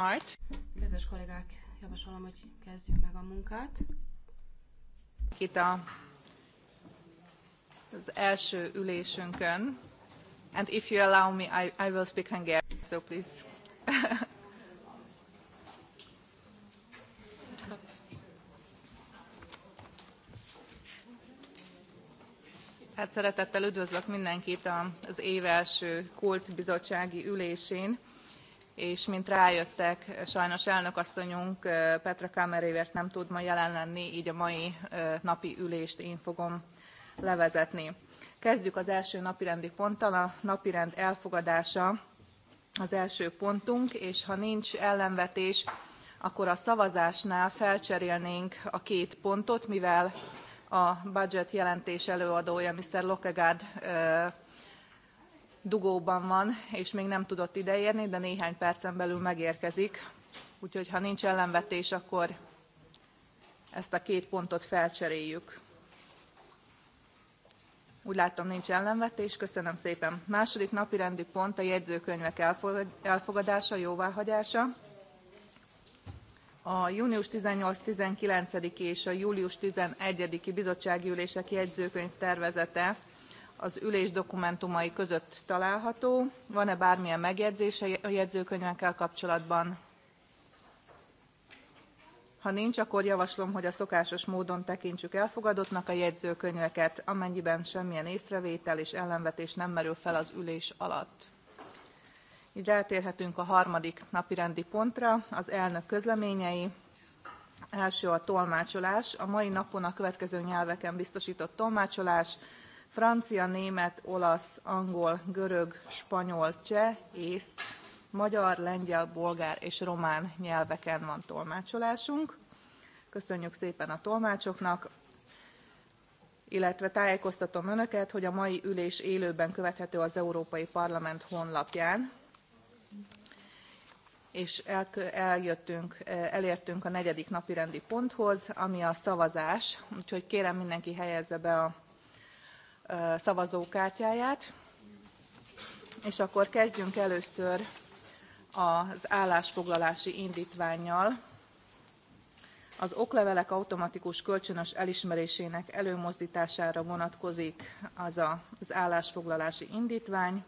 Art. Kedves kollégák, javasolom, hogy kezdjük meg a munkát. Itt a, az első ülésünkön. And if you allow me, I, I will speak Hungarian, so please. hát szeretettel üdvözlök mindenkit az év első kult bizottsági ülésén és mint rájöttek, sajnos elnökasszonyunk Petra Kammerévért nem tud ma jelen lenni, így a mai napi ülést én fogom levezetni. Kezdjük az első napirendi ponttal, a napirend elfogadása az első pontunk, és ha nincs ellenvetés, akkor a szavazásnál felcserélnénk a két pontot, mivel a budget jelentés előadója, Mr. Lokegard dugóban van, és még nem tudott ideérni, de néhány percen belül megérkezik. Úgyhogy ha nincs ellenvetés, akkor ezt a két pontot felcseréljük. Úgy látom, nincs ellenvetés. Köszönöm szépen. Második napi rendi pont a jegyzőkönyvek elfogadása, jóváhagyása. A június 18-19 és a július 11-i bizottsági ülések jegyzőkönyv tervezete az ülés dokumentumai között található. Van-e bármilyen megjegyzése a jegyzőkönyvekkel kapcsolatban? Ha nincs, akkor javaslom, hogy a szokásos módon tekintsük elfogadottnak a jegyzőkönyveket, amennyiben semmilyen észrevétel és ellenvetés nem merül fel az ülés alatt. Így rátérhetünk a harmadik napirendi pontra, az elnök közleményei. Első a tolmácsolás. A mai napon a következő nyelveken biztosított tolmácsolás – francia, német, olasz, angol, görög, spanyol, cseh, észt, magyar, lengyel, bolgár és román nyelveken van tolmácsolásunk. Köszönjük szépen a tolmácsoknak, illetve tájékoztatom Önöket, hogy a mai ülés élőben követhető az Európai Parlament honlapján, és eljöttünk, elértünk a negyedik napirendi ponthoz, ami a szavazás, úgyhogy kérem mindenki helyezze be a szavazókártyáját, és akkor kezdjünk először az állásfoglalási indítványjal. Az oklevelek automatikus kölcsönös elismerésének előmozdítására vonatkozik az a, az állásfoglalási indítvány,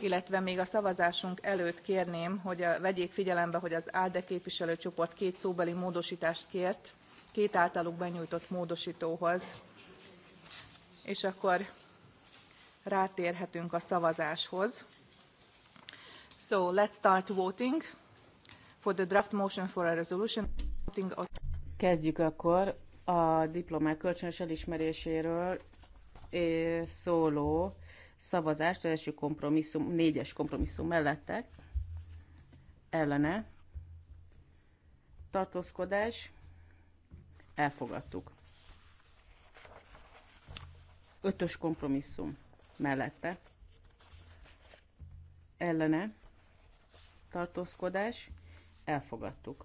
illetve még a szavazásunk előtt kérném, hogy a, vegyék figyelembe, hogy az ALDE képviselőcsoport két szóbeli módosítást kért két általuk benyújtott módosítóhoz, és akkor rátérhetünk a szavazáshoz. So let's start voting for the draft motion for a resolution. Kezdjük akkor a diplomák kölcsönös elismeréséről szóló szavazást, az első kompromisszum, négyes kompromisszum mellettek, ellene, tartózkodás, elfogadtuk. Ötös kompromisszum mellette ellene tartózkodás elfogadtuk.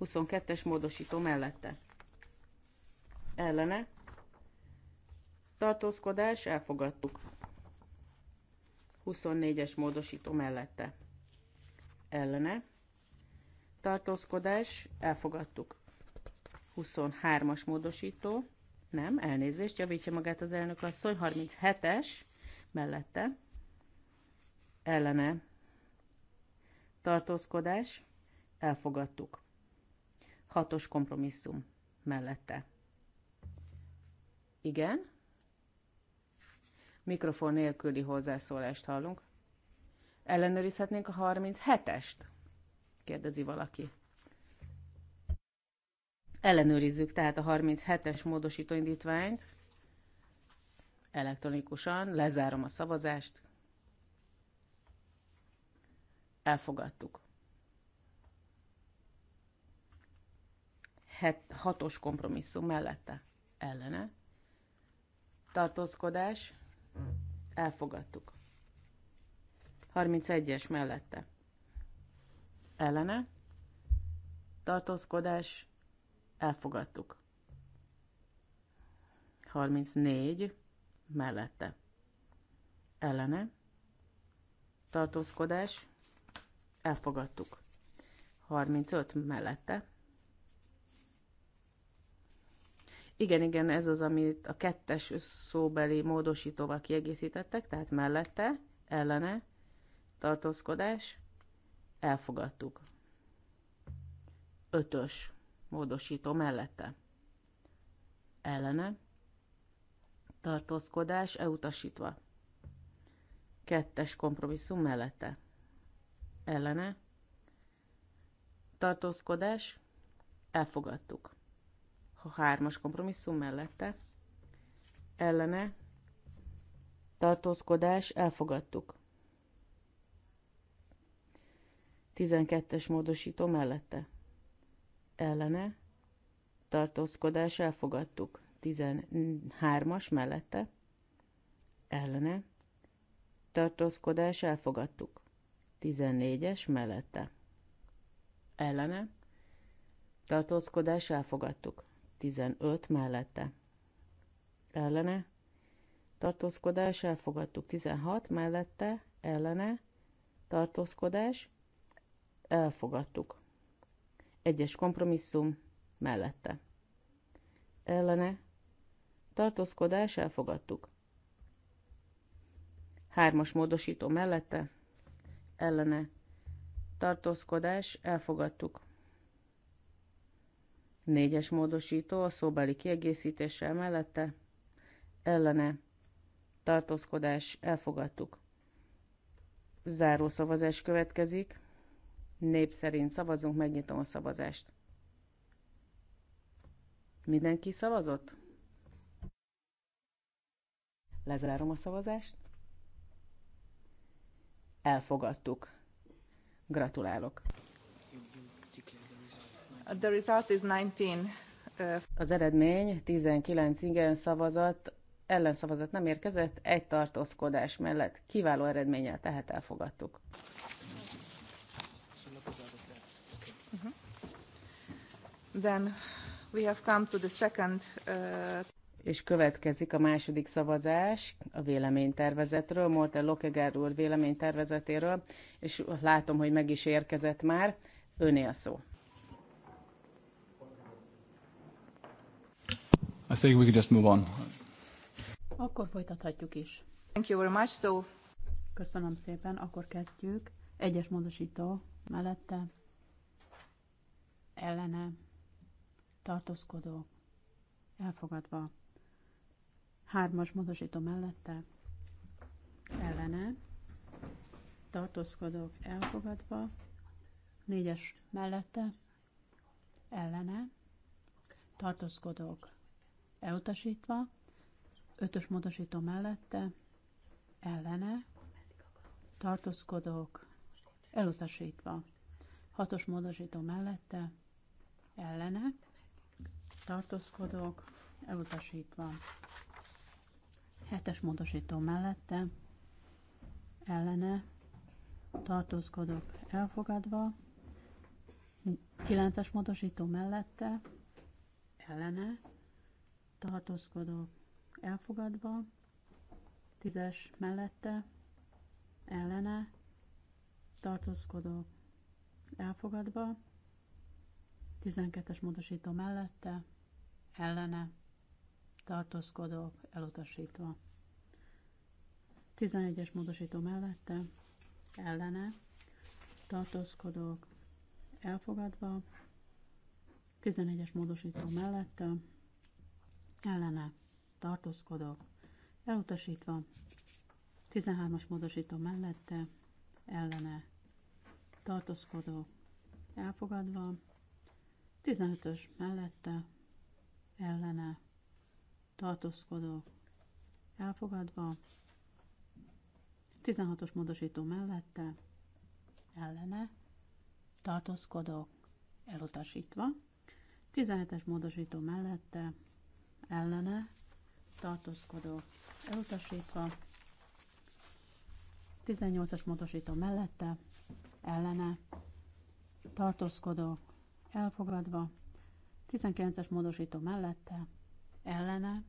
22-es módosító mellette ellene tartózkodás elfogadtuk. 24-es módosító mellette ellene tartózkodás elfogadtuk. 23-as módosító, nem, elnézést, javítja magát az elnök asszony, 37-es mellette, ellene tartózkodás, elfogadtuk. Hatos kompromisszum mellette. Igen? Mikrofon nélküli hozzászólást hallunk. Ellenőrizhetnénk a 37-est? kérdezi valaki. Ellenőrizzük tehát a 37-es módosítóindítványt elektronikusan, lezárom a szavazást, elfogadtuk. Het, hatos kompromisszum mellette ellene. Tartózkodás, elfogadtuk. 31-es mellette ellene. Tartózkodás, Elfogadtuk. 34 mellette. Ellene. Tartózkodás. Elfogadtuk. 35 mellette. Igen, igen, ez az, amit a kettes szóbeli módosítóval kiegészítettek, tehát mellette, ellene, tartózkodás, elfogadtuk. Ötös módosító mellette. Ellene. Tartózkodás elutasítva. Kettes kompromisszum mellette. Ellene. Tartózkodás. Elfogadtuk. A hármas kompromisszum mellette. Ellene. Tartózkodás. Elfogadtuk. 12-es módosító mellette ellene tartózkodás elfogadtuk. 13-as mellette ellene tartózkodás elfogadtuk. 14-es mellette ellene tartózkodás elfogadtuk. 15 mellette ellene tartózkodás elfogadtuk. 16 mellette ellene tartózkodás elfogadtuk. Egyes kompromisszum mellette. Ellene. Tartózkodás elfogadtuk. Hármas módosító mellette. Ellene. Tartózkodás elfogadtuk. Négyes módosító a szóbeli kiegészítéssel mellette. Ellene. Tartózkodás elfogadtuk. Záró szavazás következik. Nép szerint szavazunk, megnyitom a szavazást. Mindenki szavazott? Lezárom a szavazást. Elfogadtuk. Gratulálok. The result is 19. Uh, Az eredmény 19 igen szavazat, ellenszavazat nem érkezett, egy tartózkodás mellett kiváló eredménnyel tehát elfogadtuk. Then we have come to the second, uh... És következik a második szavazás a véleménytervezetről, Morten Lokeger úr véleménytervezetéről, és látom, hogy meg is érkezett már. Öné a szó. I think we can just move on. Akkor folytathatjuk is. Thank you very much. So... Köszönöm szépen, akkor kezdjük. Egyes módosító mellette, ellene, tartózkodó, elfogadva. Hármas módosító mellette, ellene, tartózkodók, elfogadva. Négyes mellette, ellene, tartózkodók, elutasítva. Ötös módosító mellette, ellene, tartózkodók, elutasítva. Hatos módosító mellette, ellene, tartózkodók, elutasítva. Hetes módosító mellette, ellene, tartózkodók elfogadva, kilences módosító mellette, ellene, tartózkodók elfogadva, tízes mellette, ellene, tartózkodók elfogadva, 12-es módosító mellette, ellene tartózkodok, elutasítva. 11-es módosító mellette ellene tartózkodok, elfogadva, 11-es módosító mellette ellene tartózkodok, elutasítva, 13-as módosító mellette ellene tartózkodok, elfogadva, 15-ös mellette ellene tartózkodok, elfogadva, 16-os módosító mellette ellene tartózkodok, elutasítva, 17-es módosító mellette ellene tartózkodok, elutasítva, 18-as módosító mellette ellene tartózkodok, elfogadva, 19-es módosító mellette, ellene,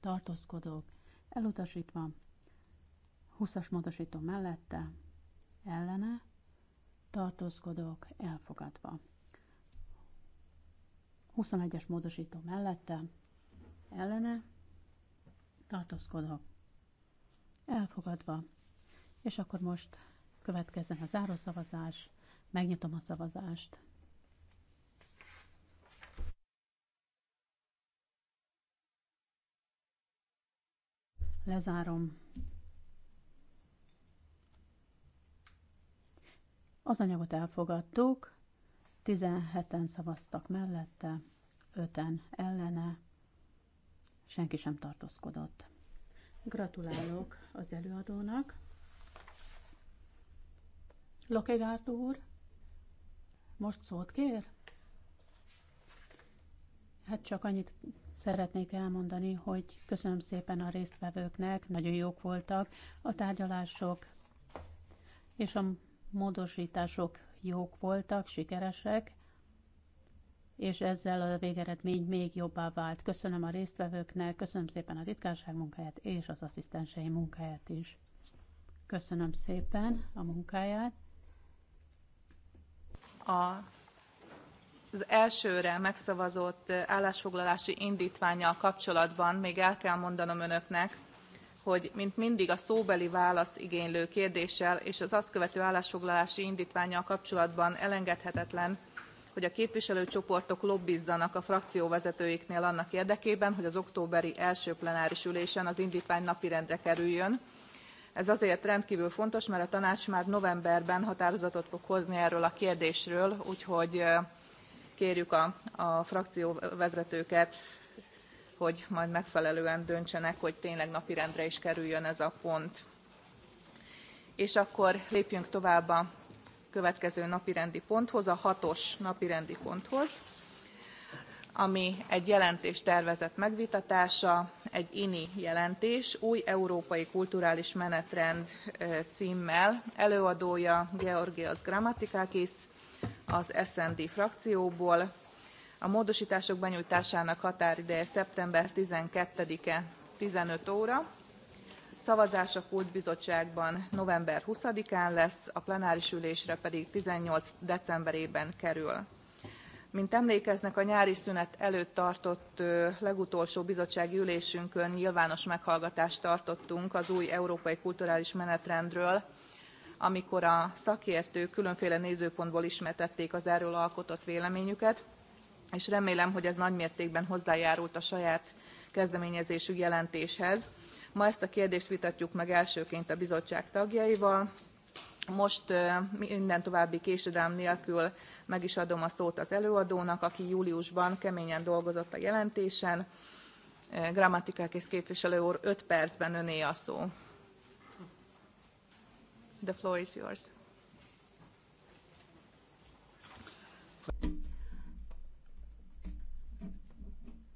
tartózkodók, elutasítva, 20-as módosító mellette, ellene, tartózkodók, elfogadva. 21-es módosító mellette, ellene, tartózkodók, elfogadva. És akkor most következzen a zárószavazás, megnyitom a szavazást. Lezárom. Az anyagot elfogadtuk, 17-en szavaztak mellette, 5-en ellene, senki sem tartózkodott. Gratulálok az előadónak. Lokegárt úr, most szót kér? Hát csak annyit szeretnék elmondani, hogy köszönöm szépen a résztvevőknek, nagyon jók voltak a tárgyalások, és a módosítások jók voltak, sikeresek, és ezzel a végeredmény még jobbá vált. Köszönöm a résztvevőknek, köszönöm szépen a titkárság munkáját és az asszisztensei munkáját is. Köszönöm szépen a munkáját. A az elsőre megszavazott állásfoglalási indítványjal kapcsolatban még el kell mondanom önöknek, hogy mint mindig a szóbeli választ igénylő kérdéssel és az azt követő állásfoglalási indítványjal kapcsolatban elengedhetetlen, hogy a képviselőcsoportok lobbizzanak a frakcióvezetőiknél annak érdekében, hogy az októberi első plenáris ülésen az indítvány napirendre kerüljön. Ez azért rendkívül fontos, mert a tanács már novemberben határozatot fog hozni erről a kérdésről, úgyhogy kérjük a, a frakcióvezetőket, hogy majd megfelelően döntsenek, hogy tényleg napirendre is kerüljön ez a pont. És akkor lépjünk tovább a következő napirendi ponthoz, a hatos napirendi ponthoz, ami egy jelentés tervezett megvitatása, egy INI jelentés, új európai kulturális menetrend eh, címmel, előadója Georgios Grammatikákis, az SND frakcióból. A módosítások benyújtásának határideje szeptember 12-e 15 óra. Szavazás a Kultbizottságban november 20-án lesz, a plenáris ülésre pedig 18 decemberében kerül. Mint emlékeznek, a nyári szünet előtt tartott legutolsó bizottsági ülésünkön nyilvános meghallgatást tartottunk az új európai kulturális menetrendről, amikor a szakértők különféle nézőpontból ismertették az erről alkotott véleményüket, és remélem, hogy ez nagymértékben hozzájárult a saját kezdeményezésük jelentéshez. Ma ezt a kérdést vitatjuk meg elsőként a bizottság tagjaival. Most minden további késedelem nélkül meg is adom a szót az előadónak, aki júliusban keményen dolgozott a jelentésen. Grammatikákész képviselő úr, 5 percben öné a szó. The floor is yours.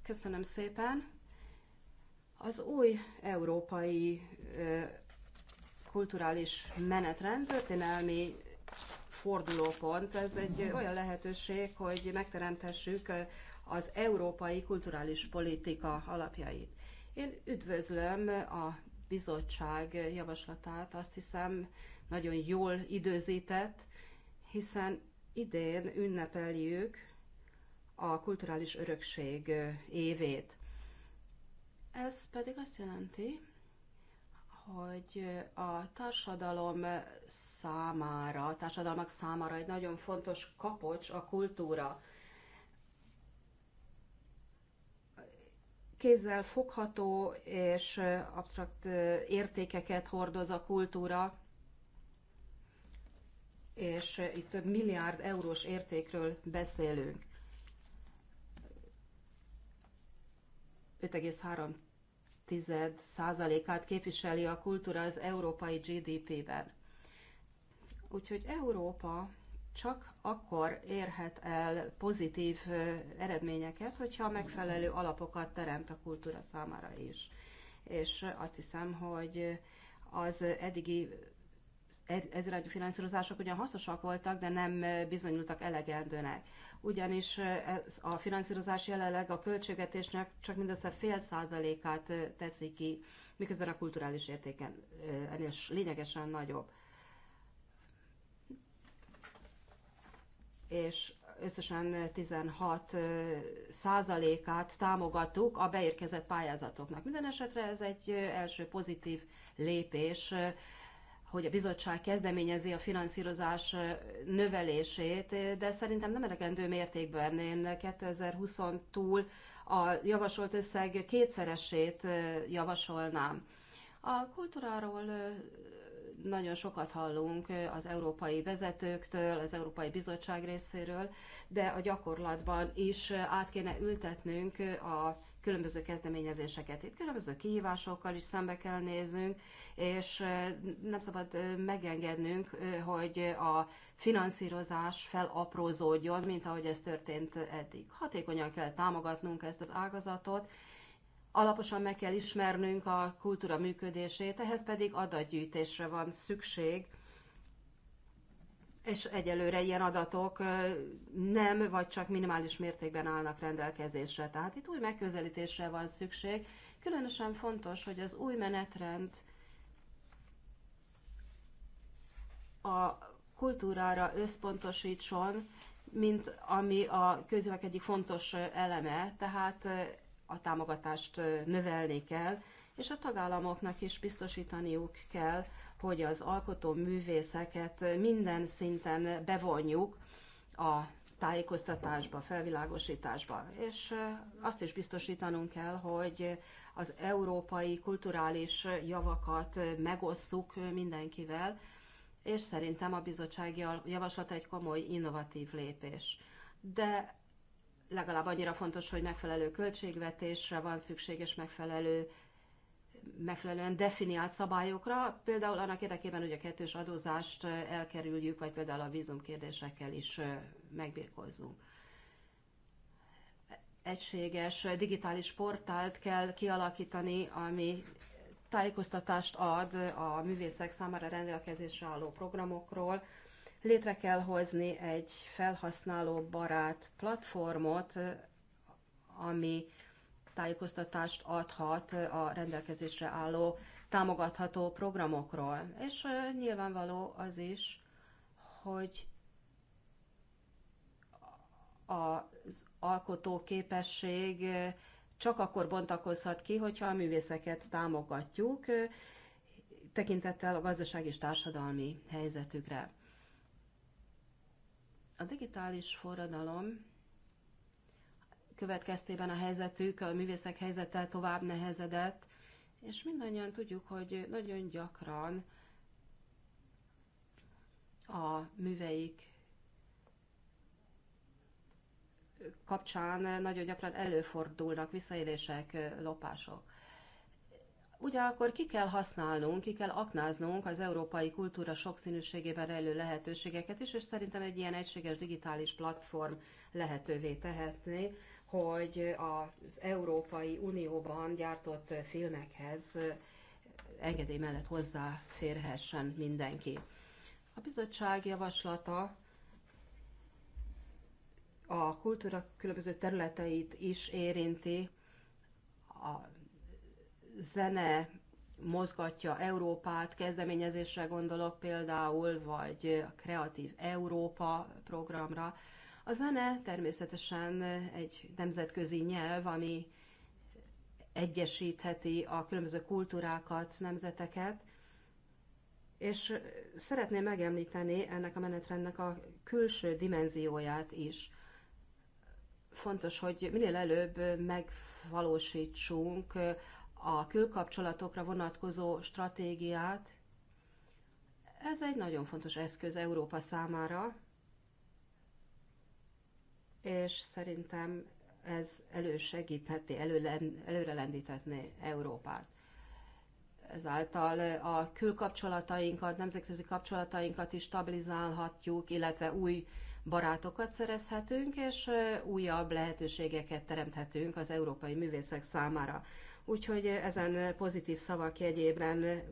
Köszönöm szépen. Az új európai kulturális menetrend történelmi fordulópont. Ez egy olyan lehetőség, hogy megteremthessük az európai kulturális politika alapjait. Én üdvözlöm a bizottság javaslatát azt hiszem nagyon jól időzített, hiszen idén ünnepeljük a kulturális örökség évét. Ez pedig azt jelenti, hogy a társadalom számára, a társadalmak számára egy nagyon fontos kapocs a kultúra. kézzel fogható és absztrakt értékeket hordoz a kultúra, és itt több milliárd eurós értékről beszélünk. 5,3 százalékát képviseli a kultúra az európai GDP-ben. Úgyhogy Európa csak akkor érhet el pozitív eredményeket, hogyha megfelelő alapokat teremt a kultúra számára is. És azt hiszem, hogy az eddigi ezirányú finanszírozások ugyan hasznosak voltak, de nem bizonyultak elegendőnek. Ugyanis ez a finanszírozás jelenleg a költségvetésnek csak mindössze fél százalékát teszi ki, miközben a kulturális értéken ennél lényegesen nagyobb. és összesen 16 százalékát támogattuk a beérkezett pályázatoknak. Minden esetre ez egy első pozitív lépés, hogy a bizottság kezdeményezi a finanszírozás növelését, de szerintem nem elegendő mértékben. Én 2020 túl a javasolt összeg kétszeresét javasolnám. A kultúráról nagyon sokat hallunk az európai vezetőktől, az Európai Bizottság részéről, de a gyakorlatban is át kéne ültetnünk a különböző kezdeményezéseket. Itt különböző kihívásokkal is szembe kell néznünk, és nem szabad megengednünk, hogy a finanszírozás felaprózódjon, mint ahogy ez történt eddig. Hatékonyan kell támogatnunk ezt az ágazatot, Alaposan meg kell ismernünk a kultúra működését, ehhez pedig adatgyűjtésre van szükség, és egyelőre ilyen adatok nem, vagy csak minimális mértékben állnak rendelkezésre. Tehát itt új megközelítésre van szükség. Különösen fontos, hogy az új menetrend a kultúrára összpontosítson, mint ami a közülök egyik fontos eleme, tehát a támogatást növelni kell, és a tagállamoknak is biztosítaniuk kell, hogy az alkotó művészeket minden szinten bevonjuk a tájékoztatásba, felvilágosításba. És azt is biztosítanunk kell, hogy az európai kulturális javakat megosszuk mindenkivel, és szerintem a bizottsági javaslat egy komoly innovatív lépés. De legalább annyira fontos, hogy megfelelő költségvetésre van szükség, és megfelelő, megfelelően definiált szabályokra, például annak érdekében, hogy a kettős adózást elkerüljük, vagy például a vízumkérdésekkel is megbírkozzunk. Egységes digitális portált kell kialakítani, ami tájékoztatást ad a művészek számára rendelkezésre álló programokról, Létre kell hozni egy felhasználó barát platformot, ami tájékoztatást adhat a rendelkezésre álló támogatható programokról. És nyilvánvaló az is, hogy az alkotó képesség csak akkor bontakozhat ki, hogyha a művészeket támogatjuk, tekintettel a gazdaság és társadalmi helyzetükre. A digitális forradalom következtében a helyzetük, a művészek helyzete tovább nehezedett, és mindannyian tudjuk, hogy nagyon gyakran a műveik kapcsán nagyon gyakran előfordulnak visszaélések, lopások. Ugyanakkor ki kell használnunk, ki kell aknáznunk az európai kultúra sokszínűségében rejlő lehetőségeket is, és szerintem egy ilyen egységes digitális platform lehetővé tehetné, hogy az Európai Unióban gyártott filmekhez engedély mellett hozzáférhessen mindenki. A bizottság javaslata a kultúra különböző területeit is érinti, a zene mozgatja Európát, kezdeményezésre gondolok például, vagy a Kreatív Európa programra. A zene természetesen egy nemzetközi nyelv, ami egyesítheti a különböző kultúrákat, nemzeteket, és szeretném megemlíteni ennek a menetrendnek a külső dimenzióját is. Fontos, hogy minél előbb megvalósítsunk a külkapcsolatokra vonatkozó stratégiát. Ez egy nagyon fontos eszköz Európa számára, és szerintem ez elősegítheti, előrelendíthetné Európát. Ezáltal a külkapcsolatainkat, nemzetközi kapcsolatainkat is stabilizálhatjuk, illetve új barátokat szerezhetünk, és újabb lehetőségeket teremthetünk az európai művészek számára. Úgyhogy ezen pozitív szavak jegyében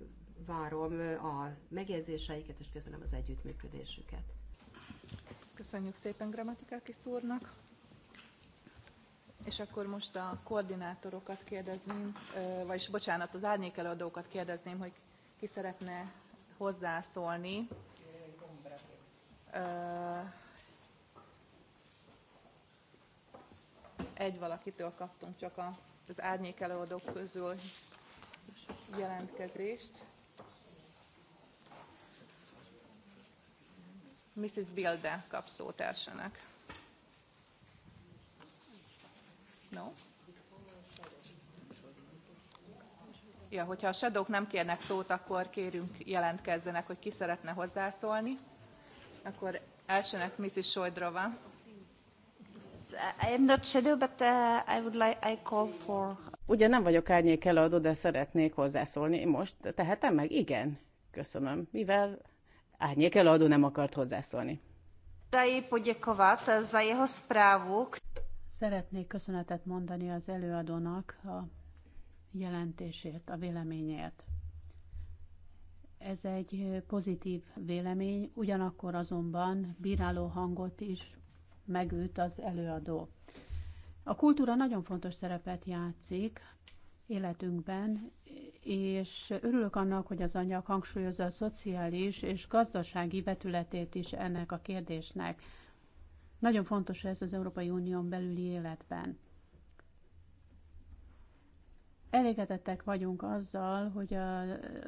várom a megjegyzéseiket, és köszönöm az együttműködésüket. Köszönjük szépen Grammatikákis úrnak. És akkor most a koordinátorokat kérdezném, vagyis bocsánat, az árnyékelőadókat kérdezném, hogy ki szeretne hozzászólni. Egy valakitől kaptunk csak a az árnyék előadók közül jelentkezést. Mrs. Bilde kap szót elsőnek. No? Ja, hogyha a sedók nem kérnek szót, akkor kérünk jelentkezzenek, hogy ki szeretne hozzászólni. Akkor elsőnek Mrs. Sojdrova. Ugye nem vagyok árnyék eladó, de szeretnék hozzászólni. Most tehetem meg? Igen. Köszönöm. Mivel árnyék eladó nem akart hozzászólni. Szeretnék köszönetet mondani az előadónak a jelentésért, a véleményért. Ez egy pozitív vélemény, ugyanakkor azonban bíráló hangot is megült az előadó. A kultúra nagyon fontos szerepet játszik életünkben, és örülök annak, hogy az anyag hangsúlyozza a szociális és gazdasági vetületét is ennek a kérdésnek. Nagyon fontos ez az Európai Unión belüli életben. Elégedettek vagyunk azzal, hogy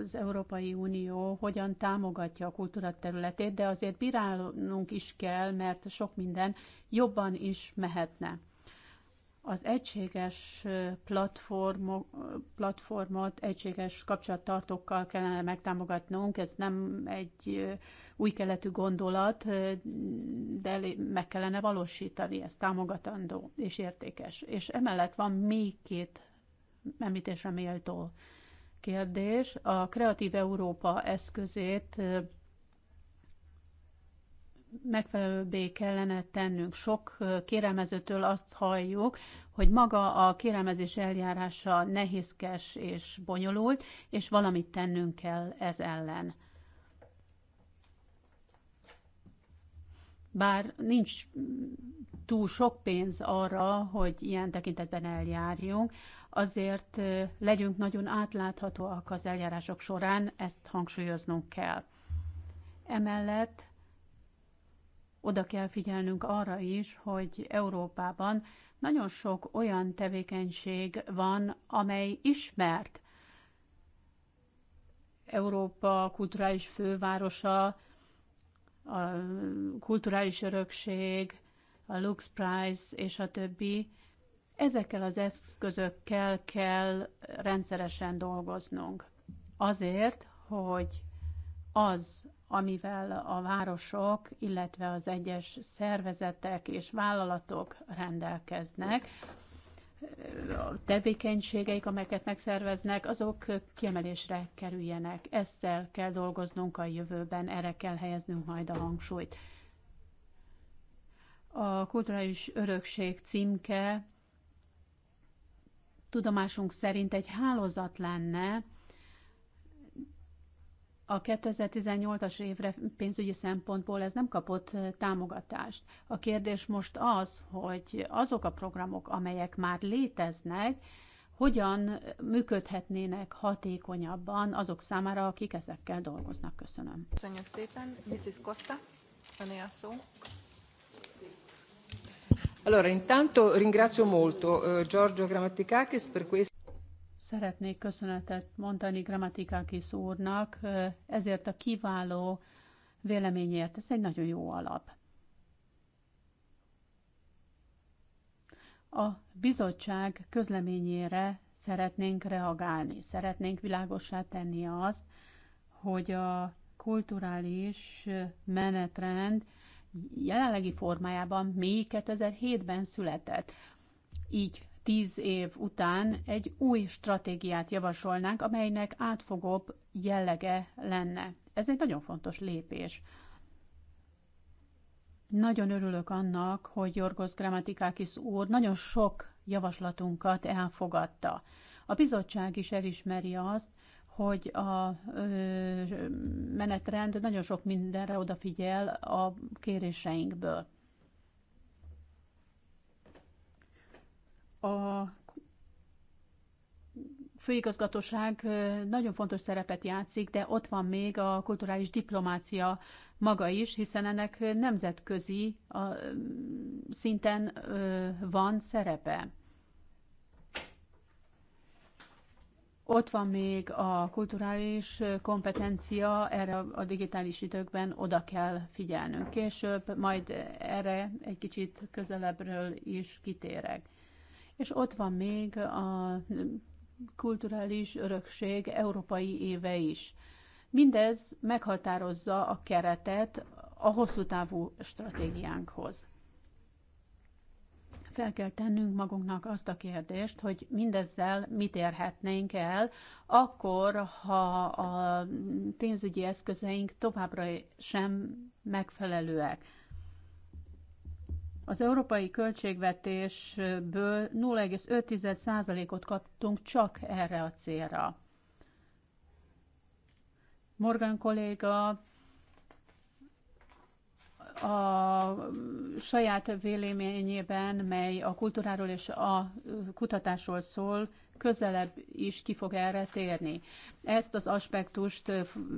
az Európai Unió hogyan támogatja a kultúra területét, de azért bírálnunk is kell, mert sok minden jobban is mehetne. Az egységes platformot egységes kapcsolattartókkal kellene megtámogatnunk, ez nem egy új keletű gondolat, de meg kellene valósítani, ez támogatandó és értékes. És emellett van még két említésre méltó kérdés. A Kreatív Európa eszközét megfelelőbbé kellene tennünk. Sok kérelmezőtől azt halljuk, hogy maga a kérelmezés eljárása nehézkes és bonyolult, és valamit tennünk kell ez ellen. Bár nincs túl sok pénz arra, hogy ilyen tekintetben eljárjunk, azért legyünk nagyon átláthatóak az eljárások során, ezt hangsúlyoznunk kell. Emellett oda kell figyelnünk arra is, hogy Európában nagyon sok olyan tevékenység van, amely ismert. Európa kulturális fővárosa, a kulturális örökség, a Lux Prize és a többi Ezekkel az eszközökkel kell rendszeresen dolgoznunk. Azért, hogy az, amivel a városok, illetve az egyes szervezetek és vállalatok rendelkeznek, a tevékenységeik, amelyeket megszerveznek, azok kiemelésre kerüljenek. Ezzel kell dolgoznunk a jövőben, erre kell helyeznünk majd a hangsúlyt. A kulturális örökség címke tudomásunk szerint egy hálózat lenne a 2018-as évre pénzügyi szempontból ez nem kapott támogatást. A kérdés most az, hogy azok a programok, amelyek már léteznek, hogyan működhetnének hatékonyabban azok számára, akik ezekkel dolgoznak. Köszönöm. Köszönjük szépen. Mrs. Costa, a szó. Allora, intanto ringrazio molto eh, Giorgio Grammaticakis per questo. Szeretnék köszönetet mondani Grammatikakis úrnak eh, ezért a kiváló véleményért. Ez egy nagyon jó alap. A bizottság közleményére szeretnénk reagálni, szeretnénk világossá tenni azt, hogy a kulturális menetrend jelenlegi formájában még 2007-ben született. Így tíz év után egy új stratégiát javasolnánk, amelynek átfogóbb jellege lenne. Ez egy nagyon fontos lépés. Nagyon örülök annak, hogy Jorgos Grammatikákis úr nagyon sok javaslatunkat elfogadta. A bizottság is elismeri azt, hogy a menetrend nagyon sok mindenre odafigyel a kéréseinkből. A főigazgatóság nagyon fontos szerepet játszik, de ott van még a kulturális diplomácia maga is, hiszen ennek nemzetközi szinten van szerepe. Ott van még a kulturális kompetencia, erre a digitális időkben oda kell figyelnünk. Később majd erre egy kicsit közelebbről is kitérek. És ott van még a kulturális örökség európai éve is. Mindez meghatározza a keretet a hosszú távú stratégiánkhoz fel kell tennünk magunknak azt a kérdést, hogy mindezzel mit érhetnénk el, akkor, ha a pénzügyi eszközeink továbbra sem megfelelőek. Az európai költségvetésből 0,5%-ot kaptunk csak erre a célra. Morgan kolléga a saját véleményében, mely a kultúráról és a kutatásról szól, közelebb is ki fog erre térni. Ezt az aspektust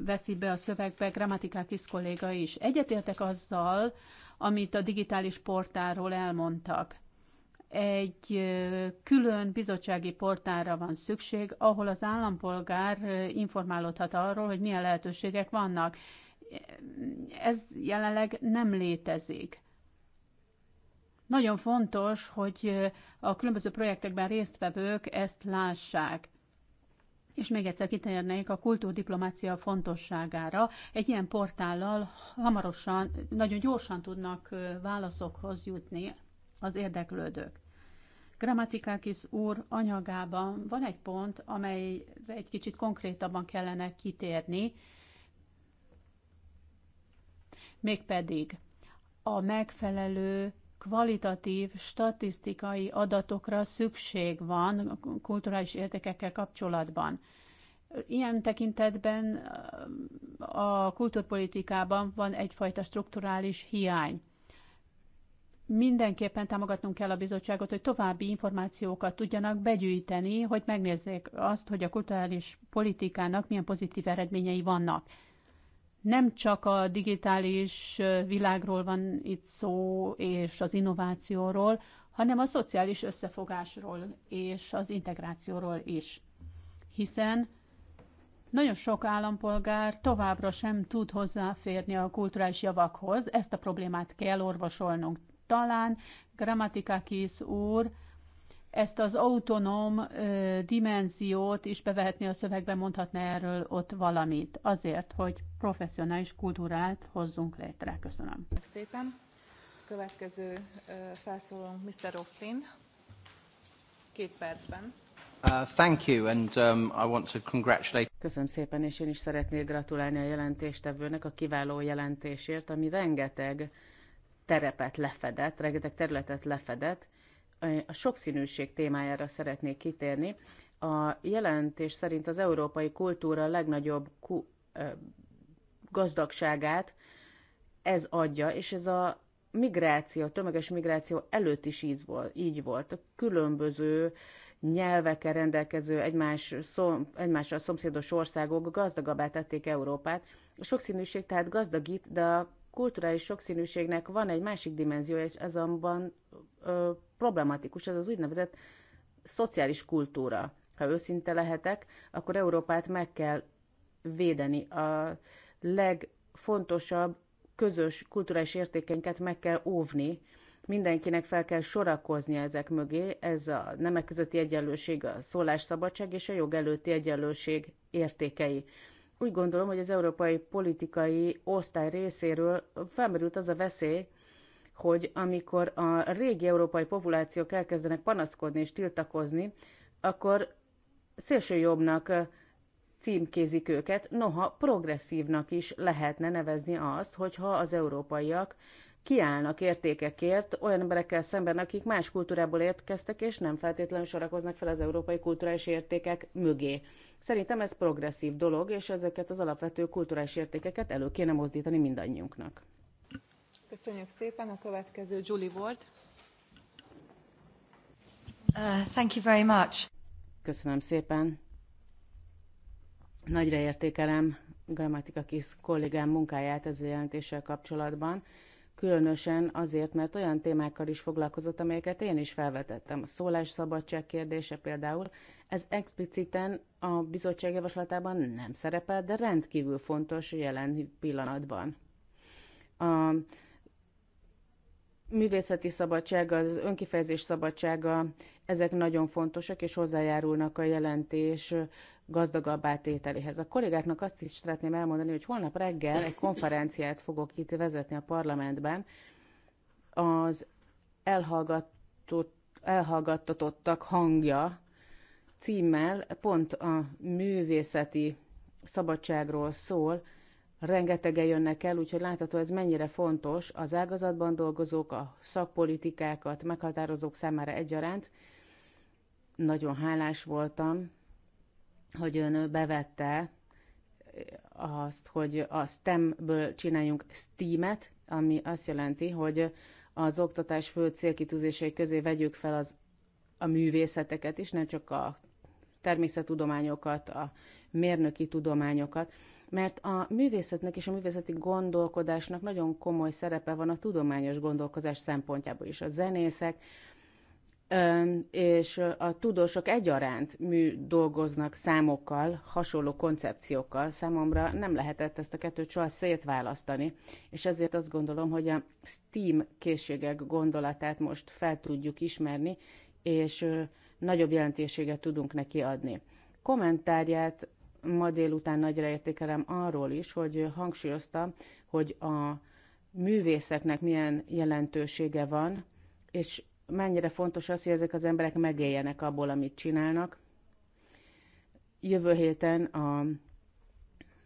veszi be a szövegbe Grammatikákis kolléga is. Egyetértek azzal, amit a digitális portálról elmondtak. Egy külön bizottsági portálra van szükség, ahol az állampolgár informálódhat arról, hogy milyen lehetőségek vannak ez jelenleg nem létezik. Nagyon fontos, hogy a különböző projektekben résztvevők ezt lássák. És még egyszer kitérnék a kultúrdiplomácia fontosságára. Egy ilyen portállal hamarosan, nagyon gyorsan tudnak válaszokhoz jutni az érdeklődők. Grammatikákis úr anyagában van egy pont, amely egy kicsit konkrétabban kellene kitérni, mégpedig a megfelelő kvalitatív statisztikai adatokra szükség van a kulturális értékekkel kapcsolatban. Ilyen tekintetben a kulturpolitikában van egyfajta strukturális hiány. Mindenképpen támogatnunk kell a bizottságot, hogy további információkat tudjanak begyűjteni, hogy megnézzék azt, hogy a kulturális politikának milyen pozitív eredményei vannak nem csak a digitális világról van itt szó, és az innovációról, hanem a szociális összefogásról és az integrációról is. Hiszen nagyon sok állampolgár továbbra sem tud hozzáférni a kulturális javakhoz, ezt a problémát kell orvosolnunk. Talán kis úr ezt az autonóm dimenziót is bevehetni a szövegbe, mondhatna erről ott valamit, azért, hogy professzionális kultúrát hozzunk létre. Köszönöm. Szépen. Következő felszólalónk Mr. O'Flynn. Két percben. Uh, thank you, and um, I want to congratulate. Köszönöm szépen, és én is szeretnék gratulálni a jelentéstevőnek a kiváló jelentésért, ami rengeteg terepet lefedett, rengeteg területet lefedett, a sokszínűség témájára szeretnék kitérni. A jelentés szerint az európai kultúra legnagyobb ku- gazdagságát ez adja, és ez a migráció, tömeges migráció előtt is így volt. Így volt. A különböző nyelvekkel rendelkező, egymás szom, egymással szomszédos országok gazdagabbá tették Európát. A sokszínűség tehát gazdagít, de a kulturális sokszínűségnek van egy másik dimenziója, és azonban ö, problematikus, ez az úgynevezett szociális kultúra. Ha őszinte lehetek, akkor Európát meg kell védeni. A legfontosabb közös kulturális értékeinket meg kell óvni, mindenkinek fel kell sorakozni ezek mögé, ez a nemek közötti egyenlőség, a szólásszabadság és a jog előtti egyenlőség értékei. Úgy gondolom, hogy az európai politikai osztály részéről felmerült az a veszély, hogy amikor a régi európai populációk elkezdenek panaszkodni és tiltakozni, akkor szélsőjobbnak címkézik őket, noha progresszívnak is lehetne nevezni azt, hogyha az európaiak kiállnak értékekért olyan emberekkel szemben, akik más kultúrából érkeztek, és nem feltétlenül sorakoznak fel az európai kulturális értékek mögé. Szerintem ez progresszív dolog, és ezeket az alapvető kulturális értékeket elő kéne mozdítani mindannyiunknak. Köszönjük szépen. A következő Julie volt. Uh, thank you very much. Köszönöm szépen. Nagyra értékelem Grammatika Kis kollégám munkáját ezzel jelentéssel kapcsolatban különösen azért, mert olyan témákkal is foglalkozott, amelyeket én is felvetettem. A szólásszabadság kérdése például, ez expliciten a bizottság javaslatában nem szerepel, de rendkívül fontos jelen pillanatban. A művészeti szabadság, az önkifejezés szabadsága, ezek nagyon fontosak, és hozzájárulnak a jelentés gazdagabbá tételéhez. A kollégáknak azt is szeretném elmondani, hogy holnap reggel egy konferenciát fogok itt vezetni a parlamentben az elhallgatott, elhallgattatottak hangja címmel pont a művészeti szabadságról szól, rengetegen jönnek el, úgyhogy látható ez mennyire fontos az ágazatban dolgozók, a szakpolitikákat meghatározók számára egyaránt. Nagyon hálás voltam hogy ön bevette azt, hogy a STEM-ből csináljunk STEAM-et, ami azt jelenti, hogy az oktatás fő célkitűzései közé vegyük fel az, a művészeteket is, nem csak a természettudományokat, a mérnöki tudományokat, mert a művészetnek és a művészeti gondolkodásnak nagyon komoly szerepe van a tudományos gondolkozás szempontjából is. A zenészek, és a tudósok egyaránt mű dolgoznak számokkal, hasonló koncepciókkal. Számomra nem lehetett ezt a kettőt soha szétválasztani, és ezért azt gondolom, hogy a STEAM készségek gondolatát most fel tudjuk ismerni, és nagyobb jelentőséget tudunk neki adni. Kommentárját ma délután nagyra értékelem arról is, hogy hangsúlyozta, hogy a művészeknek milyen jelentősége van, és mennyire fontos az, hogy ezek az emberek megéljenek abból, amit csinálnak. Jövő héten a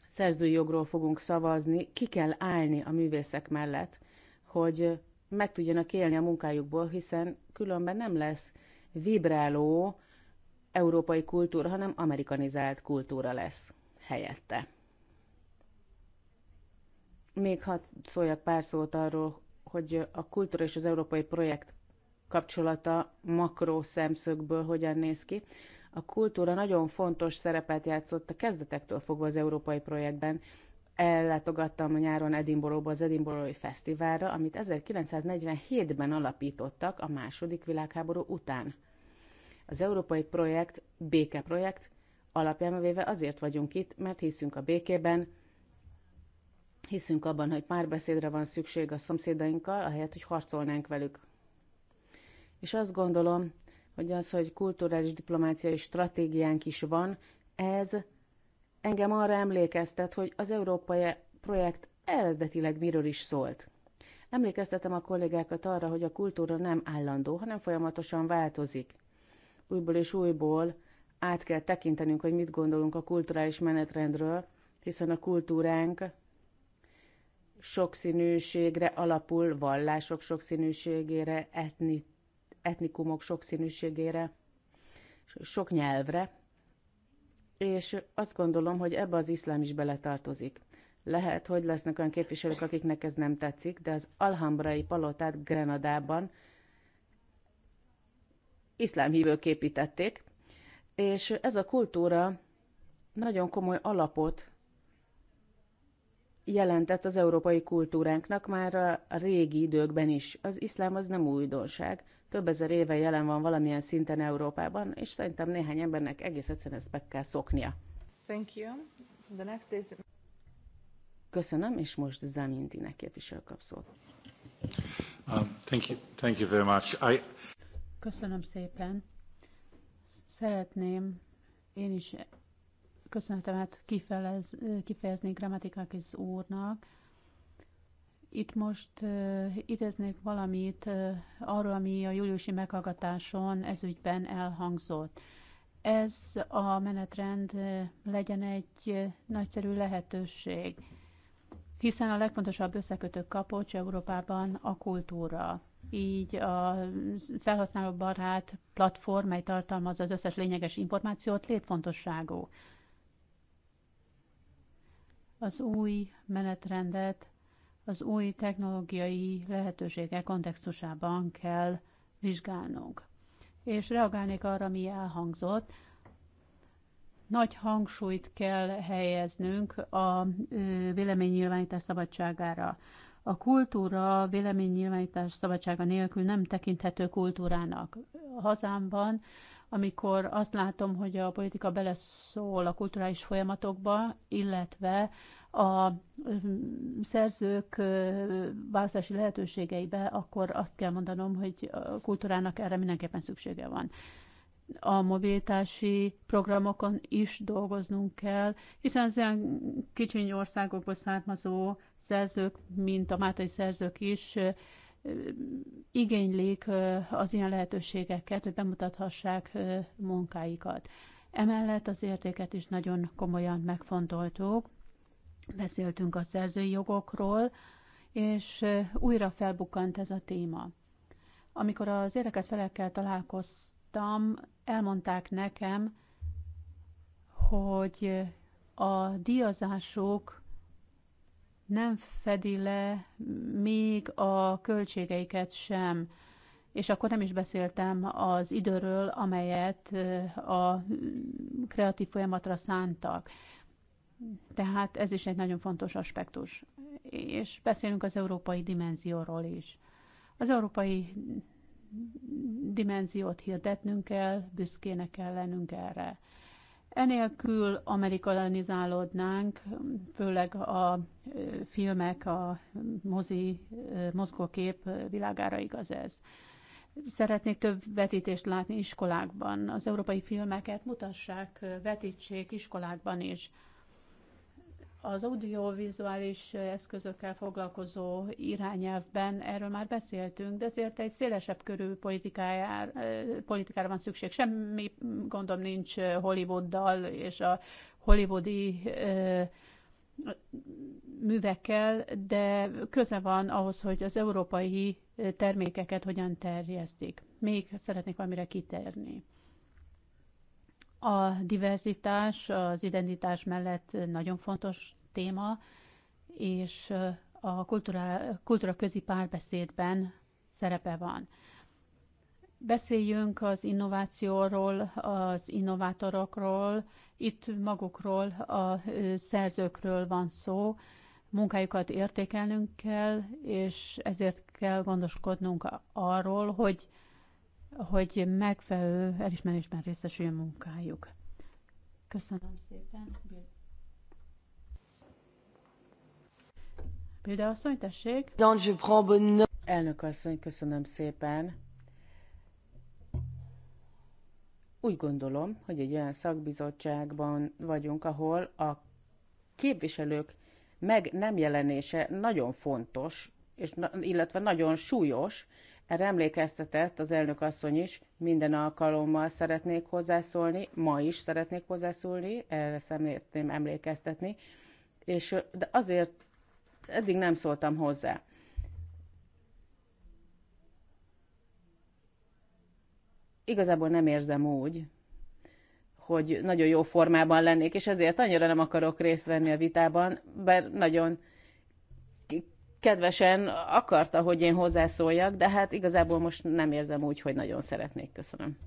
szerzői jogról fogunk szavazni, ki kell állni a művészek mellett, hogy meg tudjanak élni a munkájukból, hiszen különben nem lesz vibráló európai kultúra, hanem amerikanizált kultúra lesz helyette. Még hadd szóljak pár szót arról, hogy a kultúra és az európai projekt kapcsolata makró szemszögből hogyan néz ki. A kultúra nagyon fontos szerepet játszott a kezdetektől fogva az európai projektben. Ellátogattam a nyáron Edinburghba az Edinburghi Fesztiválra, amit 1947-ben alapítottak a második világháború után. Az európai projekt, békeprojekt, alapján véve azért vagyunk itt, mert hiszünk a békében, hiszünk abban, hogy párbeszédre van szükség a szomszédainkkal, ahelyett, hogy harcolnánk velük. És azt gondolom, hogy az, hogy kulturális diplomáciai stratégiánk is van, ez engem arra emlékeztet, hogy az európai projekt eredetileg miről is szólt. Emlékeztetem a kollégákat arra, hogy a kultúra nem állandó, hanem folyamatosan változik. Újból és újból át kell tekintenünk, hogy mit gondolunk a kulturális menetrendről, hiszen a kultúránk sokszínűségre alapul, vallások sokszínűségére, etni, etnikumok sokszínűségére, sok nyelvre, és azt gondolom, hogy ebbe az iszlám is beletartozik. Lehet, hogy lesznek olyan képviselők, akiknek ez nem tetszik, de az Alhambrai palotát Grenadában iszlámhívők építették, és ez a kultúra nagyon komoly alapot jelentett az európai kultúránknak már a régi időkben is. Az iszlám az nem újdonság, több ezer éve jelen van valamilyen szinten Európában, és szerintem néhány embernek egész egyszerűen ezt meg kell szoknia. Thank you. The next is... Köszönöm, és most Zamintinek képviselő kap szót. Um, thank you. Thank you very much. I... Köszönöm szépen. Szeretném én is köszönetemet kifejezni Grammatikákis úrnak, itt most uh, ideznék valamit uh, arról, ami a júliusi meghallgatáson ezügyben elhangzott. Ez a menetrend uh, legyen egy uh, nagyszerű lehetőség, hiszen a legfontosabb összekötő kapocs Európában a kultúra. Így a felhasználóbarát platform, mely tartalmaz az összes lényeges információt, létfontosságú. Az új menetrendet az új technológiai lehetőségek kontextusában kell vizsgálnunk. És reagálnék arra, mi elhangzott. Nagy hangsúlyt kell helyeznünk a véleménynyilvánítás szabadságára. A kultúra véleménynyilvánítás szabadsága nélkül nem tekinthető kultúrának. A hazámban, amikor azt látom, hogy a politika beleszól a kulturális folyamatokba, illetve a szerzők választási lehetőségeibe, akkor azt kell mondanom, hogy a kultúrának erre mindenképpen szüksége van. A mobilitási programokon is dolgoznunk kell, hiszen az olyan kicsi országokból származó szerzők, mint a mátai szerzők is, igénylik az ilyen lehetőségeket, hogy bemutathassák munkáikat. Emellett az értéket is nagyon komolyan megfontoltuk, Beszéltünk a szerzői jogokról, és újra felbukkant ez a téma. Amikor az érdekelt felekkel találkoztam, elmondták nekem, hogy a díjazások nem fedi le még a költségeiket sem, és akkor nem is beszéltem az időről, amelyet a kreatív folyamatra szántak. Tehát ez is egy nagyon fontos aspektus. És beszélünk az európai dimenzióról is. Az európai dimenziót hirdetnünk kell, büszkének kell lennünk erre. Enélkül amerikanizálódnánk, főleg a filmek, a mozi, mozgókép világára igaz ez. Szeretnék több vetítést látni iskolákban. Az európai filmeket mutassák, vetítsék iskolákban is. Az audiovizuális eszközökkel foglalkozó irányelvben erről már beszéltünk, de azért egy szélesebb körű politikájára, politikára van szükség. Semmi gondom nincs Hollywooddal és a hollywoodi művekkel, de köze van ahhoz, hogy az európai termékeket hogyan terjesztik. Még szeretnék valamire kitérni. A diverzitás az identitás mellett nagyon fontos téma, és a kultúra, kultúra közi párbeszédben szerepe van. Beszéljünk az innovációról, az innovátorokról, itt magukról, a szerzőkről van szó, munkájukat értékelnünk kell, és ezért kell gondoskodnunk arról, hogy hogy megfelelő elismerésben részesüljön munkájuk. Köszönöm szépen. Bilda asszony, tessék. Elnök asszony, köszönöm szépen. Úgy gondolom, hogy egy olyan szakbizottságban vagyunk, ahol a képviselők meg nem jelenése nagyon fontos, és, illetve nagyon súlyos, erre emlékeztetett az elnök asszony is, minden alkalommal szeretnék hozzászólni, ma is szeretnék hozzászólni, erre szeretném emlékeztetni, és, de azért eddig nem szóltam hozzá. Igazából nem érzem úgy, hogy nagyon jó formában lennék, és ezért annyira nem akarok részt venni a vitában, bár nagyon kedvesen akarta, hogy én hozzászóljak, de hát igazából most nem érzem úgy, hogy nagyon szeretnék. Köszönöm.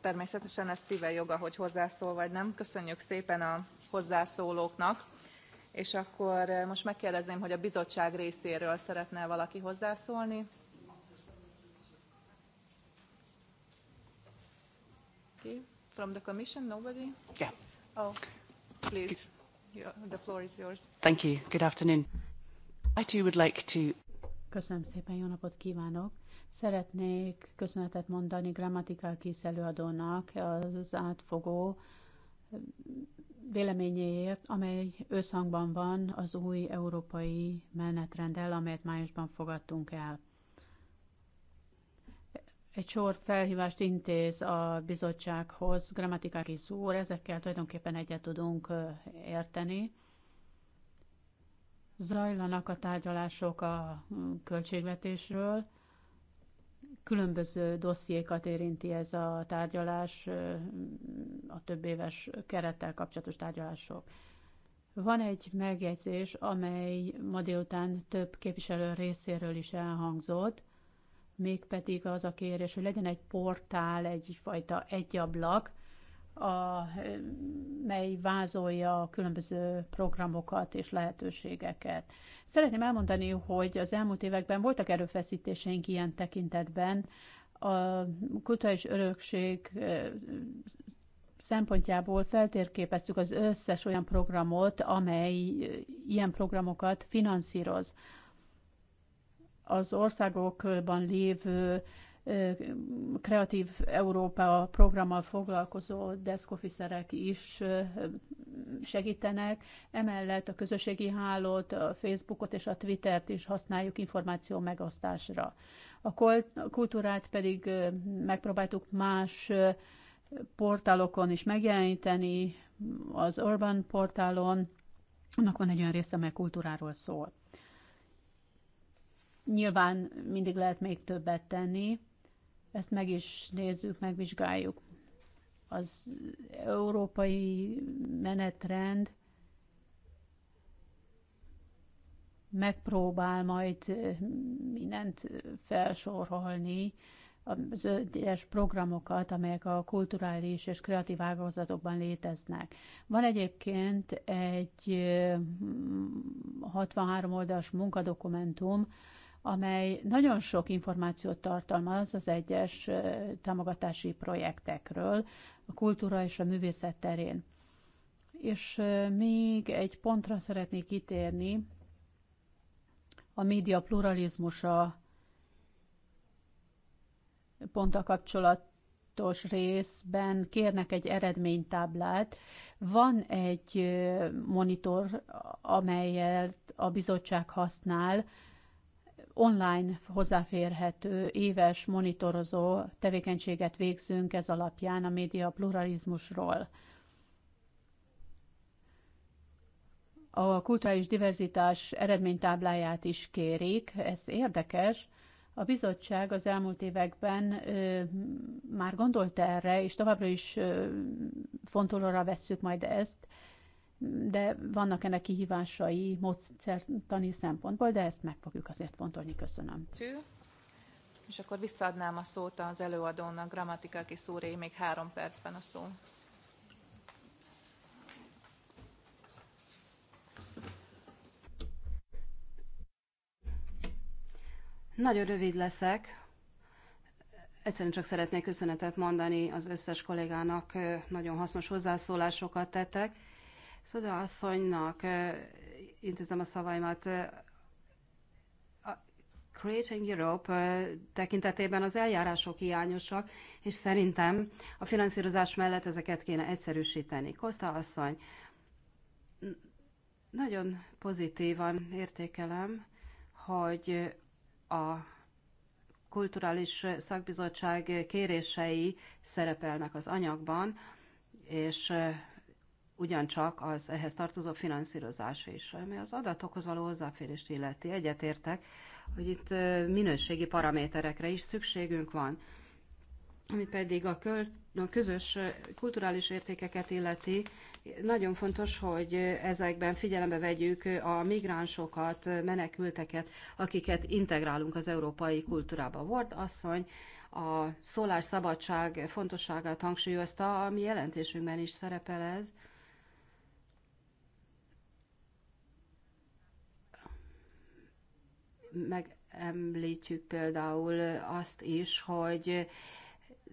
Természetesen ez szíve joga, hogy hozzászól vagy nem. Köszönjük szépen a hozzászólóknak. És akkor eh, most megkérdezném, hogy a bizottság részéről szeretne valaki hozzászólni? From the commission, nobody? Yeah. Oh, please the floor is yours. Thank you. Good afternoon. I too would like to... Köszönöm szépen, jó napot kívánok! Szeretnék köszönetet mondani grammatikákis készelőadónak az átfogó véleményéért, amely összhangban van az új európai menetrenddel, amelyet májusban fogadtunk el egy sor felhívást intéz a bizottsághoz, grammatikai úr, ezekkel tulajdonképpen egyet tudunk érteni. Zajlanak a tárgyalások a költségvetésről, különböző dossziékat érinti ez a tárgyalás, a több éves kerettel kapcsolatos tárgyalások. Van egy megjegyzés, amely ma délután több képviselő részéről is elhangzott, mégpedig az a kérés, hogy legyen egy portál, egyfajta egyablak, a, mely vázolja a különböző programokat és lehetőségeket. Szeretném elmondani, hogy az elmúlt években voltak erőfeszítéseink ilyen tekintetben. A kulturális örökség szempontjából feltérképeztük az összes olyan programot, amely ilyen programokat finanszíroz az országokban lévő Kreatív Európa programmal foglalkozó deszkofiszerek is segítenek. Emellett a közösségi hálót, a Facebookot és a Twittert is használjuk információ megosztásra. A kultúrát pedig megpróbáltuk más portálokon is megjeleníteni, az Urban portálon, annak van egy olyan része, amely kultúráról szól. Nyilván mindig lehet még többet tenni, ezt meg is nézzük, megvizsgáljuk. Az európai menetrend megpróbál majd eh, mindent eh, felsorolni, az egyes programokat, amelyek a kulturális és kreatív ágazatokban léteznek. Van egyébként egy 63 eh, oldalas munkadokumentum, amely nagyon sok információt tartalmaz az egyes támogatási projektekről, a kultúra és a művészet terén. És még egy pontra szeretnék kitérni, a média pluralizmusa pont a kapcsolatos részben kérnek egy eredménytáblát. Van egy monitor, amelyet a bizottság használ, online hozzáférhető éves monitorozó tevékenységet végzünk ez alapján a média pluralizmusról. A kulturális diverzitás eredménytábláját is kérik, ez érdekes. A bizottság az elmúlt években ö, már gondolt erre, és továbbra is ö, fontolóra vesszük majd ezt, de vannak ennek kihívásai módszertani szempontból, de ezt meg fogjuk azért fontolni. Köszönöm. Tű. És akkor visszaadnám a szót az előadónak, Grammatika Kiszúré, még három percben a szó. Nagyon rövid leszek. Egyszerűen csak szeretnék köszönetet mondani az összes kollégának, nagyon hasznos hozzászólásokat tettek. Szóda asszonynak intézem a szavaimat. Creating Europe tekintetében az eljárások hiányosak, és szerintem a finanszírozás mellett ezeket kéne egyszerűsíteni. Kosta asszony, nagyon pozitívan értékelem, hogy a kulturális szakbizottság kérései szerepelnek az anyagban, és ugyancsak az ehhez tartozó finanszírozás is. Ami az adatokhoz való hozzáférést illeti, egyetértek, hogy itt minőségi paraméterekre is szükségünk van, ami pedig a, köl, a közös kulturális értékeket illeti. Nagyon fontos, hogy ezekben figyelembe vegyük a migránsokat, menekülteket, akiket integrálunk az európai kultúrába. Ward asszony a szólásszabadság fontosságát hangsúlyozta, a mi jelentésünkben is szerepel ez. megemlítjük például azt is, hogy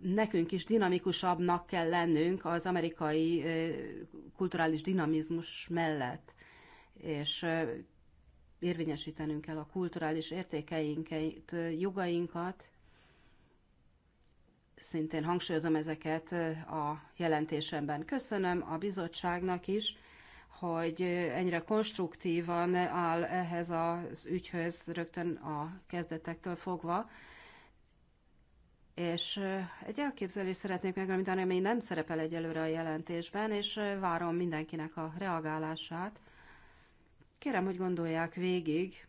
nekünk is dinamikusabbnak kell lennünk az amerikai kulturális dinamizmus mellett, és érvényesítenünk kell a kulturális értékeinket, jogainkat. Szintén hangsúlyozom ezeket a jelentésemben. Köszönöm a bizottságnak is, hogy ennyire konstruktívan áll ehhez az ügyhöz rögtön a kezdetektől fogva. És egy elképzelést szeretnék megemlíteni, ami nem szerepel egyelőre a jelentésben, és várom mindenkinek a reagálását. Kérem, hogy gondolják végig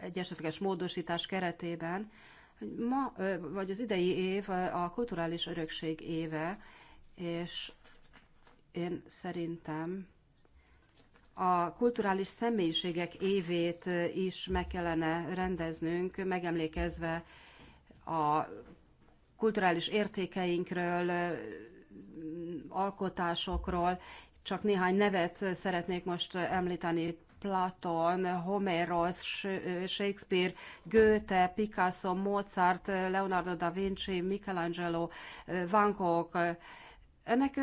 egy esetleges módosítás keretében, hogy ma, vagy az idei év a kulturális örökség éve, és én szerintem a kulturális személyiségek évét is meg kellene rendeznünk, megemlékezve a kulturális értékeinkről, alkotásokról. Csak néhány nevet szeretnék most említeni. Platon, Homeros, Shakespeare, Goethe, Picasso, Mozart, Leonardo da Vinci, Michelangelo, Van Gogh. Ennek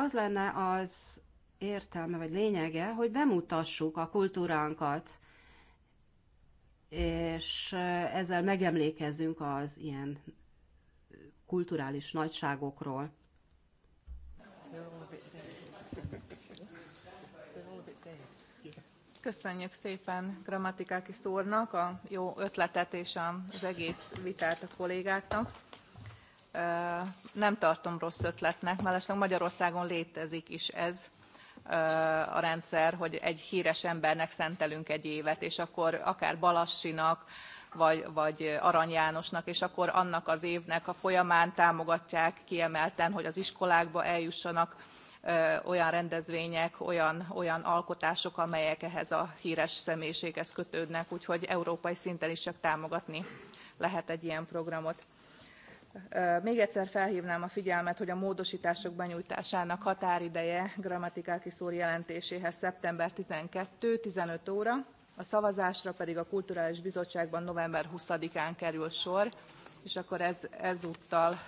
az lenne az értelme vagy lényege, hogy bemutassuk a kultúránkat, és eh, ezzel megemlékezzünk az ilyen kulturális nagyságokról. Köszönjük szépen Grammatikáki Szórnak a jó ötletet és az egész vitát a kollégáknak nem tartom rossz ötletnek, mellesleg Magyarországon létezik is ez a rendszer, hogy egy híres embernek szentelünk egy évet, és akkor akár Balassinak, vagy, vagy Arany Jánosnak, és akkor annak az évnek a folyamán támogatják kiemelten, hogy az iskolákba eljussanak olyan rendezvények, olyan, olyan alkotások, amelyek ehhez a híres személyiséghez kötődnek, úgyhogy európai szinten is csak támogatni lehet egy ilyen programot még egyszer felhívnám a figyelmet, hogy a módosítások benyújtásának határideje grammatikákis úr jelentéséhez szeptember 12-15 óra, a szavazásra pedig a Kulturális Bizottságban november 20-án kerül sor, és akkor ez, ezúttal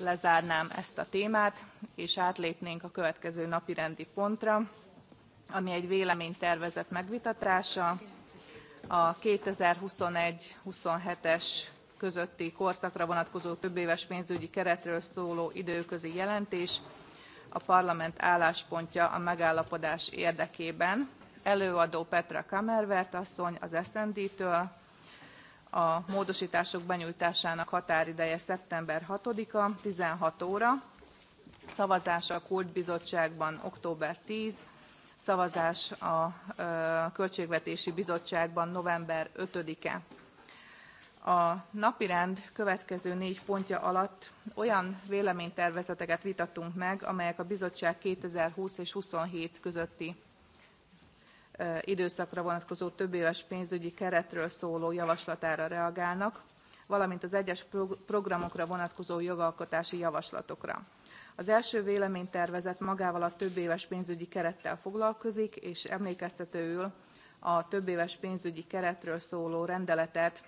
lezárnám ezt a témát, és átlépnénk a következő napirendi pontra, ami egy véleménytervezet megvitatása, a 2021-27-es közötti korszakra vonatkozó többéves pénzügyi keretről szóló időközi jelentés a parlament álláspontja a megállapodás érdekében. Előadó Petra Kamervert asszony az SND-től, a módosítások benyújtásának határideje szeptember 6-a, 16 óra, szavazás a kultbizottságban október 10, szavazás a Költségvetési Bizottságban november 5-e a napirend következő négy pontja alatt olyan véleménytervezeteket vitatunk meg, amelyek a bizottság 2020 és 27 közötti időszakra vonatkozó többéves pénzügyi keretről szóló javaslatára reagálnak, valamint az egyes programokra vonatkozó jogalkotási javaslatokra. Az első véleménytervezet magával a többéves pénzügyi kerettel foglalkozik, és emlékeztetőül a többéves pénzügyi keretről szóló rendeletet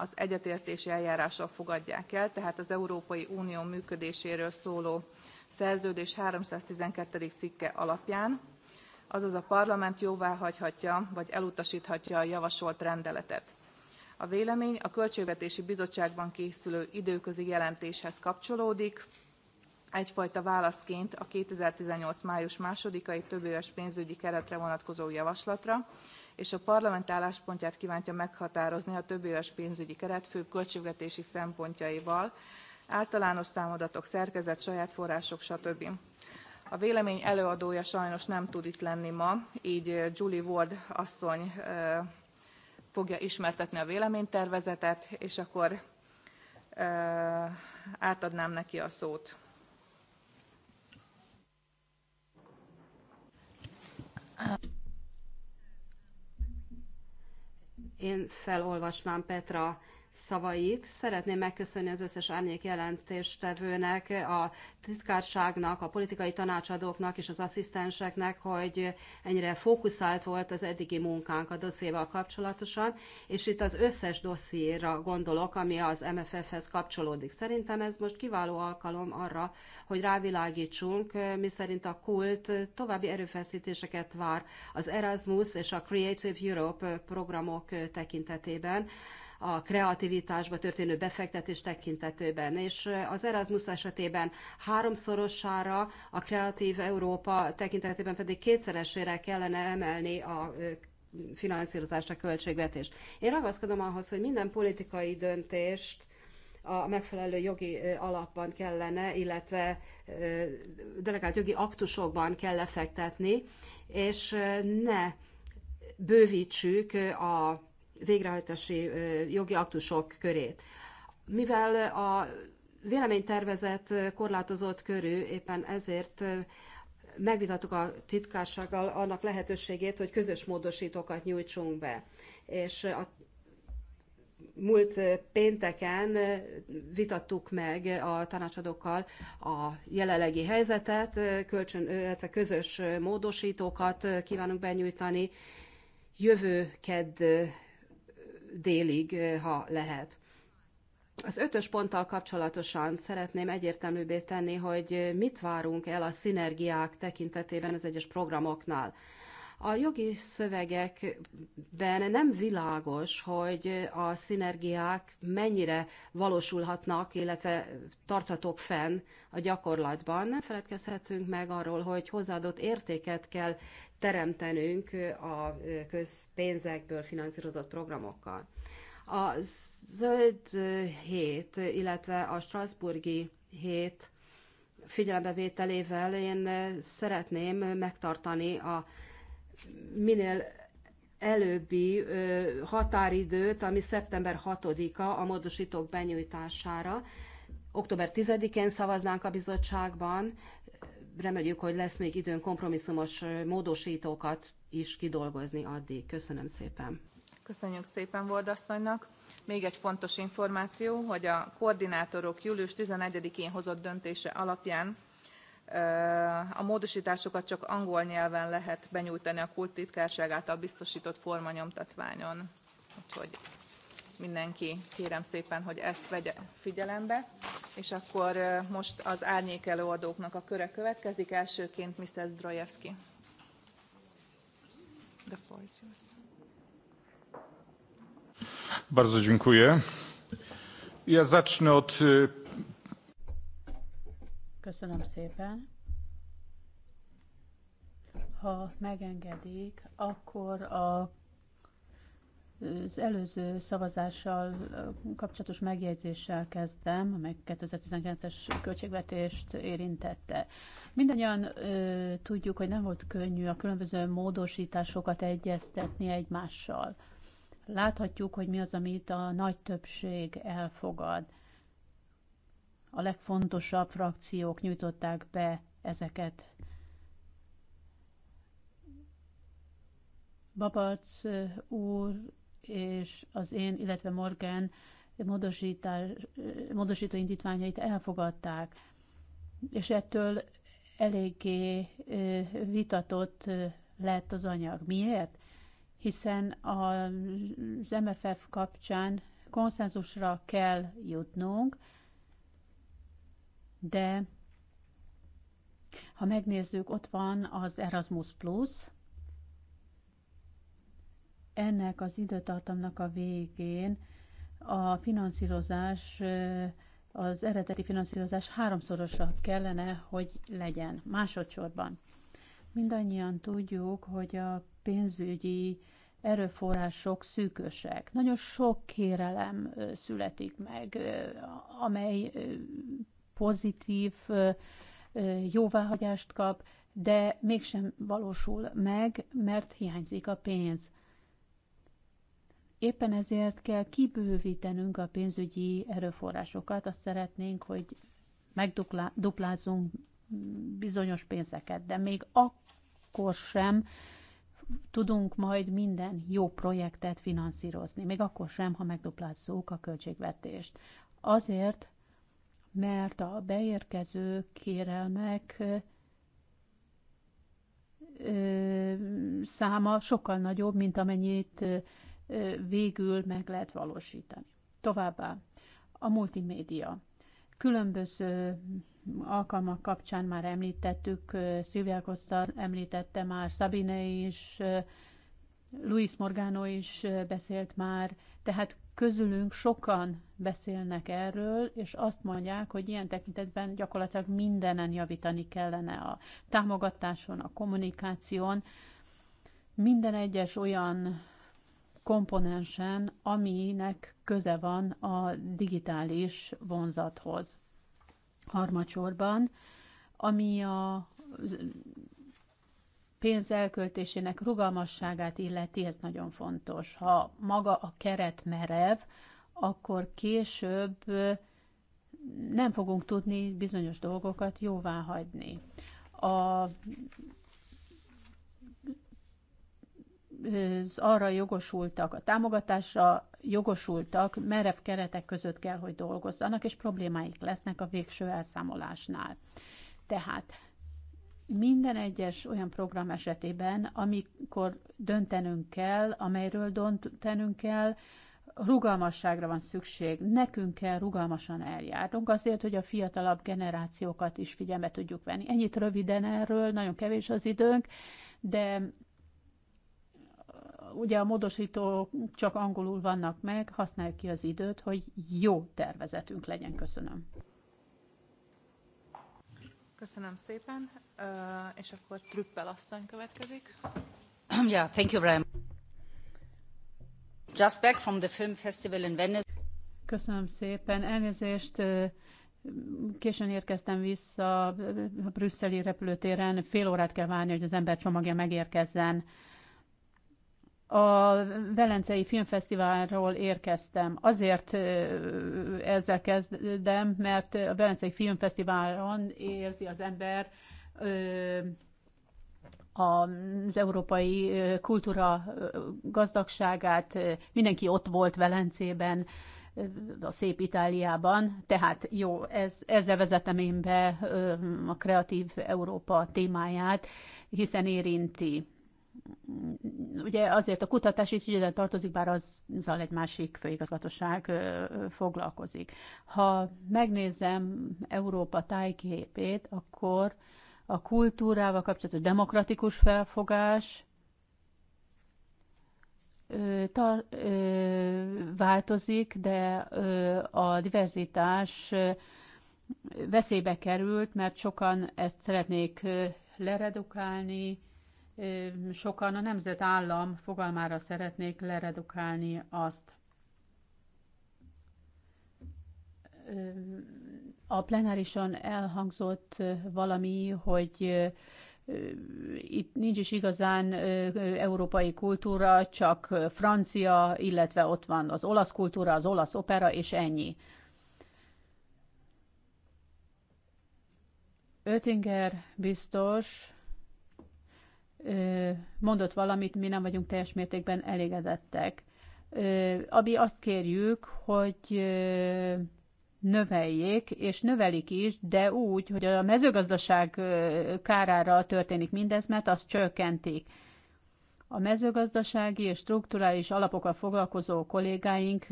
az egyetértési eljárással fogadják el, tehát az Európai Unió működéséről szóló szerződés 312. cikke alapján, azaz a parlament jóváhagyhatja vagy elutasíthatja a javasolt rendeletet. A vélemény a Költségvetési Bizottságban készülő időközi jelentéshez kapcsolódik, egyfajta válaszként a 2018. május 2 -i többéves pénzügyi keretre vonatkozó javaslatra, és a parlament álláspontját kvántja meghatározni a többéves pénzügyi keret főbb költségvetési szempontjaival általános számadatok szerkezet saját források stb. A vélemény előadója sajnos nem tud itt lenni ma, így eh, Julie Ward asszony eh, fogja ismertetni a véleménytervezetet, és akkor eh, átadnám neki a szót. Uh. Én felolvasnám Petra szavait. Szeretném megköszönni az összes árnyék jelentéstevőnek, a titkárságnak, a politikai tanácsadóknak és az asszisztenseknek, hogy ennyire fókuszált volt az eddigi munkánk a dosszéval kapcsolatosan, és itt az összes dossziéra gondolok, ami az MFF-hez kapcsolódik. Szerintem ez most kiváló alkalom arra, hogy rávilágítsunk, miszerint a kult további erőfeszítéseket vár az Erasmus és a Creative Europe programok tekintetében, a kreativitásba történő befektetés tekintetében. És az Erasmus esetében háromszorosára, a Kreatív Európa tekintetében pedig kétszeresére kellene emelni a finanszírozást, a költségvetést. Én ragaszkodom ahhoz, hogy minden politikai döntést a megfelelő jogi alapban kellene, illetve delegált jogi aktusokban kell lefektetni, és ne bővítsük a végrehajtási jogi aktusok körét. Mivel a véleménytervezet korlátozott körű, éppen ezért megvitattuk a titkársággal annak lehetőségét, hogy közös módosítókat nyújtsunk be. És a múlt pénteken vitattuk meg a tanácsadókkal a jelenlegi helyzetet, kölcsön, illetve közös módosítókat kívánunk benyújtani. Jövő kedd délig, ha lehet. Az ötös ponttal kapcsolatosan szeretném egyértelműbbé tenni, hogy mit várunk el a szinergiák tekintetében az egyes programoknál. A jogi szövegekben nem világos, hogy a szinergiák mennyire valósulhatnak, illetve tarthatók fenn a gyakorlatban. Nem feledkezhetünk meg arról, hogy hozzáadott értéket kell teremtenünk a közpénzekből finanszírozott programokkal. A zöld hét, illetve a Strasburgi hét figyelembevételével én szeretném megtartani a minél előbbi határidőt, ami szeptember 6-a a módosítók benyújtására. Október 10-én szavaznánk a bizottságban, reméljük, hogy lesz még időn kompromisszumos módosítókat is kidolgozni addig. Köszönöm szépen. Köszönjük szépen Voldasszonynak. Még egy fontos információ, hogy a koordinátorok július 11-én hozott döntése alapján a módosításokat csak angol nyelven lehet benyújtani a kulttitkárság által biztosított formanyomtatványon. Úgyhogy mindenki kérem szépen, hogy ezt vegye figyelembe. És akkor most az árnyék előadóknak a köre következik. Elsőként Mrs. Drojewski. The floor is yours. Bardzo dziękuję. Ja zacznę od Köszönöm szépen. Ha megengedik, akkor a, az előző szavazással kapcsolatos megjegyzéssel kezdem, amely 2019-es költségvetést érintette. Mindannyian ö, tudjuk, hogy nem volt könnyű a különböző módosításokat egyeztetni egymással. Láthatjuk, hogy mi az, amit a nagy többség elfogad. A legfontosabb frakciók nyújtották be ezeket. Babac úr és az én, illetve Morgan módosító indítványait elfogadták, és ettől eléggé vitatott lett az anyag. Miért? Hiszen az MFF kapcsán konszenzusra kell jutnunk, de ha megnézzük, ott van az Erasmus Plus, ennek az időtartamnak a végén a finanszírozás, az eredeti finanszírozás háromszorosa kellene, hogy legyen másodszorban. Mindannyian tudjuk, hogy a pénzügyi erőforrások szűkösek. Nagyon sok kérelem születik meg, amely pozitív jóváhagyást kap, de mégsem valósul meg, mert hiányzik a pénz. Éppen ezért kell kibővítenünk a pénzügyi erőforrásokat, azt szeretnénk, hogy megduplázzunk bizonyos pénzeket, de még akkor sem tudunk majd minden jó projektet finanszírozni, még akkor sem, ha megduplázzuk a költségvetést. Azért mert a beérkező kérelmek száma sokkal nagyobb, mint amennyit végül meg lehet valósítani. Továbbá a multimédia. Különböző alkalmak kapcsán már említettük, Szilvia Costa említette már, Sabine is, Luis Morgano is beszélt már, tehát közülünk sokan beszélnek erről, és azt mondják, hogy ilyen tekintetben gyakorlatilag mindenen javítani kellene a támogatáson, a kommunikáción, minden egyes olyan komponensen, aminek köze van a digitális vonzathoz. Harmadsorban, ami a pénz elköltésének rugalmasságát illeti, ez nagyon fontos. Ha maga a keret merev, akkor később nem fogunk tudni bizonyos dolgokat jóvá hagyni. A az arra jogosultak, a támogatásra jogosultak, merev keretek között kell, hogy dolgozzanak, és problémáik lesznek a végső elszámolásnál. Tehát minden egyes olyan program esetében, amikor döntenünk kell, amelyről döntenünk kell, rugalmasságra van szükség. Nekünk kell rugalmasan eljárnunk azért, hogy a fiatalabb generációkat is figyelme tudjuk venni. Ennyit röviden erről, nagyon kevés az időnk, de uh, ugye a módosítók csak angolul vannak meg, használjuk ki az időt, hogy jó tervezetünk legyen. Köszönöm. Köszönöm szépen, uh, és akkor Trüppel asszony következik. Yeah, thank you very much. Just back from the film festival in Venice. Köszönöm szépen. Elnézést, későn érkeztem vissza a brüsszeli repülőtéren. Fél órát kell várni, hogy az ember csomagja megérkezzen a Velencei Filmfesztiválról érkeztem. Azért ezzel kezdem, mert a Velencei Filmfesztiválon érzi az ember az európai kultúra gazdagságát. Mindenki ott volt Velencében, a szép Itáliában, tehát jó, ez, ezzel vezetem én be a kreatív Európa témáját, hiszen érinti ugye azért a kutatási ügyre tartozik, bár azzal egy másik főigazgatóság foglalkozik. Ha megnézem Európa tájképét, akkor a kultúrával kapcsolatos demokratikus felfogás változik, de a diverzitás veszélybe került, mert sokan ezt szeretnék leredukálni, sokan a nemzetállam fogalmára szeretnék leredukálni azt. A plenárison elhangzott valami, hogy itt nincs is igazán európai kultúra, csak francia, illetve ott van az olasz kultúra, az olasz opera, és ennyi. Ötinger biztos, mondott valamit, mi nem vagyunk teljes mértékben elégedettek. Abi azt kérjük, hogy növeljék, és növelik is, de úgy, hogy a mezőgazdaság kárára történik mindez, mert azt csökkentik. A mezőgazdasági és strukturális alapokkal foglalkozó kollégáink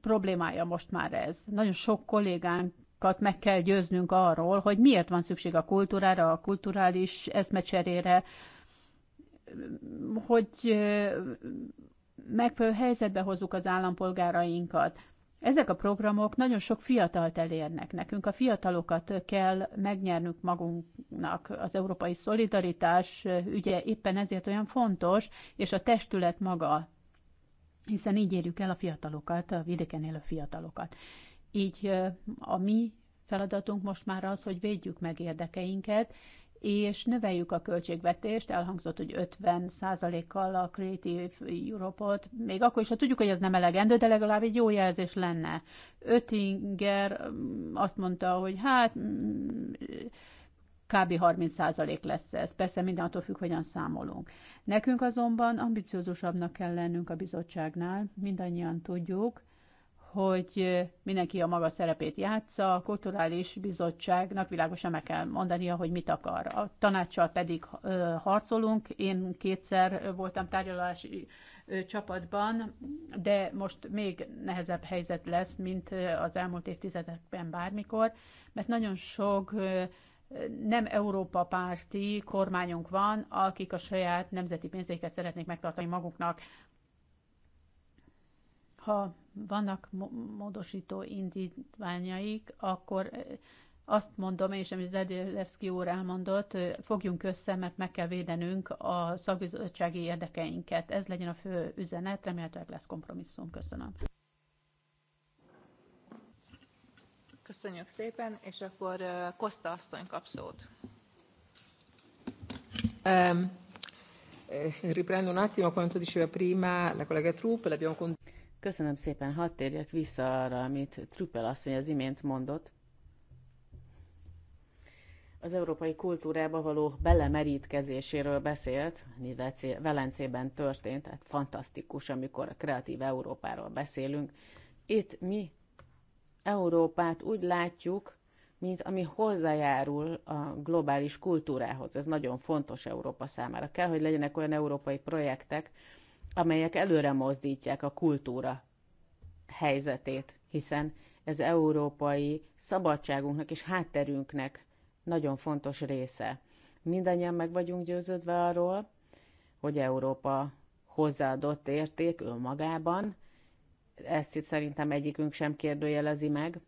problémája most már ez. Nagyon sok kollégánk meg kell győznünk arról, hogy miért van szükség a kultúrára, a kulturális eszmecserére, hogy megfelelő helyzetbe hozzuk az állampolgárainkat. Ezek a programok nagyon sok fiatalt elérnek. Nekünk a fiatalokat kell megnyernünk magunknak. Az európai szolidaritás ügye éppen ezért olyan fontos, és a testület maga, hiszen így érjük el a fiatalokat, a vidéken élő fiatalokat. Így a mi feladatunk most már az, hogy védjük meg érdekeinket, és növeljük a költségvetést, elhangzott, hogy 50%-kal a Creative Europe-ot, még akkor is, ha tudjuk, hogy ez nem elegendő, de legalább egy jó jelzés lenne. Öttinger mm, azt mondta, hogy hát mm, kb. 30% lesz ez. Persze minden attól függ, hogyan számolunk. Nekünk azonban ambiciózusabbnak kell lennünk a bizottságnál, mindannyian tudjuk, hogy mindenki a maga szerepét játsza, a kulturális bizottságnak világosan meg kell mondania, hogy mit akar. A tanácssal pedig harcolunk. Én kétszer voltam tárgyalási csapatban, de most még nehezebb helyzet lesz, mint az elmúlt évtizedekben bármikor, mert nagyon sok nem Európa párti kormányunk van, akik a saját nemzeti pénzéket szeretnék megtartani maguknak ha vannak módosító indítványaik, akkor eh, azt mondom, és amit Zedilevszki úr elmondott, eh, fogjunk össze, mert meg kell védenünk a szakbizottsági érdekeinket. Ez legyen a fő üzenet, remélhetőleg lesz kompromisszum. Köszönöm. Köszönjük szépen, és akkor Kosta eh, asszony kap szót. Um. riprendo un attimo quanto diceva prima la collega Trupp, l'abbiamo condiviso. Köszönöm szépen, hadd térjek vissza arra, amit Truppel asszony az imént mondott. Az európai kultúrába való belemerítkezéséről beszélt, ami Velencében történt, tehát fantasztikus, amikor a kreatív Európáról beszélünk. Itt mi Európát úgy látjuk, mint ami hozzájárul a globális kultúrához. Ez nagyon fontos Európa számára. Kell, hogy legyenek olyan európai projektek, amelyek előre mozdítják a kultúra helyzetét, hiszen ez európai szabadságunknak és hátterünknek nagyon fontos része. Mindannyian meg vagyunk győződve arról, hogy Európa hozzáadott érték önmagában, ezt itt szerintem egyikünk sem kérdőjelezi meg,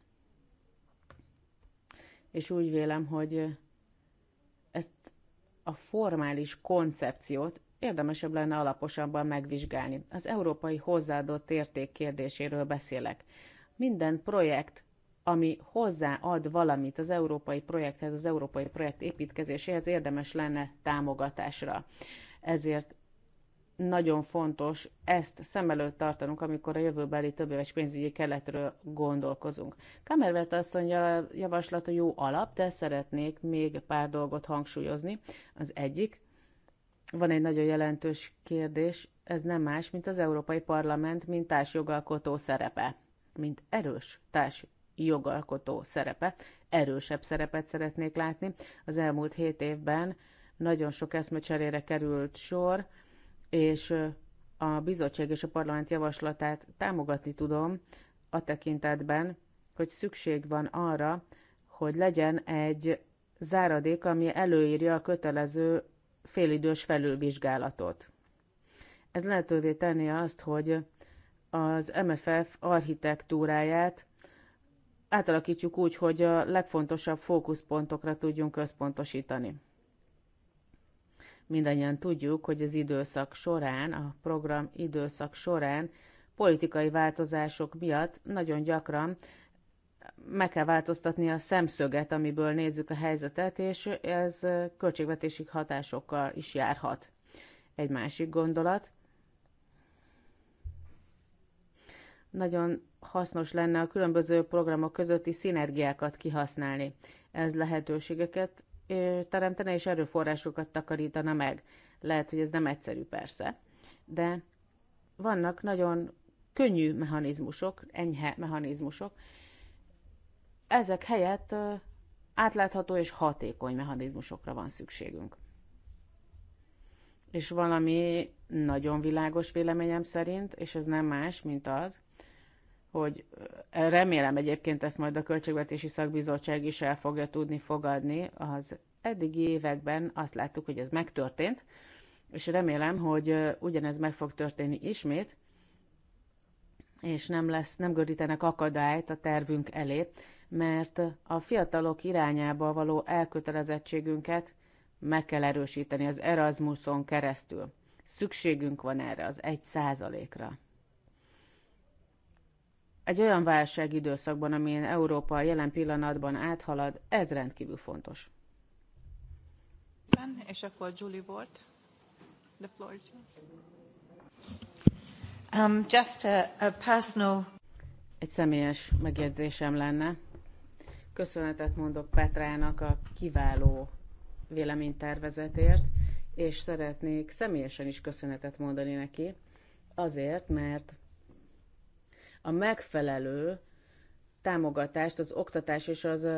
és úgy vélem, hogy ezt a formális koncepciót érdemesebb lenne alaposabban megvizsgálni. Az európai hozzáadott érték kérdéséről beszélek. Minden projekt, ami hozzáad valamit az európai projekthez, az európai projekt építkezéséhez, érdemes lenne támogatásra. Ezért nagyon fontos ezt szem előtt tartanunk, amikor a jövőbeli éves pénzügyi keletről gondolkozunk. Kamervert asszony javaslata jó alap, de szeretnék még pár dolgot hangsúlyozni. Az egyik, van egy nagyon jelentős kérdés, ez nem más, mint az Európai Parlament, mint társjogalkotó szerepe. Mint erős társjogalkotó szerepe. Erősebb szerepet szeretnék látni. Az elmúlt hét évben nagyon sok eszmecserére került sor, és a bizottság és a parlament javaslatát támogatni tudom a tekintetben, hogy szükség van arra, hogy legyen egy záradék, ami előírja a kötelező félidős felülvizsgálatot. Ez lehetővé tenni azt, hogy az MFF architektúráját átalakítjuk úgy, hogy a legfontosabb fókuszpontokra tudjunk központosítani. Mindannyian tudjuk, hogy az időszak során, a program időszak során politikai változások miatt nagyon gyakran meg kell változtatni a szemszöget, amiből nézzük a helyzetet, és ez költségvetési hatásokkal is járhat. Egy másik gondolat. Nagyon hasznos lenne a különböző programok közötti szinergiákat kihasználni. Ez lehetőségeket teremtene, és erőforrásokat takarítana meg. Lehet, hogy ez nem egyszerű persze, de vannak nagyon könnyű mechanizmusok, enyhe mechanizmusok, ezek helyett átlátható és hatékony mechanizmusokra van szükségünk. És valami nagyon világos véleményem szerint, és ez nem más, mint az, hogy remélem egyébként ezt majd a Költségvetési Szakbizottság is el fogja tudni fogadni. Az eddigi években azt láttuk, hogy ez megtörtént, és remélem, hogy ugyanez meg fog történni ismét, és nem lesz, nem gördítenek akadályt a tervünk elé, mert a fiatalok irányába való elkötelezettségünket meg kell erősíteni az Erasmuson keresztül. Szükségünk van erre az egy százalékra. Egy olyan válság időszakban, amin Európa jelen pillanatban áthalad, ez rendkívül fontos. És akkor Julie volt. The floor is yours. Um, just a, a personal... Egy személyes megjegyzésem lenne. Köszönetet mondok Petrának a kiváló véleménytervezetért, és szeretnék személyesen is köszönetet mondani neki, azért, mert a megfelelő támogatást az oktatás és az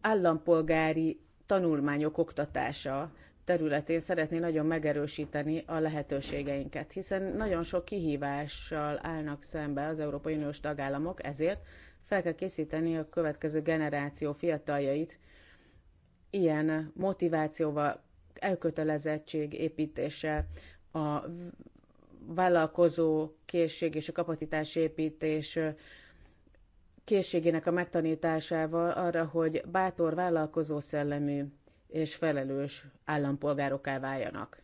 állampolgári tanulmányok oktatása területén szeretné nagyon megerősíteni a lehetőségeinket, hiszen nagyon sok kihívással állnak szembe az Európai Uniós tagállamok, ezért fel kell készíteni a következő generáció fiataljait ilyen motivációval, elkötelezettség építése, a vállalkozó készség és a kapacitás építés készségének a megtanításával arra, hogy bátor vállalkozó szellemű és felelős állampolgárokká váljanak.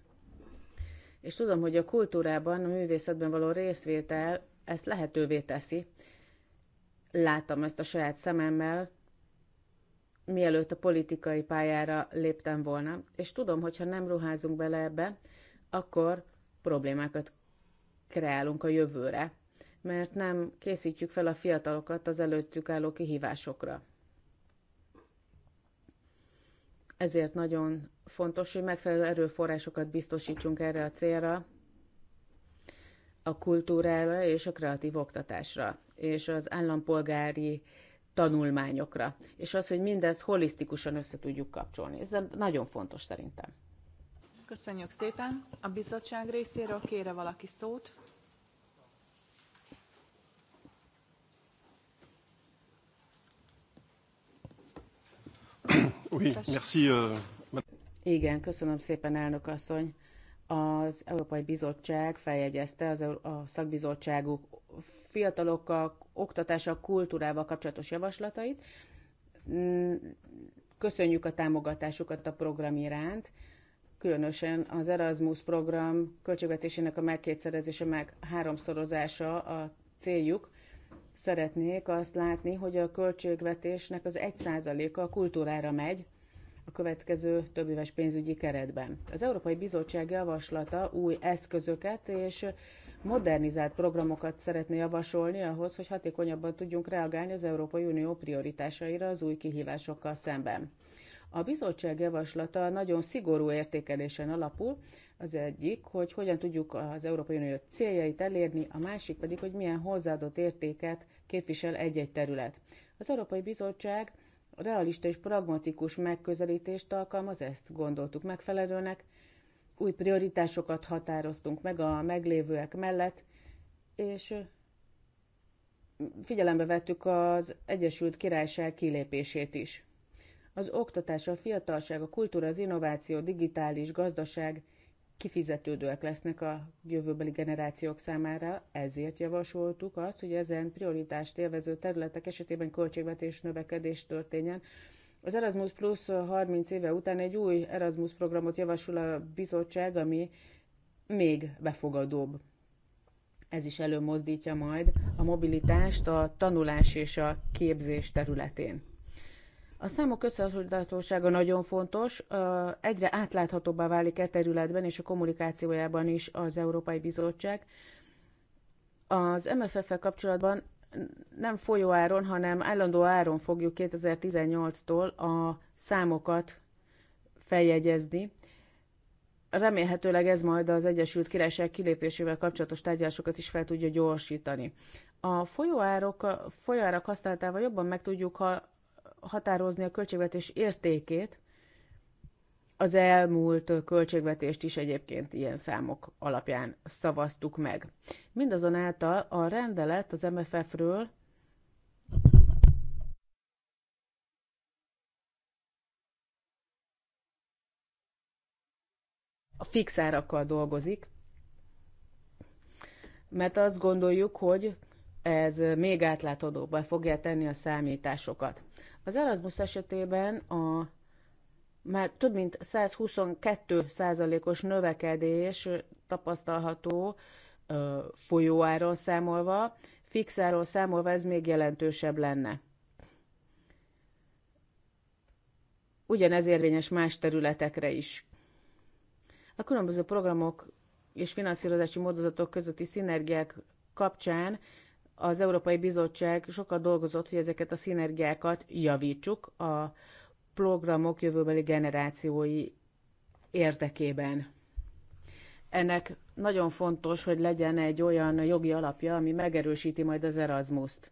És tudom, hogy a kultúrában, a művészetben való részvétel ezt lehetővé teszi, láttam ezt a saját szememmel, mielőtt a politikai pályára léptem volna, és tudom, hogy ha nem ruházunk bele ebbe, akkor problémákat kreálunk a jövőre, mert nem készítjük fel a fiatalokat az előttük álló kihívásokra. Ezért nagyon fontos, hogy megfelelő erőforrásokat biztosítsunk erre a célra, a kultúrára és a kreatív oktatásra, és az állampolgári tanulmányokra, és az, hogy mindezt holisztikusan össze tudjuk kapcsolni. Ez nagyon fontos szerintem. Köszönjük szépen. A bizottság részéről kére valaki szót. Oui, merci, euh, Igen, köszönöm szépen, elnök asszony az Európai Bizottság feljegyezte az, a szakbizottságuk fiatalokkal, oktatása kultúrával kapcsolatos javaslatait. Mm, köszönjük a támogatásukat a program iránt, különösen az Erasmus program költségvetésének a megkétszerezése, meg háromszorozása a céljuk. Szeretnék azt látni, hogy a költségvetésnek az egy százaléka a kultúrára megy, a következő több éves pénzügyi keretben. Az Európai Bizottság javaslata új eszközöket és modernizált programokat szeretne javasolni ahhoz, hogy hatékonyabban tudjunk reagálni az Európai Unió prioritásaira az új kihívásokkal szemben. A bizottság javaslata nagyon szigorú értékelésen alapul, az egyik, hogy hogyan tudjuk az Európai Unió céljait elérni, a másik pedig, hogy milyen hozzáadott értéket képvisel egy-egy terület. Az Európai Bizottság realista és pragmatikus megközelítést alkalmaz, ezt gondoltuk megfelelőnek, új prioritásokat határoztunk meg a meglévőek mellett, és figyelembe vettük az Egyesült Királyság kilépését is. Az oktatás, a fiatalság, a kultúra, az innováció, digitális gazdaság kifizetődőek lesznek a jövőbeli generációk számára, ezért javasoltuk azt, hogy ezen prioritást élvező területek esetében költségvetés növekedés történjen. Az Erasmus Plus 30 éve után egy új Erasmus programot javasol a bizottság, ami még befogadóbb. Ez is előmozdítja majd a mobilitást a tanulás és a képzés területén. A számok összehasonlítatósága nagyon fontos, egyre átláthatóbbá válik e területben és a kommunikációjában is az Európai Bizottság. Az MFF-fel kapcsolatban nem folyóáron, hanem állandó áron fogjuk 2018-tól a számokat feljegyezni. Remélhetőleg ez majd az Egyesült Királyság kilépésével kapcsolatos tárgyalásokat is fel tudja gyorsítani. A folyóárok, folyóárak használatával jobban meg tudjuk ha határozni a költségvetés értékét. Az elmúlt költségvetést is egyébként ilyen számok alapján szavaztuk meg. Mindazonáltal a rendelet az MFF-ről a fix árakkal dolgozik, mert azt gondoljuk, hogy ez még átláthatóbbá fogja tenni a számításokat. Az Erasmus esetében a már több mint 122 százalékos növekedés tapasztalható folyóáron számolva, fixáról számolva ez még jelentősebb lenne. Ugyanez érvényes más területekre is. A különböző programok és finanszírozási módozatok közötti szinergiák kapcsán az Európai Bizottság sokat dolgozott, hogy ezeket a szinergiákat javítsuk a programok jövőbeli generációi érdekében. Ennek nagyon fontos, hogy legyen egy olyan jogi alapja, ami megerősíti majd az Erasmus-t.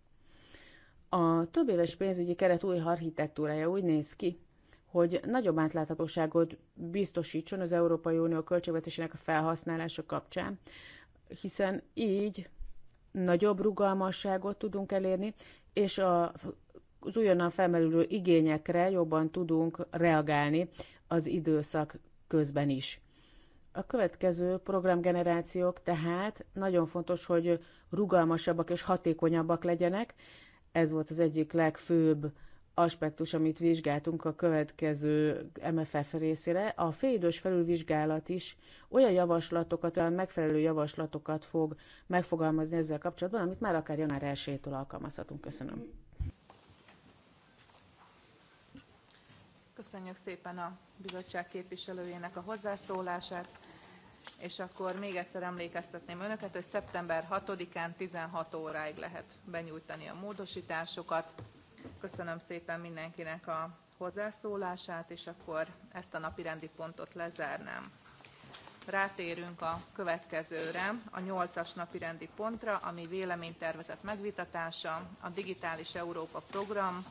A több éves pénzügyi keret új architektúrája úgy néz ki, hogy nagyobb átláthatóságot biztosítson az Európai Unió költségvetésének a felhasználása kapcsán, hiszen így nagyobb rugalmasságot tudunk elérni, és a, az újonnan felmerülő igényekre jobban tudunk reagálni az időszak közben is. A következő programgenerációk tehát nagyon fontos, hogy rugalmasabbak és hatékonyabbak legyenek. Ez volt az egyik legfőbb aspektus, amit vizsgáltunk a következő MFF részére. A félidős felülvizsgálat is olyan javaslatokat, olyan megfelelő javaslatokat fog megfogalmazni ezzel kapcsolatban, amit már akár január 1 alkalmazhatunk. Köszönöm. Köszönjük szépen a bizottság képviselőjének a hozzászólását, és akkor még egyszer emlékeztetném önöket, hogy szeptember 6-án 16 óráig lehet benyújtani a módosításokat. Köszönöm szépen mindenkinek a hozzászólását, és akkor ezt a napirendi pontot lezárnám. Rátérünk a következőre, a nyolcas napirendi pontra, ami véleménytervezet megvitatása, a Digitális Európa Program,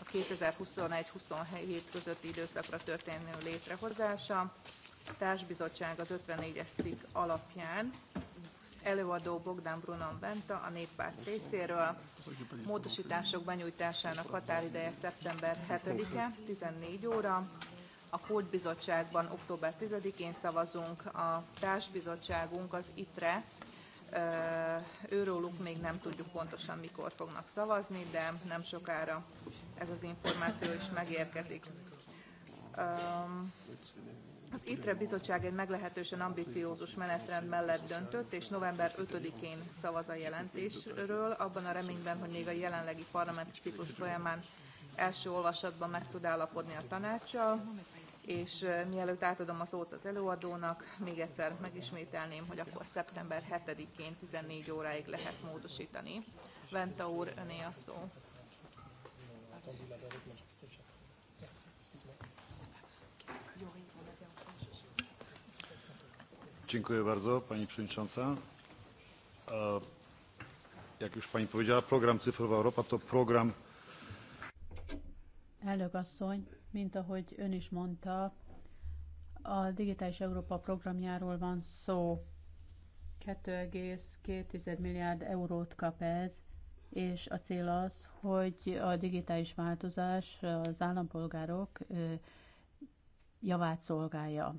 a 2021-27 közötti időszakra történő létrehozása, társbizottság az 54-es cikk alapján. Előadó Bogdán Brunon Benta a néppárt részéről. Módosítások benyújtásának határideje szeptember 7-e, 14 óra. A kultbizottságban Bizottságban október 10-én szavazunk, a társbizottságunk az ITRE, őróluk még nem tudjuk pontosan mikor fognak szavazni, de nem sokára ez az információ is megérkezik. Az ITRE bizottság egy meglehetősen ambiciózus menetrend mellett döntött, és november 5-én szavaz a jelentésről, abban a reményben, hogy még a jelenlegi parlamenti ciklus folyamán első olvasatban meg tud állapodni a tanácssal, és eh, mielőtt átadom a szót az előadónak, még egyszer megismételném, hogy akkor szeptember 7-én 14 óráig lehet módosítani. Venta úr, öné a szó. Dziękuję bardzo, Pani Przewodnicząca. Jak już Pani powiedziała, program Cyfrowa Europa to program... Elnök asszony, mint ahogy ön is mondta, a Digitális Európa programjáról van szó. 2,2 milliárd eurót kap ez, és a cél az, hogy a digitális változás az állampolgárok javát szolgálja.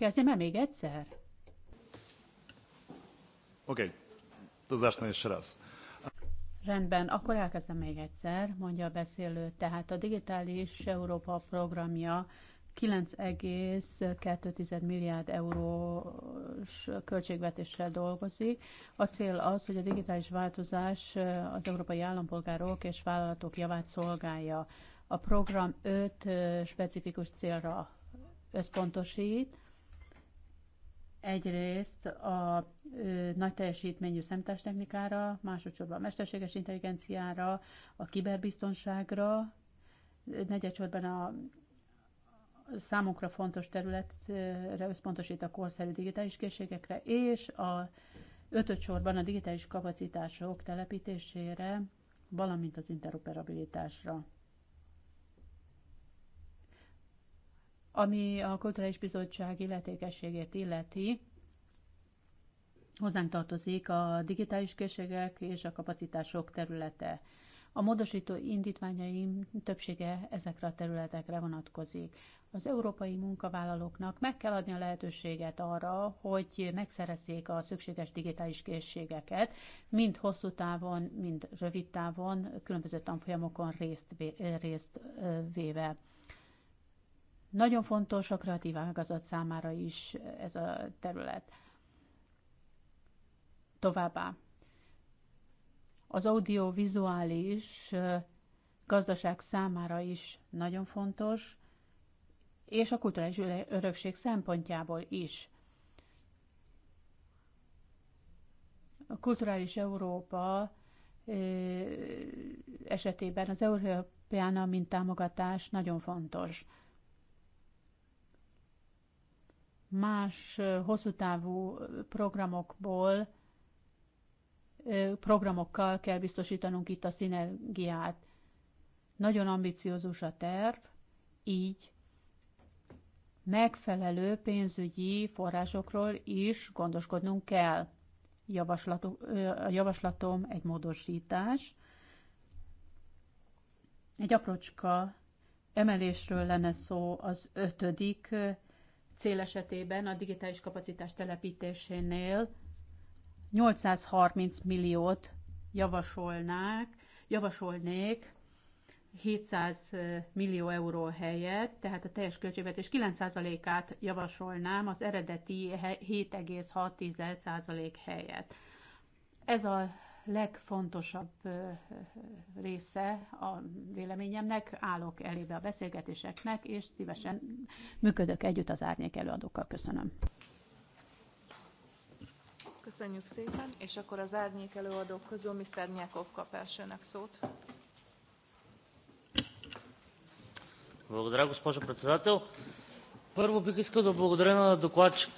Kezdjem el még egyszer? Oké, okay. nem is lesz. Rendben, akkor elkezdem még egyszer, mondja a beszélő. Tehát a Digitális Európa programja 9,2 milliárd eurós költségvetéssel dolgozik. A cél az, hogy a digitális változás az európai állampolgárok és vállalatok javát szolgálja. A program öt specifikus célra összpontosít, egyrészt a ö, nagy teljesítményű szemtástechnikára, másodszorban a mesterséges intelligenciára, a kiberbiztonságra, negyedsorban a számunkra fontos területre összpontosít a korszerű digitális készségekre, és a ötöd sorban a digitális kapacitások telepítésére, valamint az interoperabilitásra. Ami a Kulturális Bizottság illetékességét illeti, hozzánk tartozik a digitális készségek és a kapacitások területe. A módosító indítványaim többsége ezekre a területekre vonatkozik. Az európai munkavállalóknak meg kell adni a lehetőséget arra, hogy megszerezzék a szükséges digitális készségeket, mind hosszú távon, mind rövid távon, különböző tanfolyamokon részt, részt véve. Nagyon fontos a kreatív ágazat számára is ez a terület. Továbbá az audiovizuális gazdaság számára is nagyon fontos, és a kulturális örökség szempontjából is. A kulturális Európa esetében az Európeána mint támogatás nagyon fontos. más hosszú távú programokból, programokkal kell biztosítanunk itt a szinergiát. Nagyon ambiciózus a terv, így megfelelő pénzügyi forrásokról is gondoskodnunk kell. A javaslatom egy módosítás. Egy aprócska emelésről lenne szó az ötödik cél esetében a digitális kapacitás telepítésénél 830 milliót javasolnák, javasolnék 700 millió euró helyett, tehát a teljes költségvetés 9%-át javasolnám az eredeti 7,6% helyett. Ez a legfontosabb része a véleményemnek, állok elébe a beszélgetéseknek, és szívesen működök együtt az árnyék előadókkal. Köszönöm. Köszönjük szépen, és akkor az árnyék előadók közül Mr. Nyakov kap elsőnek szót. Благодаря, госпожо председател. Първо бих искал да благодаря на докладчик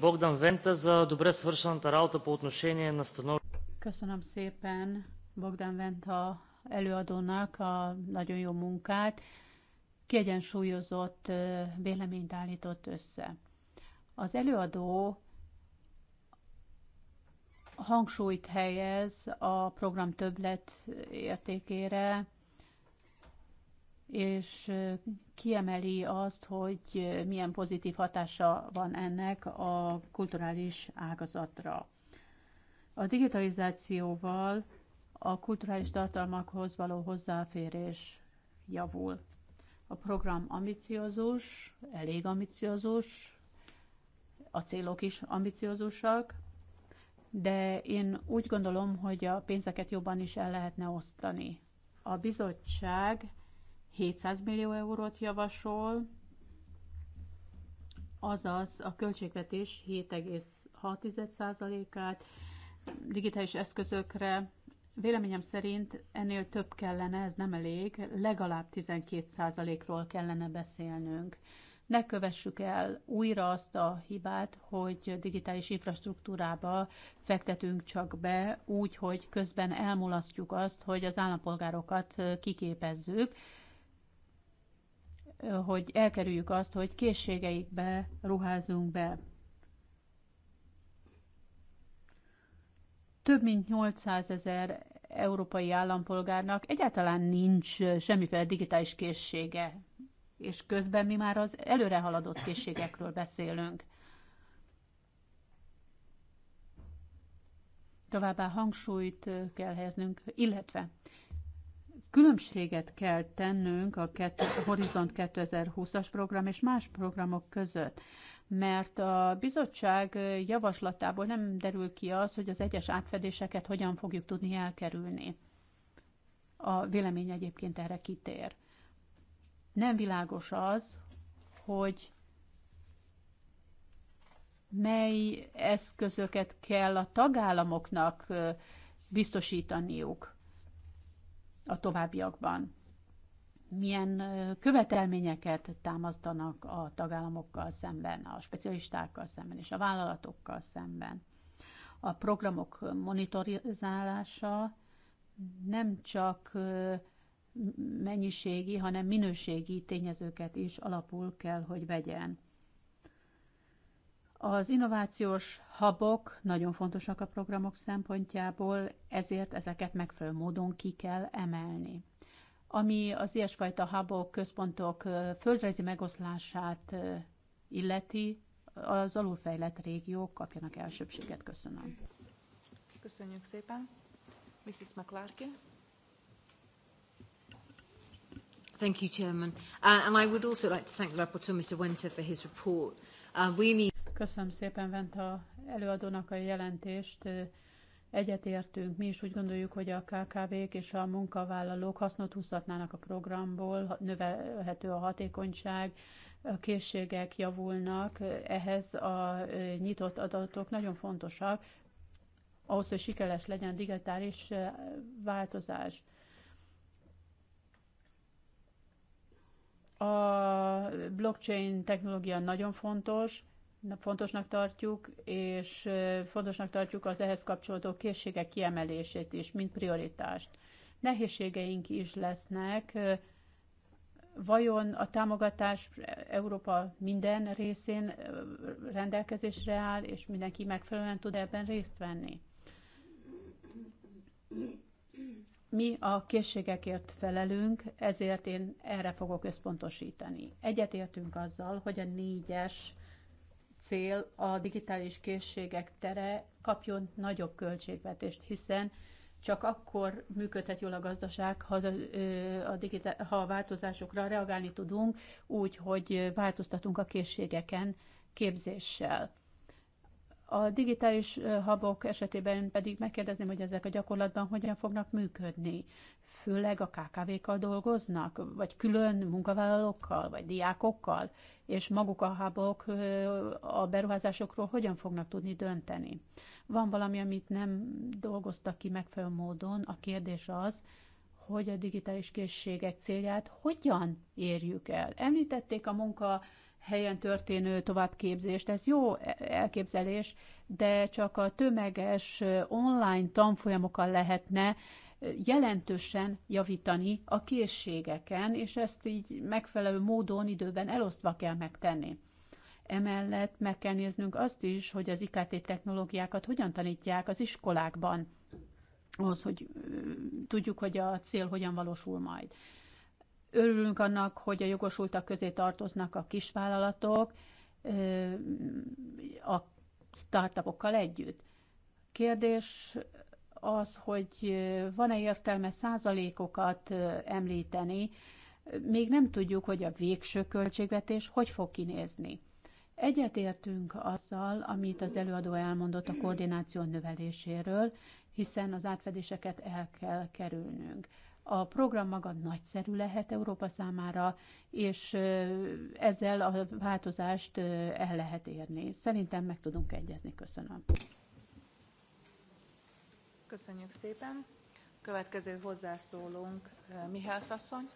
Богдан Вента за добре свършената работа по отношение на становището. Köszönöm szépen Bogdán Venta előadónak a nagyon jó munkát. Kiegyensúlyozott véleményt állított össze. Az előadó hangsúlyt helyez a program többlet értékére, és kiemeli azt, hogy milyen pozitív hatása van ennek a kulturális ágazatra. A digitalizációval a kulturális tartalmakhoz való hozzáférés javul. A program ambiciózus, elég ambiciózus, a célok is ambiciózusak, de én úgy gondolom, hogy a pénzeket jobban is el lehetne osztani. A bizottság 700 millió eurót javasol, azaz a költségvetés 7,6%-át, digitális eszközökre véleményem szerint ennél több kellene, ez nem elég, legalább 12%-ról kellene beszélnünk. Ne kövessük el újra azt a hibát, hogy digitális infrastruktúrába fektetünk csak be, úgy, hogy közben elmulasztjuk azt, hogy az állampolgárokat kiképezzük, hogy elkerüljük azt, hogy készségeikbe ruházunk be. több mint 800 ezer európai állampolgárnak egyáltalán nincs semmiféle digitális készsége, és közben mi már az előre haladott készségekről beszélünk. Továbbá hangsúlyt kell helyeznünk, illetve különbséget kell tennünk a Horizont 2020-as program és más programok között mert a bizottság javaslatából nem derül ki az, hogy az egyes átfedéseket hogyan fogjuk tudni elkerülni. A vélemény egyébként erre kitér. Nem világos az, hogy mely eszközöket kell a tagállamoknak biztosítaniuk a továbbiakban milyen követelményeket támasztanak a tagállamokkal szemben, a specialistákkal szemben és a vállalatokkal szemben. A programok monitorizálása nem csak mennyiségi, hanem minőségi tényezőket is alapul kell, hogy vegyen. Az innovációs habok nagyon fontosak a programok szempontjából, ezért ezeket megfelelő módon ki kell emelni. Ami az ilyesfajta hubok, központok földrajzi megoszlását illeti, az alulfejlett régiók kapjanak elsőbséget. Köszönöm. Köszönjük szépen. Mrs. McClarkin. Thank you, Chairman. Uh, and I would also like to thank the Rapporteur, Mr. Winter, for his report. Uh, we need... Köszönöm szépen Venta előadónak a jelentést. Egyetértünk, mi is úgy gondoljuk, hogy a KKV-k és a munkavállalók hasznot húzhatnának a programból, növelhető a hatékonyság, a készségek javulnak, ehhez a nyitott adatok nagyon fontosak, ahhoz, hogy sikeres legyen digitális változás. A blockchain technológia nagyon fontos, fontosnak tartjuk, és fontosnak tartjuk az ehhez kapcsolódó készségek kiemelését is, mint prioritást. Nehézségeink is lesznek. Vajon a támogatás Európa minden részén rendelkezésre áll, és mindenki megfelelően tud ebben részt venni? Mi a készségekért felelünk, ezért én erre fogok összpontosítani. Egyetértünk azzal, hogy a négyes cél a digitális készségek tere kapjon nagyobb költségvetést, hiszen csak akkor működhet jól a gazdaság, ha a, digitál, ha a változásokra reagálni tudunk, úgy, hogy változtatunk a készségeken képzéssel. A digitális habok esetében pedig megkérdezném, hogy ezek a gyakorlatban hogyan fognak működni főleg a KKV-kkal dolgoznak, vagy külön munkavállalókkal, vagy diákokkal, és maguk a hábok a beruházásokról hogyan fognak tudni dönteni. Van valami, amit nem dolgoztak ki megfelelő módon, a kérdés az, hogy a digitális készségek célját hogyan érjük el. Említették a munka helyen történő továbbképzést, ez jó e-, elképzelés, de csak a tömeges online tanfolyamokkal lehetne jelentősen javítani a készségeken, és ezt így megfelelő módon, időben elosztva kell megtenni. Emellett meg kell néznünk azt is, hogy az IKT technológiákat hogyan tanítják az iskolákban, ahhoz, hogy tudjuk, hogy a cél hogyan valósul majd. Örülünk annak, hogy a jogosultak közé tartoznak a kisvállalatok, a startupokkal együtt. Kérdés az, hogy van-e értelme százalékokat említeni, még nem tudjuk, hogy a végső költségvetés hogy fog kinézni. Egyetértünk azzal, amit az előadó elmondott a koordináció növeléséről, hiszen az átfedéseket el kell kerülnünk. A program maga nagyszerű lehet Európa számára, és ezzel a változást el lehet érni. Szerintem meg tudunk egyezni. Köszönöm. Köszönjük szépen. Következő hozzászólónk eh, Mihály asszony.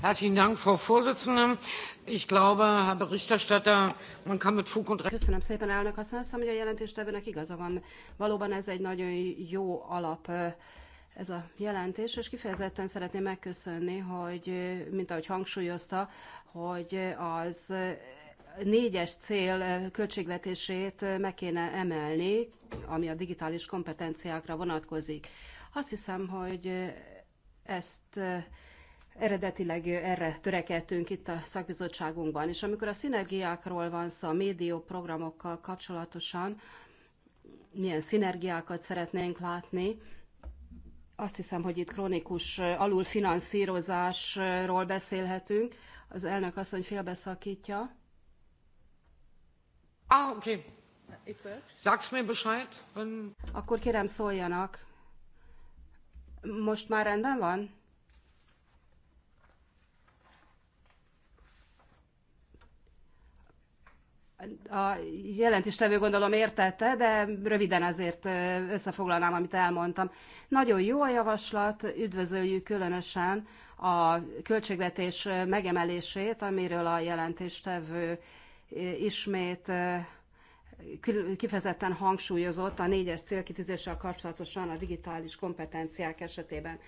Herzlichen Dank, Frau Vorsitzende. Ich glaube, Herr Berichterstatter, man kann mit Fug und Recht. Köszönöm szépen, elnök asszony. Azt hiszem, hogy a jelentéstevőnek igaza van. Valóban ez egy nagyon jó alap eh, ez a jelentés, és kifejezetten szeretném megköszönni, hogy, eh, mint ahogy hangsúlyozta, hogy az négyes cél költségvetését meg kéne emelni, ami a digitális kompetenciákra vonatkozik. Azt hiszem, hogy ezt eredetileg erre törekedtünk itt a szakbizottságunkban, és amikor a szinergiákról van szó a médiaprogramokkal kapcsolatosan, milyen szinergiákat szeretnénk látni, azt hiszem, hogy itt krónikus alulfinanszírozásról beszélhetünk. Az elnök asszony félbeszakítja. Ah, okay. mir Bescheid, wenn... Akkor kérem szóljanak. Most már rendben van? A jelentéstevő gondolom értette, de röviden azért összefoglalnám, amit elmondtam. Nagyon jó a javaslat, üdvözöljük különösen a költségvetés megemelését, amiről a jelentéstevő ismét kifejezetten hangsúlyozott a négyes célkitűzéssel kapcsolatosan a digitális kompetenciák esetében.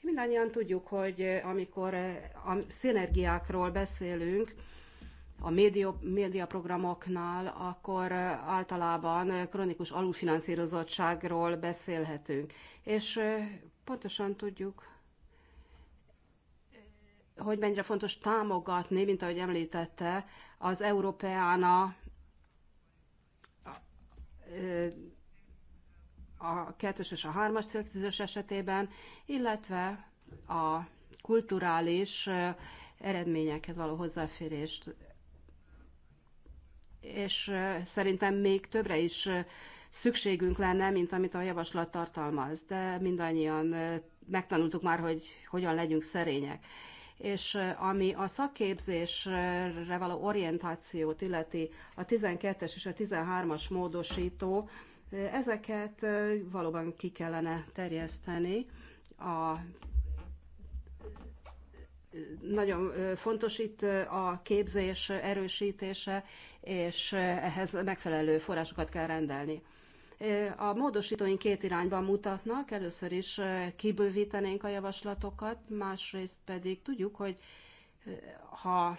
Mindannyian tudjuk, hogy amikor a szinergiákról beszélünk, a média, médiaprogramoknál, akkor általában kronikus alulfinanszírozottságról beszélhetünk. És pontosan tudjuk, hogy mennyire fontos támogatni, mint ahogy említette, az Európeána a kettős és a hármas célkitűzés esetében, illetve a kulturális eredményekhez való hozzáférést. És szerintem még többre is szükségünk lenne, mint amit a javaslat tartalmaz, de mindannyian megtanultuk már, hogy hogyan legyünk szerények és ami a szakképzésre való orientációt illeti a 12-es és a 13-as módosító, ezeket valóban ki kellene terjeszteni a nagyon fontos itt a képzés erősítése, és ehhez megfelelő forrásokat kell rendelni. A módosítóink két irányban mutatnak, először is kibővítenénk a javaslatokat, másrészt pedig tudjuk, hogy ha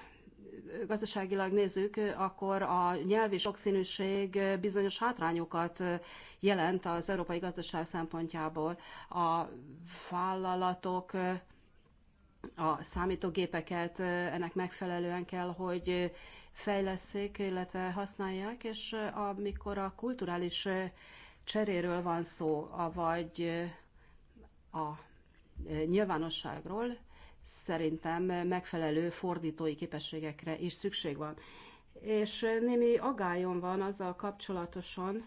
gazdaságilag nézzük, akkor a nyelvi sokszínűség bizonyos hátrányokat jelent az európai gazdaság szempontjából. A vállalatok a számítógépeket ennek megfelelően kell, hogy fejleszik, illetve használják, és amikor a kulturális cseréről van szó, vagy a nyilvánosságról, szerintem megfelelő fordítói képességekre is szükség van. És némi agályon van azzal kapcsolatosan,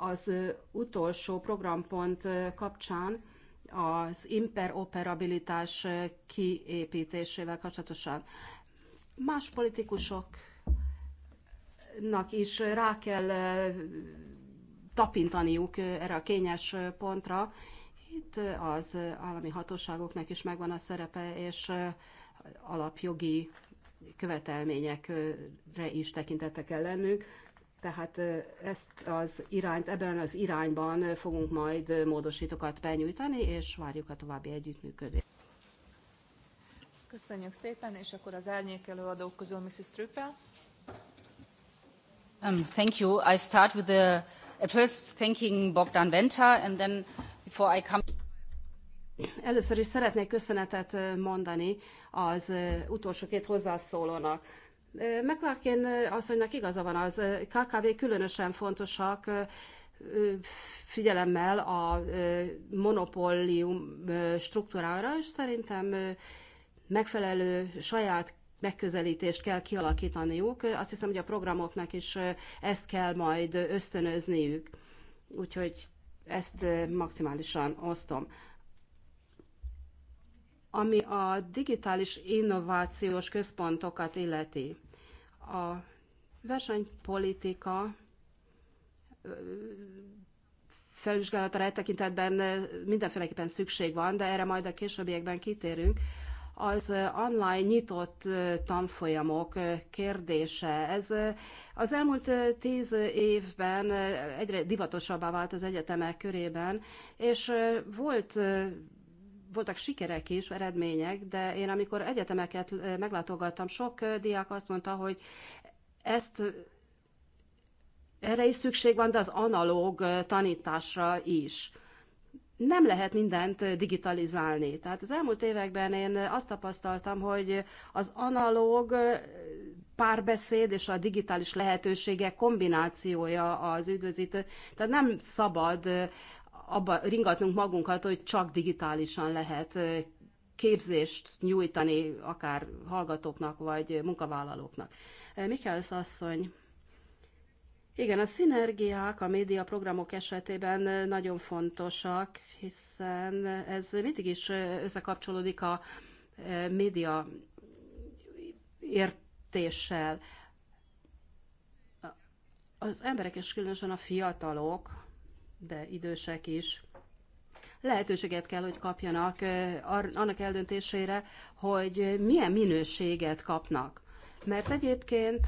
az utolsó programpont kapcsán, az imperoperabilitás kiépítésével kapcsolatosan. Más politikusoknak is rá kell tapintaniuk erre a kényes pontra. Itt az állami hatóságoknak is megvan a szerepe, és alapjogi követelményekre is tekintettek kell lennünk. Tehát ezt az irányt, ebben az irányban fogunk majd módosítókat benyújtani, és várjuk a további együttműködést. Köszönjük szépen, és akkor az árnyék adók közül Mrs. Trüppel. Um, thank you. I start with the, at first thanking Bogdan Venta, and then before I come... Először is szeretnék köszönetet uh, mondani az uh, utolsó két hozzászólónak. Uh, McLarkin asszonynak igaza van, az KKV különösen fontosak, figyelemmel a monopólium struktúrára, és szerintem megfelelő saját megközelítést kell kialakítaniuk. Azt hiszem, hogy a programoknak is ezt kell majd ösztönözniük. Úgyhogy ezt maximálisan osztom. Ami a digitális innovációs központokat illeti, a versenypolitika felvizsgálatra e tekintetben mindenféleképpen szükség van, de erre majd a későbbiekben kitérünk az online nyitott tanfolyamok kérdése. Ez az elmúlt tíz évben egyre divatosabbá vált az egyetemek körében, és volt voltak sikerek is, eredmények, de én amikor egyetemeket meglátogattam, sok diák azt mondta, hogy ezt erre is szükség van, de az analóg tanításra is nem lehet mindent digitalizálni. Tehát az elmúlt években én azt tapasztaltam, hogy az analóg párbeszéd és a digitális lehetőségek kombinációja az üdvözítő. Tehát nem szabad abba ringatnunk magunkat, hogy csak digitálisan lehet képzést nyújtani akár hallgatóknak vagy munkavállalóknak. Mikkelsz asszony, igen, a szinergiák a médiaprogramok esetében nagyon fontosak, hiszen ez mindig is összekapcsolódik a média értéssel. Az emberek, és különösen a fiatalok, de idősek is, lehetőséget kell, hogy kapjanak annak eldöntésére, hogy milyen minőséget kapnak. Mert egyébként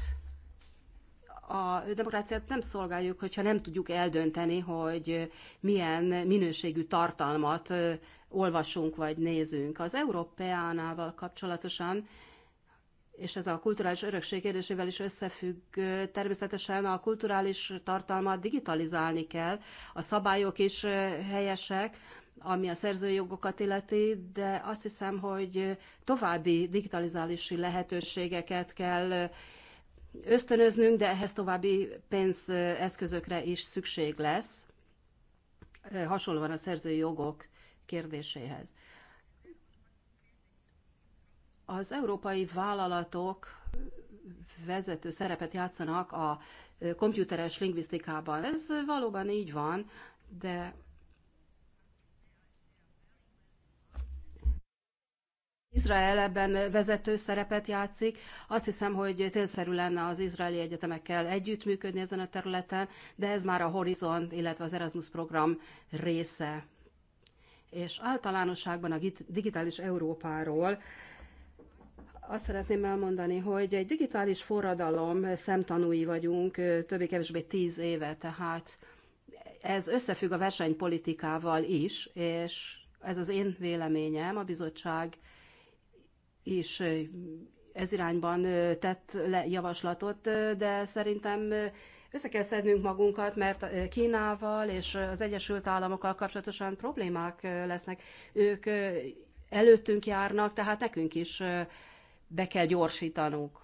a demokráciát nem szolgáljuk, hogyha nem tudjuk eldönteni, hogy milyen minőségű tartalmat olvasunk vagy nézünk. Az Európeánával kapcsolatosan, és ez a kulturális örökség kérdésével is összefügg, természetesen a kulturális tartalmat digitalizálni kell, a szabályok is helyesek, ami a szerzői jogokat illeti, de azt hiszem, hogy további digitalizálási lehetőségeket kell ösztönöznünk, de ehhez további pénzeszközökre is szükség lesz, hasonlóan a szerzői jogok kérdéséhez. Az európai vállalatok vezető szerepet játszanak a komputeres lingvisztikában. Ez valóban így van, de Izrael ebben vezető szerepet játszik. Azt hiszem, hogy célszerű lenne az izraeli egyetemekkel együttműködni ezen a területen, de ez már a Horizon, illetve az Erasmus program része. És általánosságban a digitális Európáról azt szeretném elmondani, hogy egy digitális forradalom szemtanúi vagyunk többé-kevésbé tíz éve, tehát ez összefügg a versenypolitikával is, és ez az én véleményem, a bizottság is ez irányban tett le javaslatot, de szerintem össze kell szednünk magunkat, mert Kínával és az Egyesült Államokkal kapcsolatosan problémák lesznek. Ők előttünk járnak, tehát nekünk is be kell gyorsítanunk.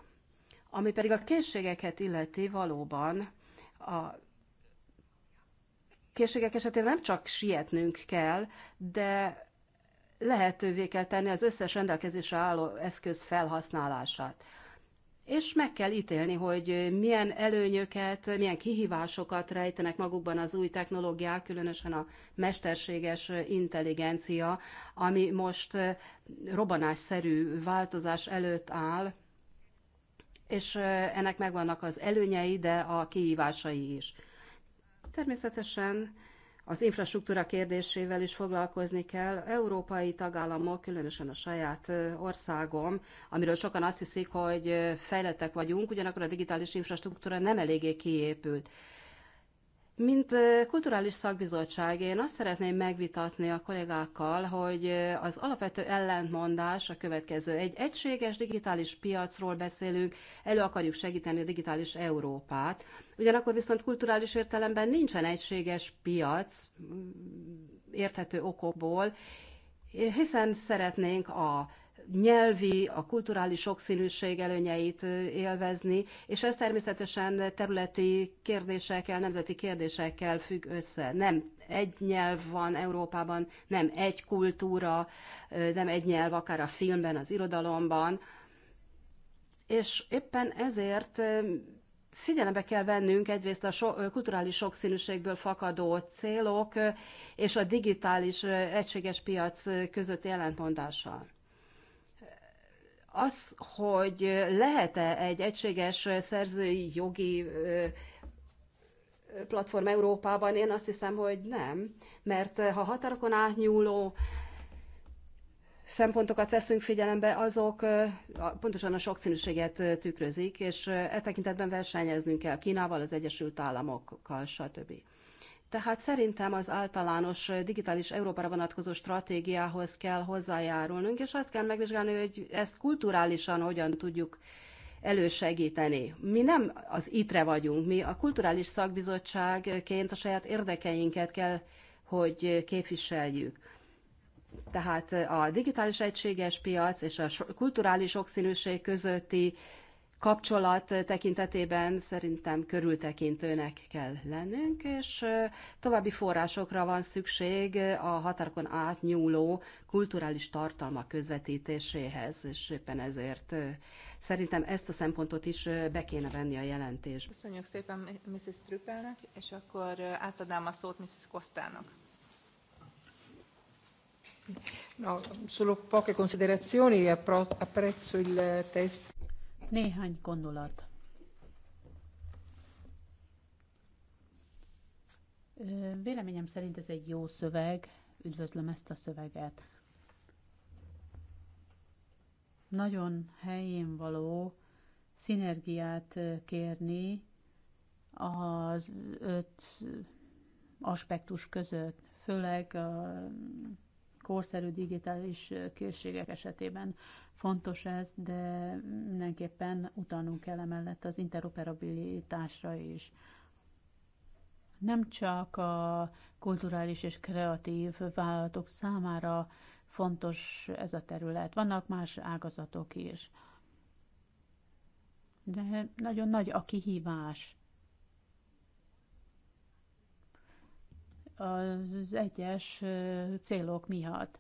Ami pedig a készségeket illeti valóban, a készségek esetén nem csak sietnünk kell, de lehetővé kell tenni az összes rendelkezésre álló eszköz felhasználását. És meg kell ítélni, hogy milyen előnyöket, milyen kihívásokat rejtenek magukban az új technológiák, különösen a mesterséges intelligencia, ami most robbanásszerű változás előtt áll, és ennek megvannak az előnyei, de a kihívásai is. Természetesen az infrastruktúra kérdésével is foglalkozni kell. Európai tagállamok, különösen a saját országom, amiről sokan azt hiszik, hogy fejlettek vagyunk, ugyanakkor a digitális infrastruktúra nem eléggé kiépült. Mint kulturális szakbizottság én azt szeretném megvitatni a kollégákkal, hogy az alapvető ellentmondás a következő. Egy egységes digitális piacról beszélünk, elő akarjuk segíteni a digitális Európát, ugyanakkor viszont kulturális értelemben nincsen egységes piac érthető okokból, hiszen szeretnénk a nyelvi, a kulturális sokszínűség előnyeit élvezni, és ez természetesen területi kérdésekkel, nemzeti kérdésekkel függ össze. Nem egy nyelv van Európában, nem egy kultúra, nem egy nyelv akár a filmben, az irodalomban, és éppen ezért figyelembe kell vennünk egyrészt a so, kulturális sokszínűségből fakadó célok és a digitális egységes piac közötti ellentmondással. Az, hogy lehet-e egy egységes szerzői jogi platform Európában, én azt hiszem, hogy nem, mert eh, ha határokon átnyúló szempontokat veszünk figyelembe, azok eh, pontosan a sokszínűséget eh, tükrözik, és e tekintetben versenyeznünk kell Kínával, az Egyesült Államokkal, stb. Tehát szerintem az általános digitális Európára vonatkozó stratégiához kell hozzájárulnunk, és azt kell megvizsgálni, hogy ezt kulturálisan hogyan tudjuk elősegíteni. Mi nem az ITRE vagyunk, mi a kulturális szakbizottságként a saját érdekeinket kell, hogy képviseljük. Tehát a digitális egységes piac és a kulturális okszínűség közötti kapcsolat tekintetében szerintem körültekintőnek kell lennünk, és további forrásokra van szükség a határokon átnyúló kulturális tartalmak közvetítéséhez, és éppen ezért szerintem ezt a szempontot is be kéne venni a jelentés. Köszönjük szépen Mrs. Trüppelnek, és akkor átadnám a szót Mrs. Kostának. No, solo poche considerazioni, apprezzo il test. Néhány gondolat. Véleményem szerint ez egy jó szöveg, üdvözlöm ezt a szöveget. Nagyon helyén való szinergiát kérni az öt aspektus között, főleg a korszerű digitális készségek esetében. Fontos ez, de mindenképpen utalnunk kell emellett az interoperabilitásra is. Nem csak a kulturális és kreatív vállalatok számára fontos ez a terület, vannak más ágazatok is. De nagyon nagy a kihívás. az egyes célok miatt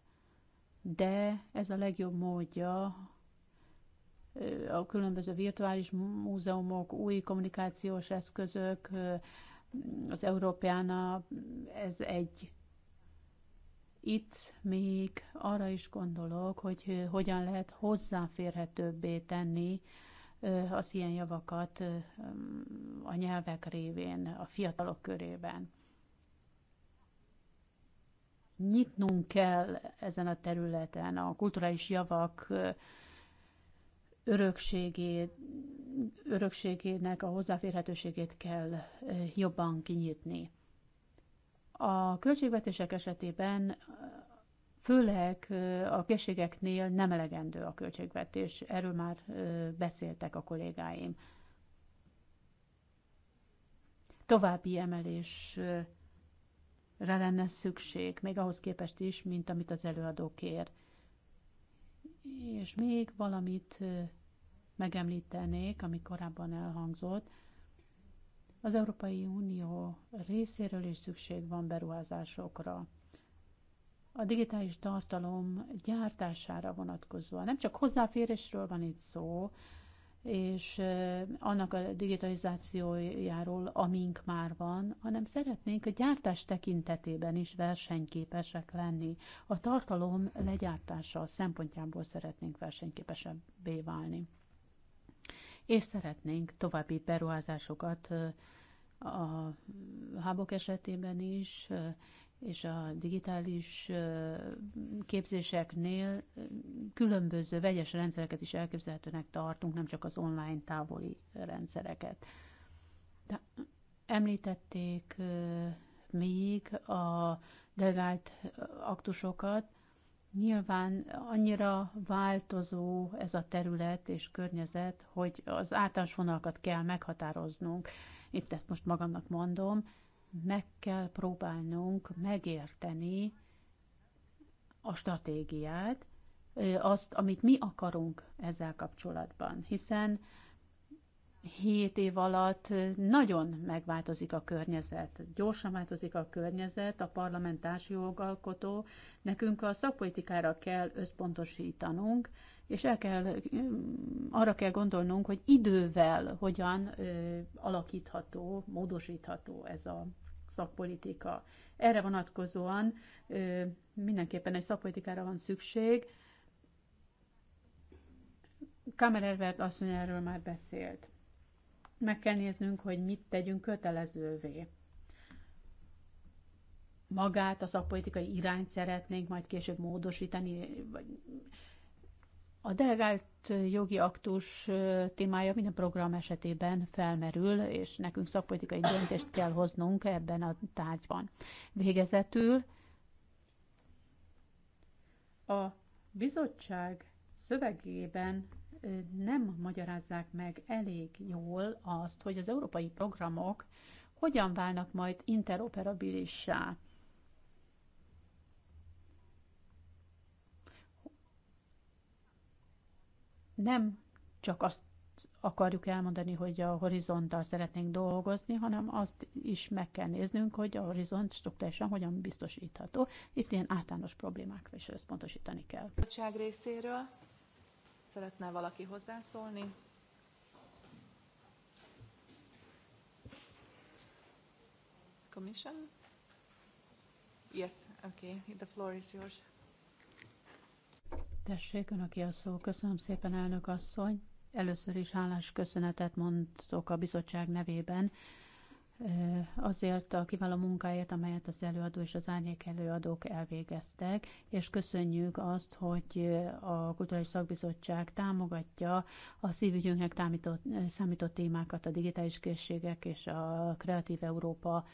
de ez a legjobb módja a különböző virtuális múzeumok, új kommunikációs eszközök, az Európiána, ez egy. Itt még arra is gondolok, hogy hogyan lehet hozzáférhetőbbé tenni az ilyen javakat a nyelvek révén, a fiatalok körében nyitnunk kell ezen a területen a kulturális javak örökségét, örökségének a hozzáférhetőségét kell jobban kinyitni. A költségvetések esetében főleg a készségeknél nem elegendő a költségvetés, erről már beszéltek a kollégáim. További emelés rá lenne szükség, még ahhoz képest is, mint amit az előadó kér. És még valamit megemlítenék, ami korábban elhangzott. Az Európai Unió részéről is szükség van beruházásokra. A digitális tartalom gyártására vonatkozóan nem csak hozzáférésről van itt szó, és annak a digitalizációjáról, amink már van, hanem szeretnénk a gyártás tekintetében is versenyképesek lenni. A tartalom legyártása szempontjából szeretnénk versenyképesebbé válni. És szeretnénk további beruházásokat a hábok esetében is, és a digitális képzéseknél különböző vegyes rendszereket is elképzelhetőnek tartunk, nem csak az online távoli rendszereket. De említették még a delegált aktusokat. Nyilván annyira változó ez a terület és környezet, hogy az általános vonalakat kell meghatároznunk. Itt ezt most magamnak mondom, meg kell próbálnunk megérteni a stratégiát, azt, amit mi akarunk ezzel kapcsolatban, hiszen 7 év alatt nagyon megváltozik a környezet, gyorsan változik a környezet, a parlamentárs jogalkotó, nekünk a szakpolitikára kell összpontosítanunk, és el kell, arra kell gondolnunk, hogy idővel hogyan alakítható, módosítható ez a szakpolitika. Erre vonatkozóan mindenképpen egy szakpolitikára van szükség. Kamerervert asszony erről már beszélt. Meg kell néznünk, hogy mit tegyünk kötelezővé. Magát a szakpolitikai irányt szeretnénk majd később módosítani, vagy a delegált jogi aktus témája minden program esetében felmerül, és nekünk szakpolitikai döntést kell hoznunk ebben a tárgyban. Végezetül a bizottság szövegében nem magyarázzák meg elég jól azt, hogy az európai programok hogyan válnak majd interoperabilissá. nem csak azt akarjuk elmondani, hogy a horizonttal szeretnénk dolgozni, hanem azt is meg kell néznünk, hogy a horizont struktúrálisan hogyan biztosítható. Itt ilyen általános problémákra is összpontosítani kell. Bizottság részéről szeretne valaki hozzászólni? Commission? Yes, okay, the floor is yours. Tessék, önöki a szó. Köszönöm szépen, elnök asszony. Először is hálás köszönetet mondok a bizottság nevében azért a kiváló munkáért, amelyet az előadó és az árnyék előadók elvégeztek, és köszönjük azt, hogy a Kulturális Szakbizottság támogatja a szívügyünknek támított, számított témákat, a digitális készségek és a Kreatív Európa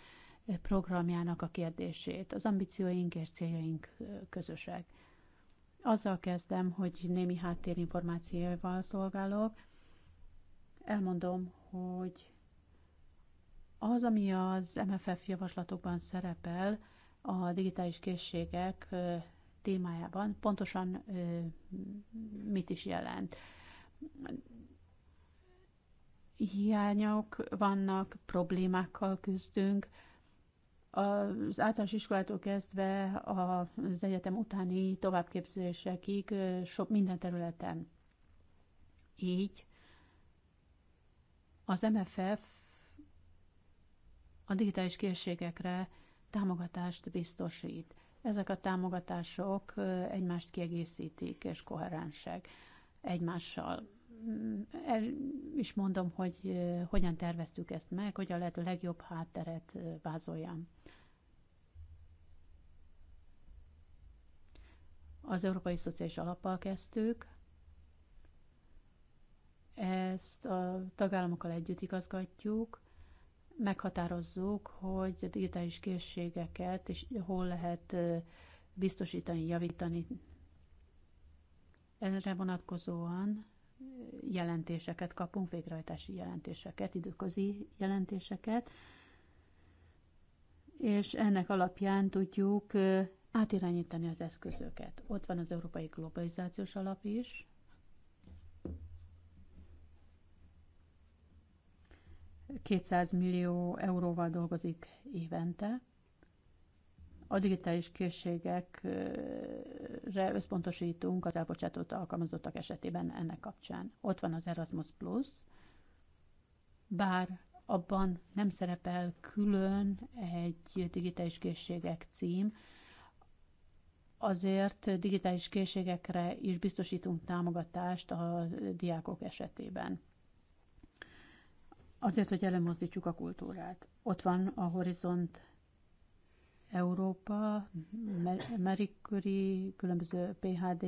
programjának a kérdését. Az ambícióink és céljaink közösek. Azzal kezdem, hogy némi háttérinformációval szolgálok. Elmondom, hogy az, ami az MFF javaslatokban szerepel, a digitális készségek témájában pontosan mit is jelent. Hiányok vannak, problémákkal küzdünk, az általános iskolától kezdve az egyetem utáni továbbképzésekig sok minden területen. Így az MFF a digitális készségekre támogatást biztosít. Ezek a támogatások egymást kiegészítik és koherensek egymással el is mondom, hogy hogyan terveztük ezt meg, hogy a lehető legjobb hátteret vázoljam. Az Európai Szociális Alappal kezdtük, ezt a tagállamokkal együtt igazgatjuk, meghatározzuk, hogy a digitális készségeket és hol lehet biztosítani, javítani. Erre vonatkozóan jelentéseket kapunk, végrehajtási jelentéseket, időközi jelentéseket, és ennek alapján tudjuk átirányítani az eszközöket. Ott van az Európai Globalizációs Alap is, ...200 millió euróval dolgozik évente, a digitális készségekre összpontosítunk az elbocsátott alkalmazottak esetében ennek kapcsán. Ott van az Erasmus Plus, bár abban nem szerepel külön egy digitális készségek cím, azért digitális készségekre is biztosítunk támogatást a diákok esetében. Azért, hogy előmozdítsuk a kultúrát. Ott van a Horizont Európa, Merikuri, különböző PHD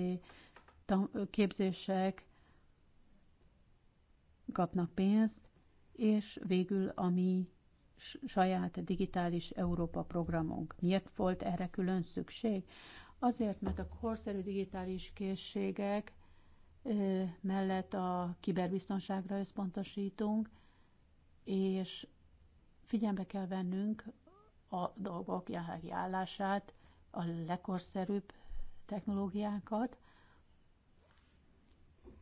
képzések kapnak pénzt, és végül a mi saját digitális Európa programunk. Miért volt erre külön szükség? Azért, mert a korszerű digitális készségek mellett a kiberbiztonságra összpontosítunk, és figyelme kell vennünk a dolgok jelenlegi állását, a legkorszerűbb technológiákat,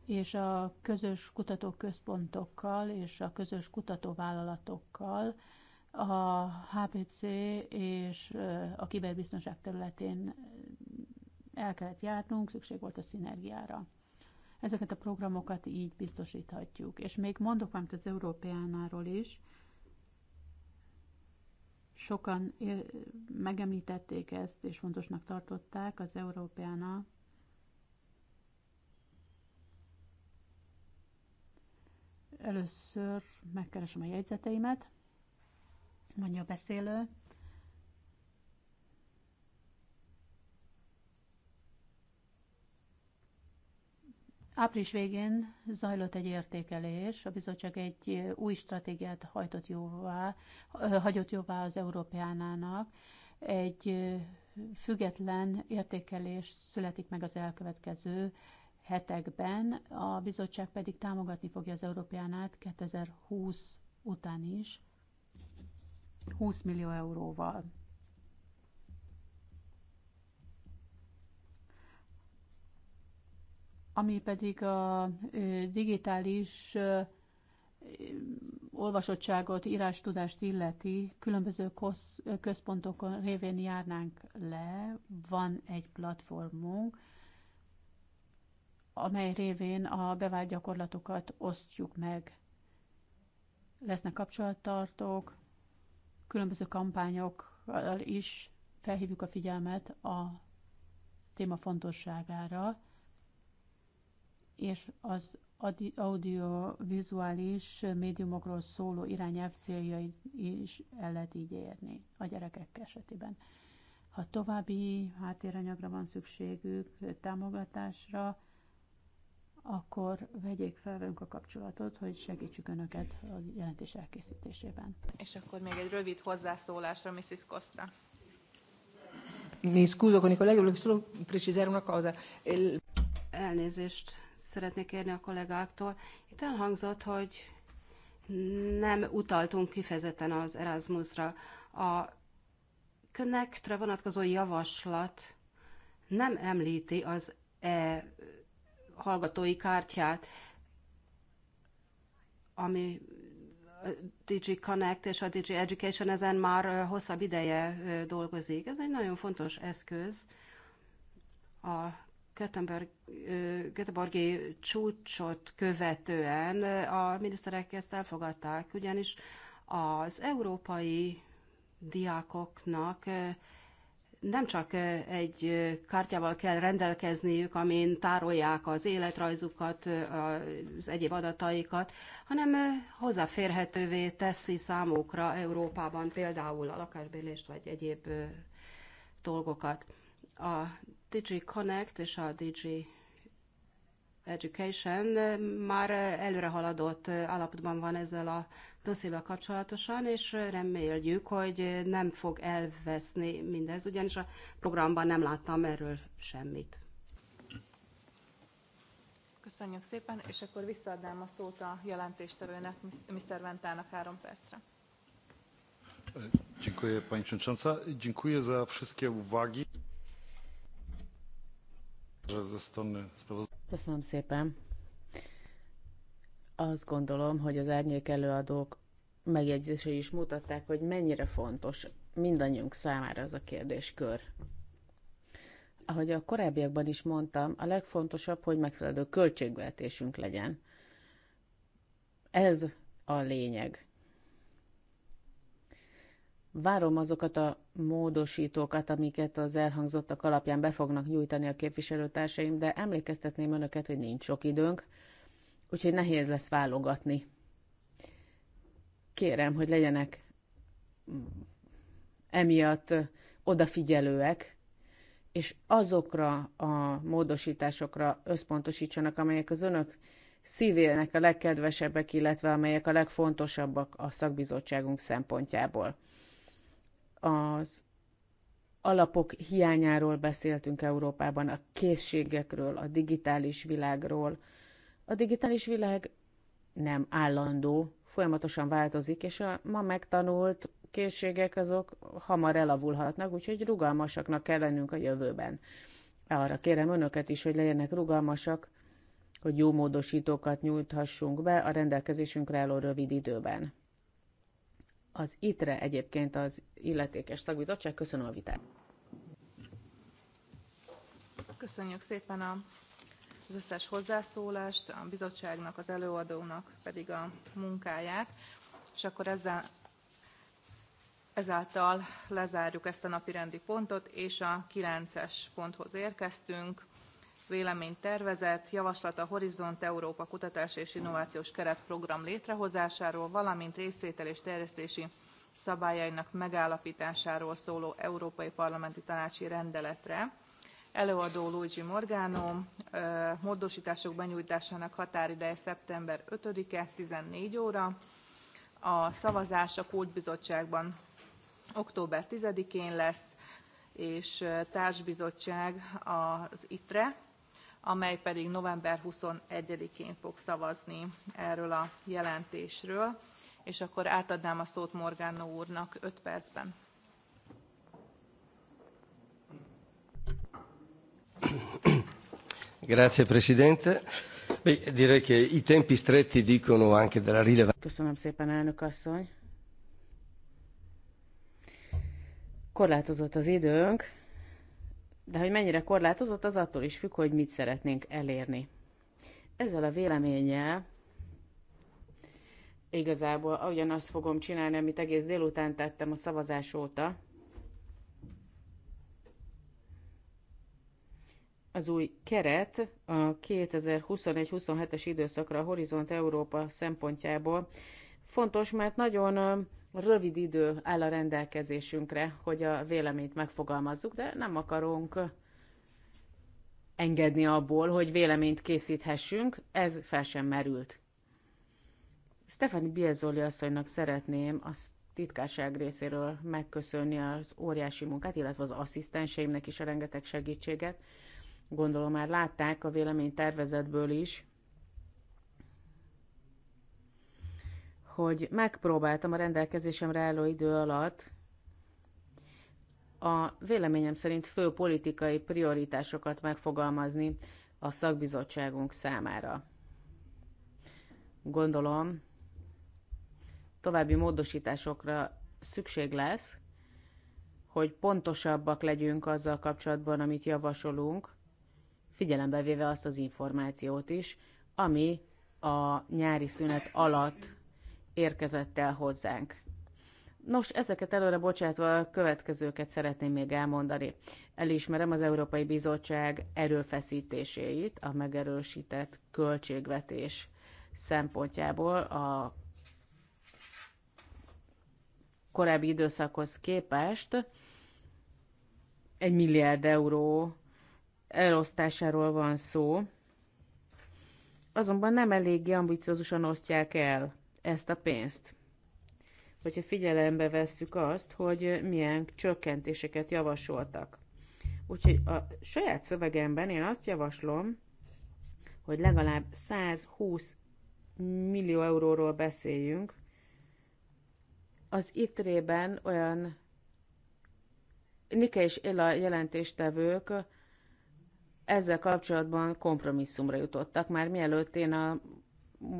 és a közös kutatóközpontokkal és a közös kutatóvállalatokkal a HPC és a kiberbiztonság területén el kellett járnunk, szükség volt a szinergiára. Ezeket a programokat így biztosíthatjuk. És még mondok valamit az Európeánáról is, Sokan megemlítették ezt, és fontosnak tartották az Európeánál. Először megkeresem a jegyzeteimet, mondja a beszélő. Április végén zajlott egy értékelés, a bizottság egy új stratégiát hajtott jóvá, hagyott jóvá az Európeánának. Egy független értékelés születik meg az elkövetkező hetekben, a bizottság pedig támogatni fogja az Európeánát 2020 után is 20 millió euróval. Ami pedig a digitális olvasottságot, írás tudást illeti, különböző központokon révén járnánk le, van egy platformunk, amely révén a bevált gyakorlatokat osztjuk meg. Lesznek kapcsolattartók, különböző kampányokkal is felhívjuk a figyelmet a téma fontosságára, és az audiovizuális médiumokról szóló irányelv céljai is el lehet így érni a gyerekek esetében. Ha további háttéranyagra van szükségük, támogatásra, akkor vegyék fel velünk a kapcsolatot, hogy segítsük Önöket a jelentés elkészítésében. És akkor még egy rövid hozzászólásra, Mrs. Costa. Mi scuso con i colleghi, volevo solo precisare una cosa. Elnézést, szeretnék kérni a kollégáktól. Itt elhangzott, hogy nem utaltunk kifejezetten az Erasmusra. A Connectre vonatkozó javaslat nem említi az e hallgatói kártyát, ami a DG Connect és a DG Education ezen már hosszabb ideje dolgozik. Ez egy nagyon fontos eszköz a Göteborg, Göteborgi csúcsot követően a miniszterek ezt elfogadták, ugyanis az európai diákoknak nem csak egy kártyával kell rendelkezniük, amin tárolják az életrajzukat, az egyéb adataikat, hanem hozzáférhetővé teszi számukra Európában például a lakásbérlést vagy egyéb dolgokat. A DG Connect és a DG Education már előre haladott állapotban van ezzel a dosszével kapcsolatosan, és reméljük, hogy nem fog elveszni mindez, ugyanis a programban nem láttam erről semmit. Köszönjük szépen, és akkor visszaadnám a szót a jelentéstevőnek, Mr. Ventának három percre. Dziękuję Pani Przewodnicząca. Dziękuję za wszystkie uwagi. Köszönöm szépen. Azt gondolom, hogy az árnyék előadók megjegyzései is mutatták, hogy mennyire fontos mindannyiunk számára ez a kérdéskör. Ahogy a korábbiakban is mondtam, a legfontosabb, hogy megfelelő költségvetésünk legyen. Ez a lényeg. Várom azokat a módosítókat, amiket az elhangzottak alapján be fognak nyújtani a képviselőtársaim, de emlékeztetném önöket, hogy nincs sok időnk, úgyhogy nehéz lesz válogatni. Kérem, hogy legyenek mm, emiatt odafigyelőek, és azokra a módosításokra összpontosítsanak, amelyek az önök szívének a legkedvesebbek, illetve amelyek a legfontosabbak a szakbizottságunk szempontjából az alapok hiányáról beszéltünk Európában, a készségekről, a digitális világról. A digitális világ nem állandó, folyamatosan változik, és a ma megtanult készségek azok hamar elavulhatnak, úgyhogy rugalmasaknak kell lennünk a jövőben. Arra kérem önöket is, hogy legyenek rugalmasak, hogy jó módosítókat nyújthassunk be a rendelkezésünkre álló rövid időben az ITRE egyébként az illetékes szakbizottság. Köszönöm a vitát. Köszönjük szépen a, az összes hozzászólást, a bizottságnak, az előadónak pedig a munkáját, és akkor ezzel, ezáltal lezárjuk ezt a napi rendi pontot, és a 9-es ponthoz érkeztünk tervezett javaslat a Horizont Európa kutatási és Innovációs Keretprogram létrehozásáról, valamint részvétel és terjesztési szabályainak megállapításáról szóló Európai Parlamenti Tanácsi rendeletre. Előadó Luigi Morgano, módosítások benyújtásának határideje szeptember 5-e, 14 óra. A szavazás a Kultbizottságban október 10-én lesz, és társbizottság az ITRE, amely pedig november 21-én fog szavazni erről a jelentésről. És akkor átadnám a szót Morgánó úrnak 5 percben. Grazie Presidente. Beh, direi che i tempi stretti dicono anche della rilevanza. Köszönöm szépen, elnök asszony. Korlátozott az időnk, de hogy mennyire korlátozott, az attól is függ, hogy mit szeretnénk elérni. Ezzel a véleménnyel igazából ugyanazt fogom csinálni, amit egész délután tettem a szavazás óta. Az új keret a 2021-27-es időszakra a Horizont Európa szempontjából fontos, mert nagyon rövid idő áll a rendelkezésünkre, hogy a véleményt megfogalmazzuk, de nem akarunk engedni abból, hogy véleményt készíthessünk, ez fel sem merült. Stefani Biezoli asszonynak szeretném a titkárság részéről megköszönni az óriási munkát, illetve az asszisztenseimnek is a rengeteg segítséget. Gondolom már látták a véleménytervezetből is, hogy megpróbáltam a rendelkezésemre álló idő alatt a véleményem szerint fő politikai prioritásokat megfogalmazni a szakbizottságunk számára. Gondolom, további módosításokra szükség lesz, hogy pontosabbak legyünk azzal kapcsolatban, amit javasolunk, figyelembe véve azt az információt is, ami a nyári szünet alatt érkezett el hozzánk. Nos, ezeket előre bocsátva a következőket szeretném még elmondani. Elismerem az Európai Bizottság erőfeszítéseit a megerősített költségvetés szempontjából a korábbi időszakhoz képest egy milliárd euró elosztásáról van szó, azonban nem eléggé ambiciózusan osztják el ezt a pénzt. Hogyha figyelembe vesszük azt, hogy milyen csökkentéseket javasoltak. Úgyhogy a saját szövegemben én azt javaslom, hogy legalább 120 millió euróról beszéljünk. Az ITRE-ben olyan Nike és Ella jelentéstevők ezzel kapcsolatban kompromisszumra jutottak, már mielőtt én a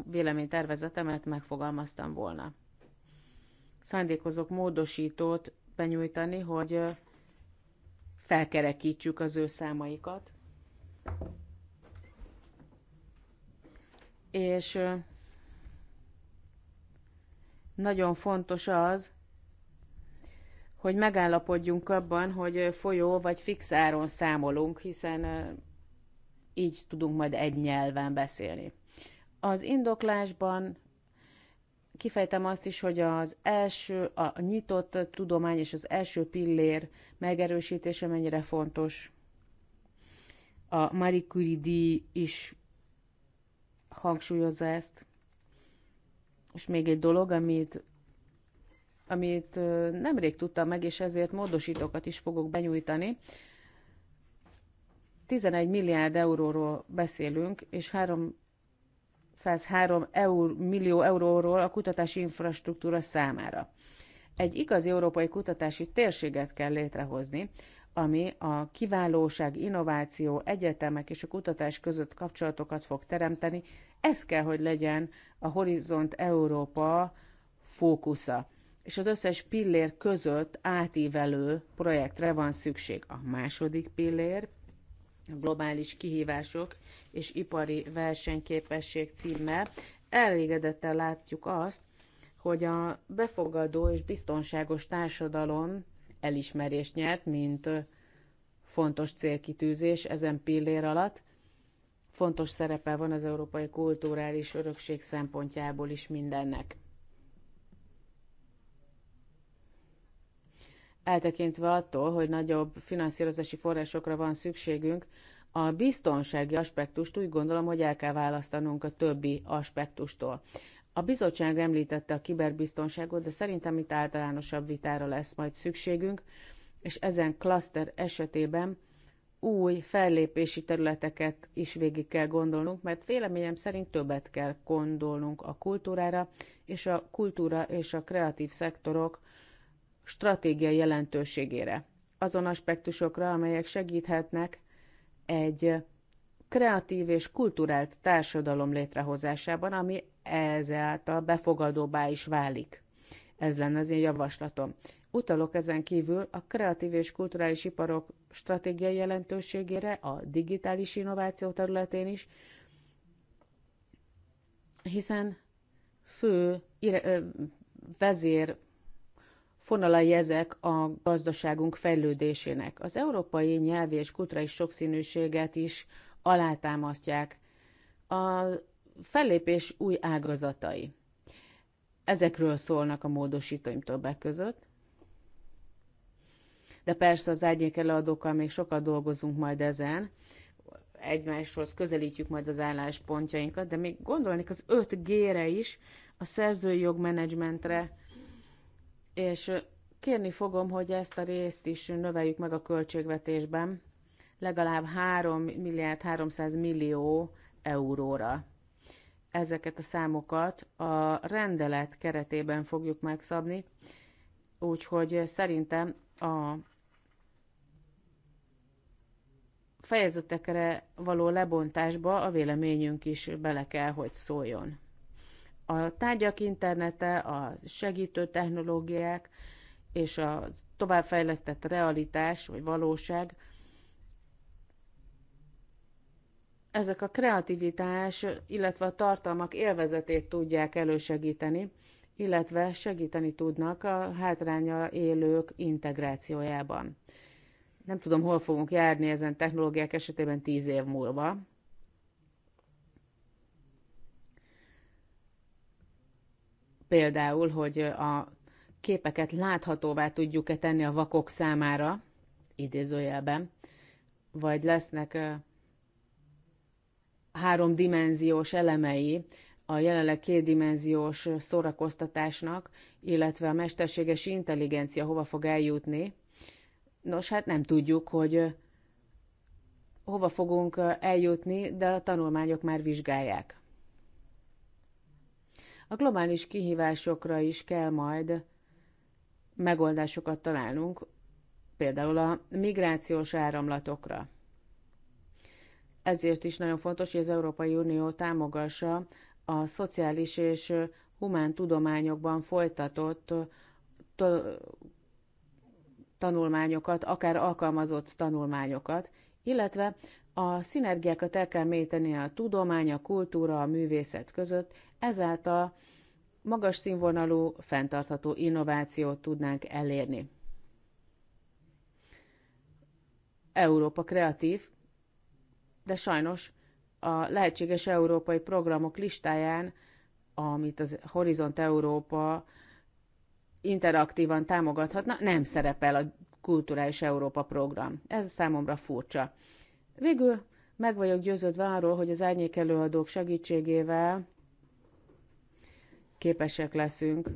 véleménytervezetemet megfogalmaztam volna. Szándékozok módosítót benyújtani, hogy felkerekítsük az ő számaikat, és nagyon fontos az, hogy megállapodjunk abban, hogy folyó vagy fix áron számolunk, hiszen így tudunk majd egy nyelven beszélni. Az indoklásban kifejtem azt is, hogy az első, a nyitott tudomány és az első pillér megerősítése mennyire fontos. A Marie Curie díj is hangsúlyozza ezt. És még egy dolog, amit, amit nemrég tudtam meg, és ezért módosítókat is fogok benyújtani. 11 milliárd euróról beszélünk, és 3 103 eur, millió euróról a kutatási infrastruktúra számára. Egy igazi európai kutatási térséget kell létrehozni, ami a kiválóság, innováció, egyetemek és a kutatás között kapcsolatokat fog teremteni. Ez kell, hogy legyen a Horizont Európa fókusza. És az összes pillér között átívelő projektre van szükség. A második pillér globális kihívások és ipari versenyképesség címmel elégedettel látjuk azt, hogy a befogadó és biztonságos társadalom elismerést nyert, mint fontos célkitűzés ezen pillér alatt. Fontos szerepe van az európai kulturális örökség szempontjából is mindennek. eltekintve attól, hogy nagyobb finanszírozási forrásokra van szükségünk, a biztonsági aspektust úgy gondolom, hogy el kell választanunk a többi aspektustól. A bizottság említette a kiberbiztonságot, de szerintem itt általánosabb vitára lesz majd szükségünk, és ezen klaszter esetében új fellépési területeket is végig kell gondolnunk, mert véleményem szerint többet kell gondolnunk a kultúrára, és a kultúra és a kreatív szektorok stratégia jelentőségére, azon aspektusokra, amelyek segíthetnek egy kreatív és kulturált társadalom létrehozásában, ami ezáltal befogadóbbá is válik. Ez lenne az én javaslatom. Utalok ezen kívül a kreatív és kulturális iparok stratégiai jelentőségére a digitális innováció területén is, hiszen fő vezér fonalai ezek a gazdaságunk fejlődésének. Az európai nyelvi és kulturális sokszínűséget is alátámasztják a fellépés új ágazatai. Ezekről szólnak a módosítóim többek között. De persze az árnyék előadókkal még sokat dolgozunk majd ezen, egymáshoz közelítjük majd az álláspontjainkat, de még gondolnék az 5G-re is, a szerzői jogmenedzsmentre, és kérni fogom, hogy ezt a részt is növeljük meg a költségvetésben legalább 3 milliárd 300 millió euróra. Ezeket a számokat a rendelet keretében fogjuk megszabni, úgyhogy szerintem a fejezetekre való lebontásba a véleményünk is bele kell, hogy szóljon. A tárgyak internete, a segítő technológiák és a továbbfejlesztett realitás vagy valóság, ezek a kreativitás, illetve a tartalmak élvezetét tudják elősegíteni, illetve segíteni tudnak a hátránya élők integrációjában. Nem tudom, hol fogunk járni ezen technológiák esetében tíz év múlva, Például, hogy a képeket láthatóvá tudjuk-e tenni a vakok számára, idézőjelben, vagy lesznek háromdimenziós elemei a jelenleg kétdimenziós szórakoztatásnak, illetve a mesterséges intelligencia hova fog eljutni. Nos, hát nem tudjuk, hogy hova fogunk eljutni, de a tanulmányok már vizsgálják. A globális kihívásokra is kell majd megoldásokat találnunk, például a migrációs áramlatokra. Ezért is nagyon fontos, hogy az Európai Unió támogassa a szociális és humán tudományokban folytatott tanulmányokat, akár alkalmazott tanulmányokat, illetve a szinergiákat el kell a tudomány, a kultúra, a művészet között, Ezáltal magas színvonalú, fenntartható innovációt tudnánk elérni. Európa kreatív, de sajnos a lehetséges európai programok listáján, amit az Horizont Európa interaktívan támogathatna, nem szerepel a Kulturális Európa program. Ez számomra furcsa. Végül meg vagyok győződve arról, hogy az árnyék előadók segítségével képesek leszünk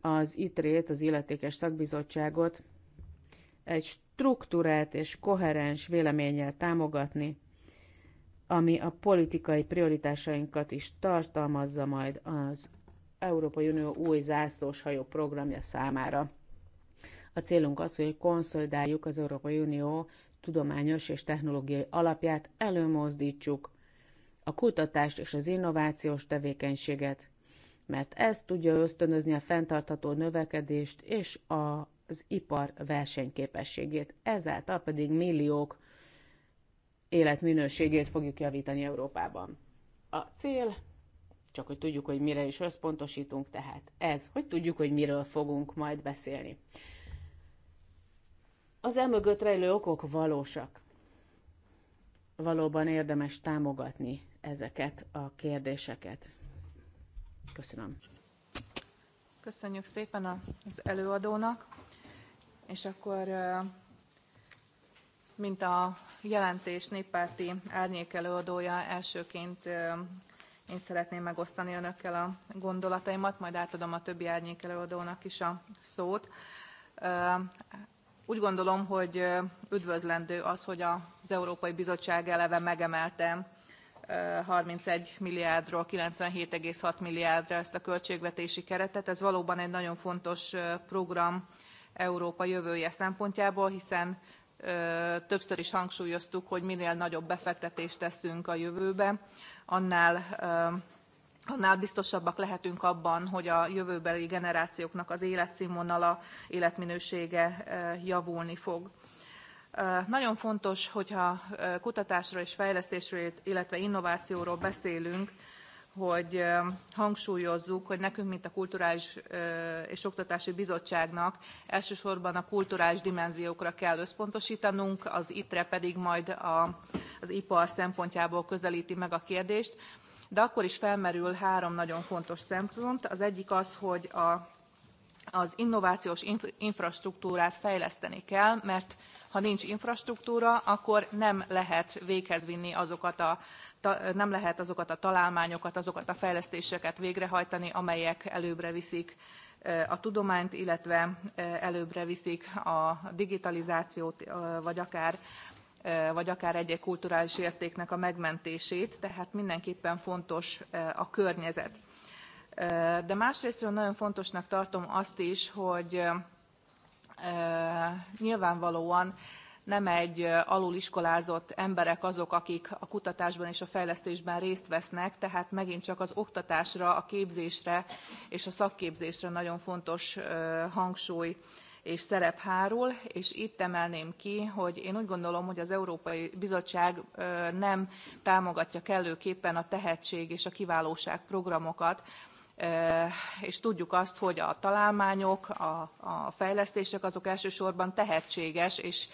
az ITRÉT, az illetékes szakbizottságot egy struktúrát és koherens véleménnyel támogatni, ami a politikai prioritásainkat is tartalmazza majd az Európai Unió új hajó programja számára. A célunk az, hogy konszolidáljuk az Európai Unió tudományos és technológiai alapját, előmozdítsuk a kutatást és az innovációs tevékenységet, mert ez tudja ösztönözni a fenntartható növekedést és az ipar versenyképességét, ezáltal pedig milliók életminőségét fogjuk javítani Európában. A cél, csak hogy tudjuk, hogy mire is összpontosítunk, tehát ez, hogy tudjuk, hogy miről fogunk majd beszélni. Az emögött rejlő okok valósak. Valóban érdemes támogatni ezeket a kérdéseket. Köszönöm. Köszönjük szépen az előadónak, és akkor mint a jelentés néppárti árnyék előadója elsőként én szeretném megosztani önökkel a gondolataimat, majd átadom a többi árnyék előadónak is a szót. Úgy gondolom, hogy üdvözlendő az, hogy az Európai Bizottság eleve megemelte 31 milliárdról 97,6 milliárdra ezt a költségvetési keretet. Ez valóban egy nagyon fontos program Európa jövője szempontjából, hiszen többször is hangsúlyoztuk, hogy minél nagyobb befektetést teszünk a jövőbe, annál annál biztosabbak lehetünk abban, hogy a jövőbeli generációknak az életszínvonala, életminősége javulni fog. Nagyon fontos, hogyha kutatásról és fejlesztésről, illetve innovációról beszélünk, hogy hangsúlyozzuk, hogy nekünk, mint a Kulturális és Oktatási Bizottságnak elsősorban a kulturális dimenziókra kell összpontosítanunk, az ITRE pedig majd a, az ipar szempontjából közelíti meg a kérdést, de akkor is felmerül három nagyon fontos szempont. Az egyik az, hogy a, az innovációs infrastruktúrát fejleszteni kell, mert ha nincs infrastruktúra, akkor nem lehet véghez vinni azokat a nem lehet azokat a találmányokat, azokat a fejlesztéseket végrehajtani, amelyek előbbre viszik a tudományt, illetve előbbre viszik a digitalizációt, vagy akár vagy akár egy-egy kulturális értéknek a megmentését, tehát mindenképpen fontos a környezet. De másrészt nagyon fontosnak tartom azt is, hogy nyilvánvalóan nem egy aluliskolázott emberek azok, akik a kutatásban és a fejlesztésben részt vesznek, tehát megint csak az oktatásra, a képzésre és a szakképzésre nagyon fontos hangsúly és szerep hárul, és itt emelném ki, hogy én úgy gondolom, hogy az Európai Bizottság nem támogatja kellőképpen a tehetség és a kiválóság programokat, és tudjuk azt, hogy a találmányok, a, a fejlesztések azok elsősorban tehetséges és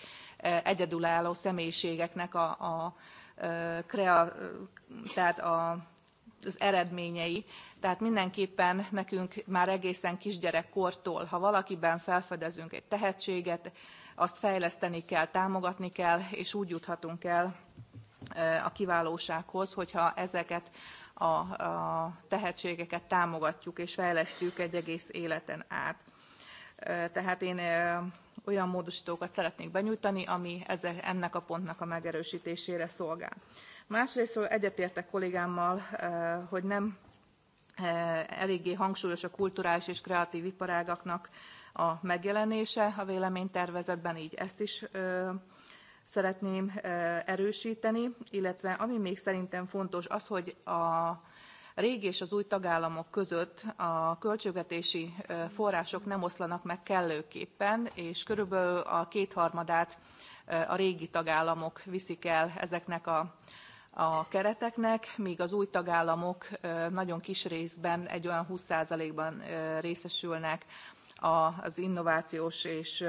egyedülálló személyiségeknek a, a, tehát a az eredményei. Tehát mindenképpen nekünk már egészen kisgyerekkortól, ha valakiben felfedezünk egy tehetséget, azt fejleszteni kell, támogatni kell, és úgy juthatunk el a kiválósághoz, hogyha ezeket a, a tehetségeket támogatjuk és fejlesztjük egy egész életen át. Tehát én olyan módosítókat szeretnék benyújtani, ami ezzel, ennek a pontnak a megerősítésére szolgál. Másrészt egyetértek kollégámmal, hogy nem eléggé hangsúlyos a kulturális és kreatív iparágaknak a megjelenése a véleménytervezetben, így ezt is szeretném erősíteni, illetve ami még szerintem fontos, az, hogy a régi és az új tagállamok között a költségvetési források nem oszlanak meg kellőképpen, és körülbelül a kétharmadát a régi tagállamok viszik el ezeknek a, a kereteknek, míg az új tagállamok nagyon kis részben, egy olyan 20%-ban részesülnek az innovációs és,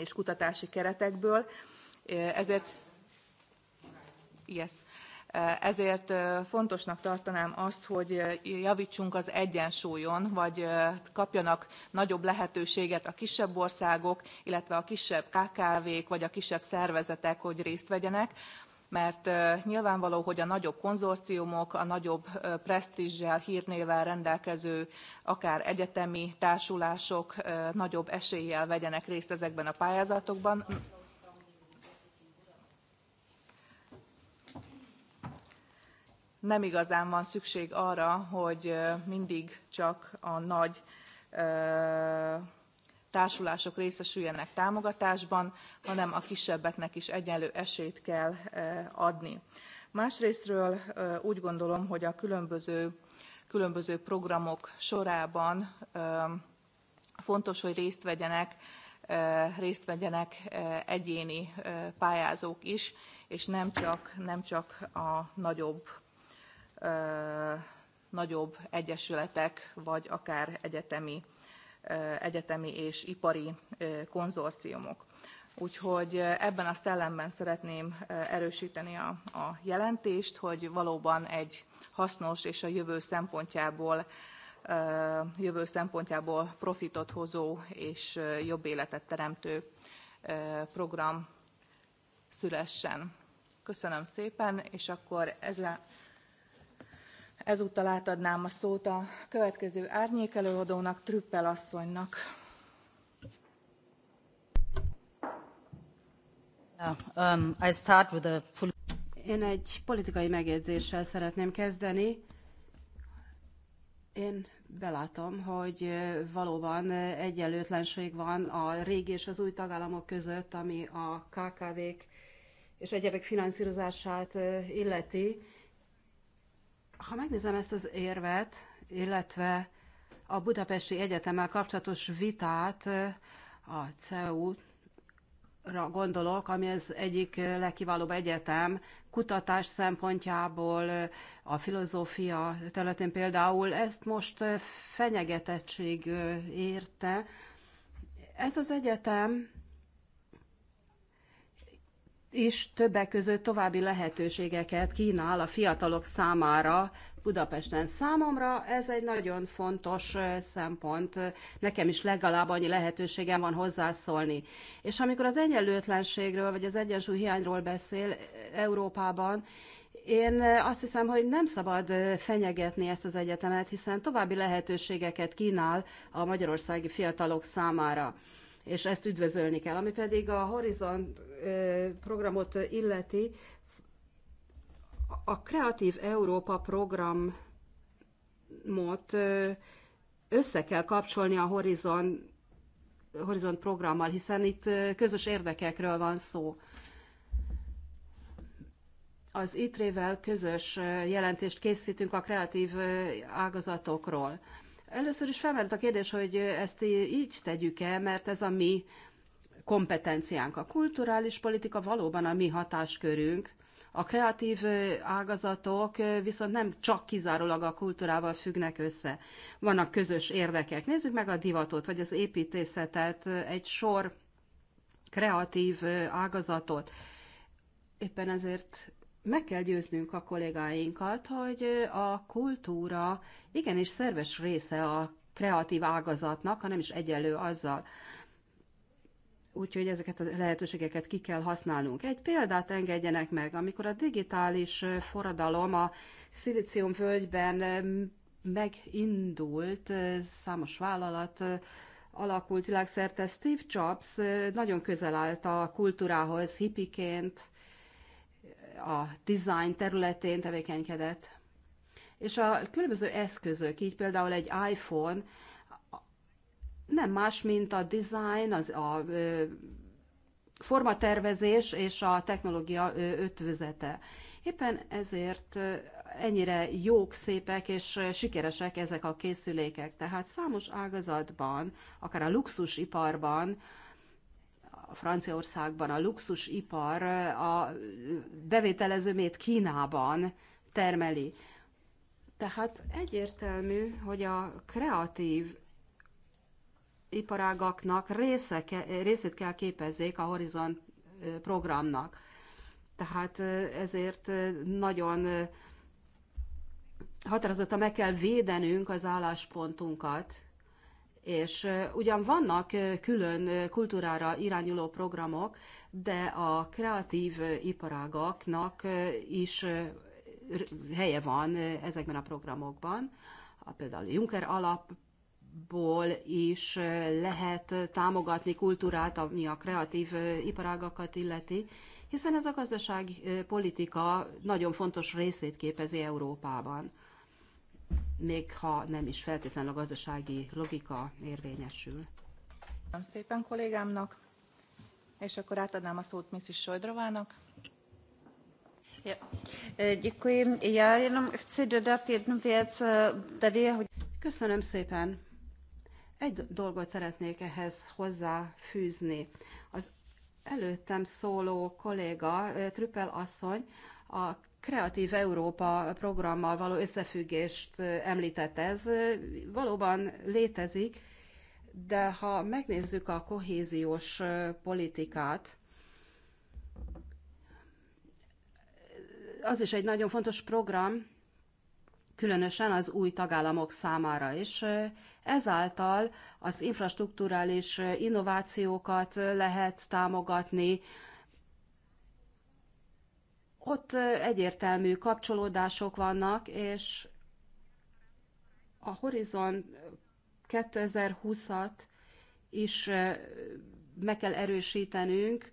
és kutatási keretekből. Ezért, yes, ezért fontosnak tartanám azt, hogy javítsunk az egyensúlyon, vagy kapjanak nagyobb lehetőséget a kisebb országok, illetve a kisebb KKV-k, vagy a kisebb szervezetek, hogy részt vegyenek mert nyilvánvaló, hogy a nagyobb konzorciumok, a nagyobb presztízsel, hírnével rendelkező, akár egyetemi társulások nagyobb eséllyel vegyenek részt ezekben a pályázatokban, nem igazán van szükség arra, hogy mindig csak a nagy társulások részesüljenek támogatásban, hanem a kisebbeknek is egyenlő esélyt kell adni. Másrésztről úgy gondolom, hogy a különböző, különböző programok sorában fontos, hogy részt vegyenek, részt vegyenek egyéni pályázók is, és nem csak, nem csak a nagyobb nagyobb egyesületek, vagy akár egyetemi, egyetemi és ipari konzorciumok. Úgyhogy ebben a szellemben szeretném erősíteni a, a jelentést, hogy valóban egy hasznos és a jövő szempontjából jövő szempontjából profitot hozó és jobb életet teremtő program szülessen. Köszönöm szépen, és akkor ezzel Ezúttal átadnám a szót a következő árnyékelőadónak, Trüppel asszonynak. Um, Én egy politikai megjegyzéssel szeretném kezdeni. Én belátom, hogy valóban egyenlőtlenség van a régi és az új tagállamok között, ami a KKV-k és egyebek finanszírozását illeti. Ha megnézem ezt az érvet, illetve a Budapesti Egyetemmel kapcsolatos vitát, a CEU ra gondolok, ami az egyik legkiválóbb egyetem kutatás szempontjából, a filozófia területén például, ezt most fenyegetettség érte. Ez az egyetem is többek között további lehetőségeket kínál a fiatalok számára Budapesten. Számomra ez egy nagyon fontos szempont. Nekem is legalább annyi lehetőségem van hozzászólni. És amikor az egyenlőtlenségről, vagy az egyensúly hiányról beszél Európában, én azt hiszem, hogy nem szabad fenyegetni ezt az egyetemet, hiszen további lehetőségeket kínál a magyarországi fiatalok számára és ezt üdvözölni kell. Ami pedig a Horizon programot illeti, a Kreatív Európa programot össze kell kapcsolni a Horizon, Horizon programmal, hiszen itt közös érdekekről van szó. Az ITRE-vel közös jelentést készítünk a kreatív ágazatokról. Először is felmerült a kérdés, hogy ezt így tegyük-e, mert ez a mi kompetenciánk. A kulturális politika valóban a mi hatáskörünk, a kreatív ágazatok viszont nem csak kizárólag a kultúrával függnek össze. Vannak közös érdekek. Nézzük meg a divatot, vagy az építészetet, egy sor kreatív ágazatot. Éppen ezért meg kell győznünk a kollégáinkat, hogy a kultúra igenis szerves része a kreatív ágazatnak, hanem is egyenlő azzal. Úgyhogy ezeket a lehetőségeket ki kell használnunk. Egy példát engedjenek meg, amikor a digitális forradalom a Szilíciumvölgyben megindult, számos vállalat alakult világszerte. Steve Jobs nagyon közel állt a kultúrához hippiként, a design területén tevékenykedett. És a különböző eszközök, így például egy iPhone, nem más, mint a design, az a formatervezés és a technológia ötvözete. Éppen ezért ennyire jók, szépek és sikeresek ezek a készülékek. Tehát számos ágazatban, akár a luxusiparban a Franciaországban a luxusipar a bevételezőmét Kínában termeli. Tehát egyértelmű, hogy a kreatív iparágaknak része, részét kell képezzék a Horizon programnak. Tehát ezért nagyon határozottan meg kell védenünk az álláspontunkat, és ugyan vannak külön kultúrára irányuló programok, de a kreatív iparágaknak is helye van ezekben a programokban. A például Juncker alapból is lehet támogatni kultúrát, ami a kreatív iparágakat illeti, hiszen ez a gazdaságpolitika nagyon fontos részét képezi Európában még ha nem is feltétlenül a gazdasági logika érvényesül. Köszönöm szépen kollégámnak, és akkor átadnám a szót Mrs. Sojdrovának. Ja. E, děkuji. Já jenom chci dodat jednu věc. E, tady Köszönöm szépen. Egy dolgot szeretnék ehhez hozzáfűzni. Az előttem szóló kolléga, e, Trüppel asszony, a Kreatív Európa programmal való összefüggést említett ez, valóban létezik, de ha megnézzük a kohéziós politikát, az is egy nagyon fontos program, különösen az új tagállamok számára, és ezáltal az infrastruktúrális innovációkat lehet támogatni, ott egyértelmű kapcsolódások vannak, és a Horizon 2020-at is meg kell erősítenünk,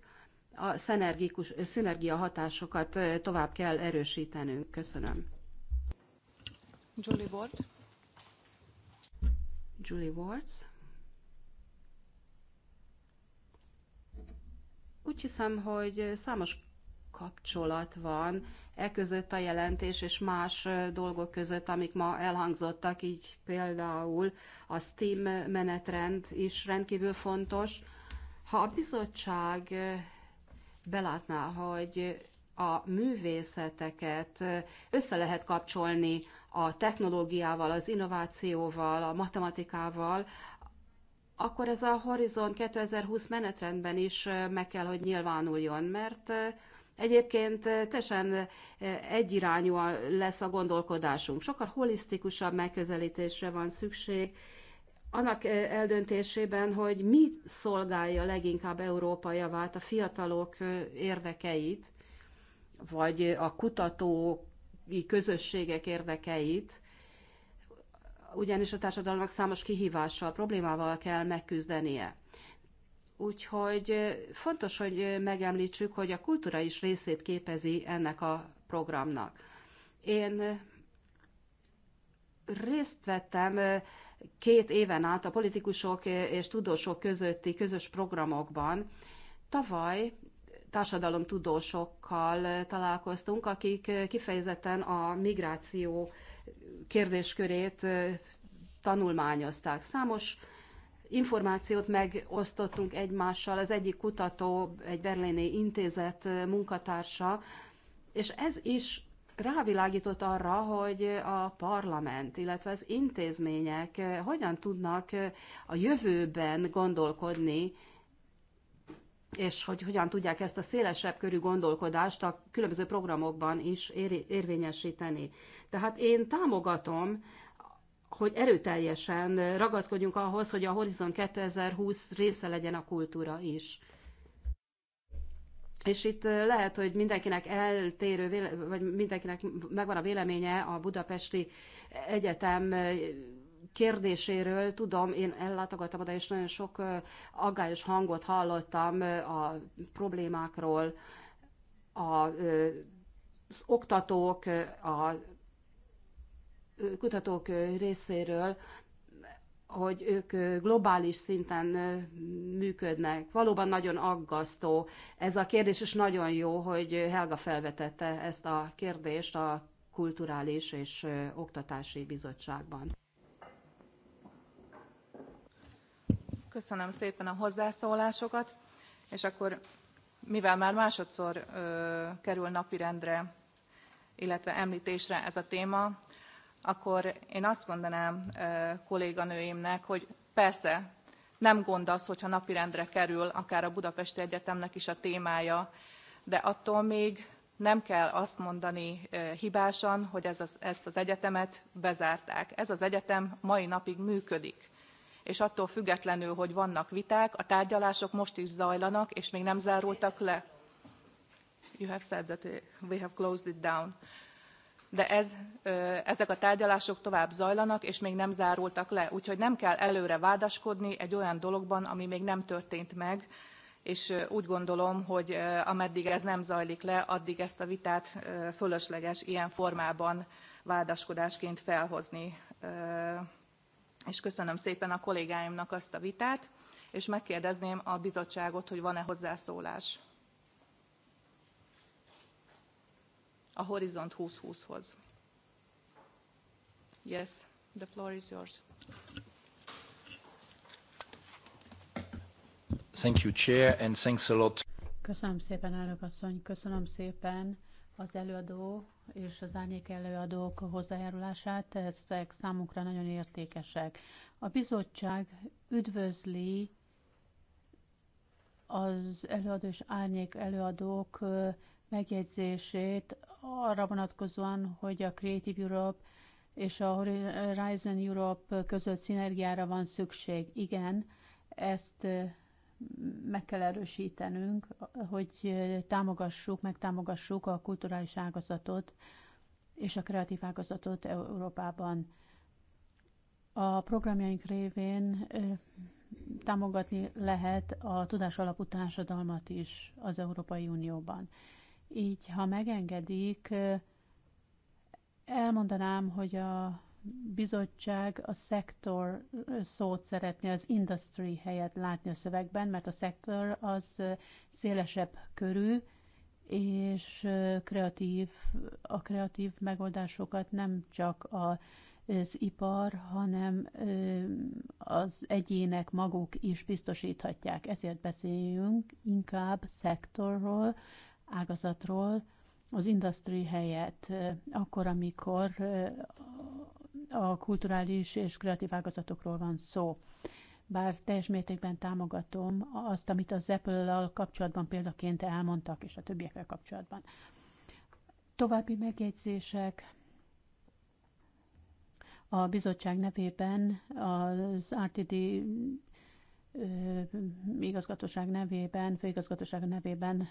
a szenergikus, szinergia hatásokat tovább kell erősítenünk. Köszönöm. Julie Ward. Julie Ward. Úgy hiszem, hogy számos kapcsolat van e között a jelentés és más dolgok között, amik ma elhangzottak, így például a STEAM menetrend is rendkívül fontos. Ha a bizottság belátná, hogy a művészeteket össze lehet kapcsolni a technológiával, az innovációval, a matematikával, akkor ez a Horizon 2020 menetrendben is meg kell, hogy nyilvánuljon, mert Egyébként eh, teljesen eh, egyirányú lesz a gondolkodásunk. Sokkal holisztikusabb megközelítésre van szükség, annak eh, eldöntésében, hogy mi szolgálja leginkább Európa javát, a fiatalok érdekeit, vagy a kutatói közösségek érdekeit, ugyanis a társadalomnak számos kihívással, problémával kell megküzdenie. Úgyhogy fontos, hogy megemlítsük, hogy a kultúra is részét képezi ennek a programnak. Én részt vettem két éven át a politikusok és tudósok közötti közös programokban. Tavaly társadalomtudósokkal találkoztunk, akik kifejezetten a migráció kérdéskörét tanulmányozták. Számos információt megosztottunk egymással, az egyik kutató, egy berlini intézet munkatársa, és ez is rávilágított arra, hogy a parlament, illetve az intézmények hogyan tudnak a jövőben gondolkodni, és hogy hogyan tudják ezt a szélesebb körű gondolkodást a különböző programokban is ér- érvényesíteni. Tehát én támogatom hogy erőteljesen ragaszkodjunk ahhoz, hogy a Horizon 2020 része legyen a kultúra is. És itt lehet, hogy mindenkinek eltérő, vagy mindenkinek megvan a véleménye a Budapesti Egyetem kérdéséről. Tudom, én ellátogattam oda, és nagyon sok aggályos hangot hallottam a problémákról, a, az oktatók, a kutatók részéről, hogy ők globális szinten működnek. Valóban nagyon aggasztó ez a kérdés, és nagyon jó, hogy Helga felvetette ezt a kérdést a Kulturális és Oktatási Bizottságban. Köszönöm szépen a hozzászólásokat, és akkor mivel már másodszor ö, kerül napirendre, illetve említésre ez a téma, akkor én azt mondanám kolléganőimnek, hogy persze nem gond az, hogyha napirendre kerül akár a Budapesti Egyetemnek is a témája, de attól még nem kell azt mondani hibásan, hogy ez az, ezt az egyetemet bezárták. Ez az egyetem mai napig működik. És attól függetlenül, hogy vannak viták, a tárgyalások most is zajlanak, és még nem zárultak le. You have said that uh, we have closed it down de ez, ezek a tárgyalások tovább zajlanak, és még nem zárultak le. Úgyhogy nem kell előre vádaskodni egy olyan dologban, ami még nem történt meg, és úgy gondolom, hogy ameddig ez nem zajlik le, addig ezt a vitát fölösleges ilyen formában vádaskodásként felhozni. És köszönöm szépen a kollégáimnak azt a vitát, és megkérdezném a bizottságot, hogy van-e hozzászólás. a Horizont 2020-hoz. Yes, the floor is yours. Thank you, Chair, and thanks a lot. Köszönöm szépen, elnök asszony, köszönöm szépen az előadó és az árnyék előadók hozzájárulását, ezek számunkra nagyon értékesek. A bizottság üdvözli az előadó és árnyék előadók megjegyzését arra vonatkozóan, hogy a Creative Europe és a Horizon Europe között szinergiára van szükség. Igen, ezt meg kell erősítenünk, hogy támogassuk, megtámogassuk a kulturális ágazatot és a kreatív ágazatot Európában. A programjaink révén támogatni lehet a alapú társadalmat is az Európai Unióban. Így, ha megengedik, elmondanám, hogy a bizottság a szektor szót szeretné az industry helyett látni a szövegben, mert a szektor az szélesebb körű, és kreatív, a kreatív megoldásokat nem csak a az ipar, hanem az egyének maguk is biztosíthatják. Ezért beszéljünk inkább szektorról, ágazatról az industry helyett, akkor, amikor a kulturális és kreatív ágazatokról van szó. Bár teljes mértékben támogatom azt, amit az apple kapcsolatban példaként elmondtak, és a többiekkel kapcsolatban. További megjegyzések. A bizottság nevében az RTD igazgatóság nevében, főigazgatóság nevében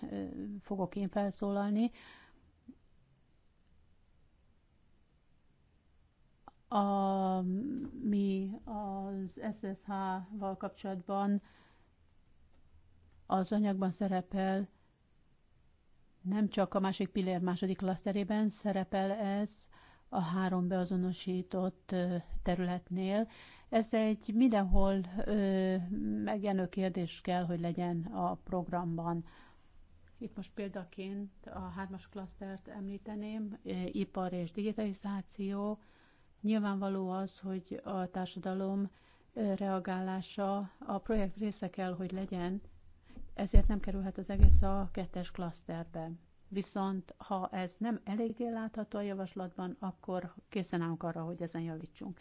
fogok én felszólalni. A, mi az SSH-val kapcsolatban az anyagban szerepel, nem csak a másik pillér második klaszterében szerepel ez, a három beazonosított területnél. Ez egy mindenhol megjelenő kérdés kell, hogy legyen a programban. Itt most példaként a hármas klasztert említeném, ipar és digitalizáció. Nyilvánvaló az, hogy a társadalom reagálása a projekt része kell, hogy legyen, ezért nem kerülhet az egész a kettes klaszterbe viszont ha ez nem eléggé látható a javaslatban, akkor készen állunk arra, hogy ezen javítsunk.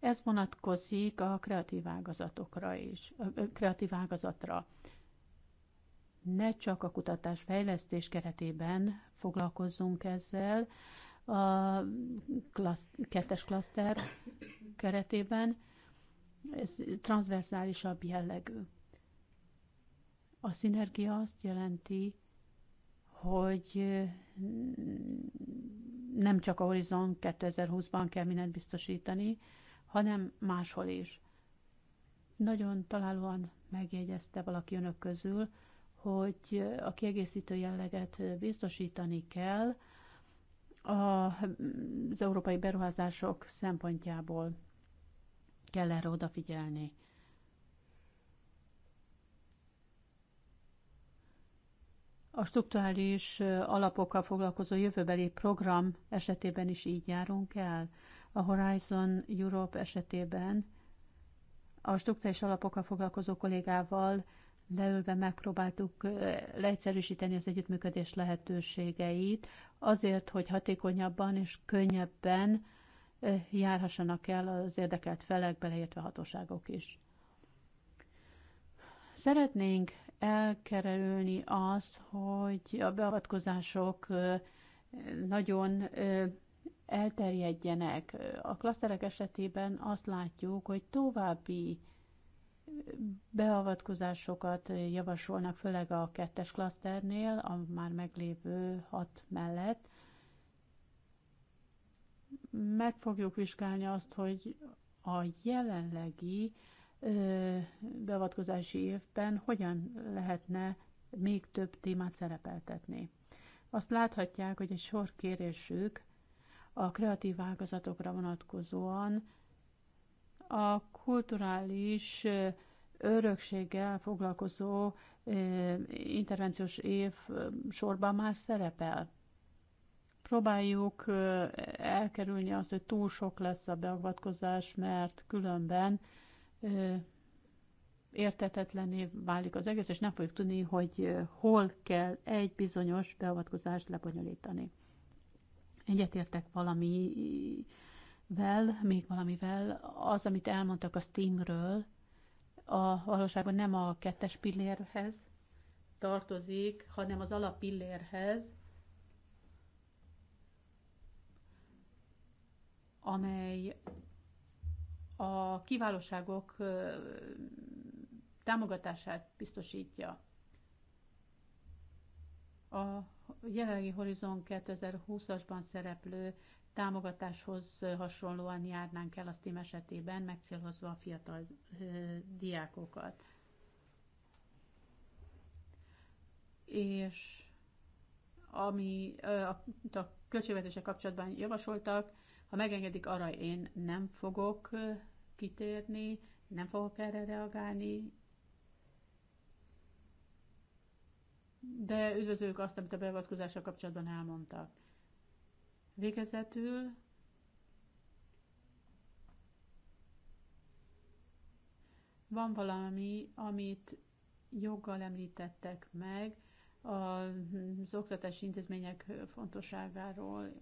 Ez vonatkozik a kreatív ágazatokra is, a kreatív ágazatra. Ne csak a kutatás fejlesztés keretében foglalkozzunk ezzel, a klassz, kettes klaszter keretében, ez transzverzálisabb jellegű. A szinergia azt jelenti, hogy nem csak a Horizon 2020-ban kell mindent biztosítani, hanem máshol is. Nagyon találóan megjegyezte valaki önök közül, hogy a kiegészítő jelleget biztosítani kell az európai beruházások szempontjából kell erre odafigyelni. A struktúrális alapokkal foglalkozó jövőbeli program esetében is így járunk el. A Horizon Europe esetében a struktúrális alapokkal foglalkozó kollégával leülve megpróbáltuk leegyszerűsíteni az együttműködés lehetőségeit, azért, hogy hatékonyabban és könnyebben járhassanak el az érdekelt felek, beleértve hatóságok is. Szeretnénk elkerülni azt, hogy a beavatkozások nagyon elterjedjenek. A klaszterek esetében azt látjuk, hogy további beavatkozásokat javasolnak, főleg a kettes klaszternél, a már meglévő hat mellett. Meg fogjuk vizsgálni azt, hogy a jelenlegi beavatkozási évben hogyan lehetne még több témát szerepeltetni. Azt láthatják, hogy egy sor kérésük a kreatív ágazatokra vonatkozóan a kulturális örökséggel foglalkozó intervenciós év sorban már szerepel. Próbáljuk elkerülni azt, hogy túl sok lesz a beavatkozás, mert különben értetetlené válik az egész, és nem fogjuk tudni, hogy hol kell egy bizonyos beavatkozást lebonyolítani. Egyetértek valamivel, még valamivel, az, amit elmondtak a Steamről, a valóságban nem a kettes pillérhez tartozik, hanem az pillérhez. amely a kiválóságok támogatását biztosítja. A jelenlegi Horizon 2020-asban szereplő támogatáshoz hasonlóan járnánk el a STEM esetében, megcélhozva a fiatal diákokat. És ami a, a költségvetése kapcsolatban javasoltak, ha megengedik, arra én nem fogok kitérni, nem fogok erre reagálni, de üdvözlők azt, amit a beavatkozással kapcsolatban elmondtak. Végezetül van valami, amit joggal említettek meg az oktatási intézmények fontosságáról.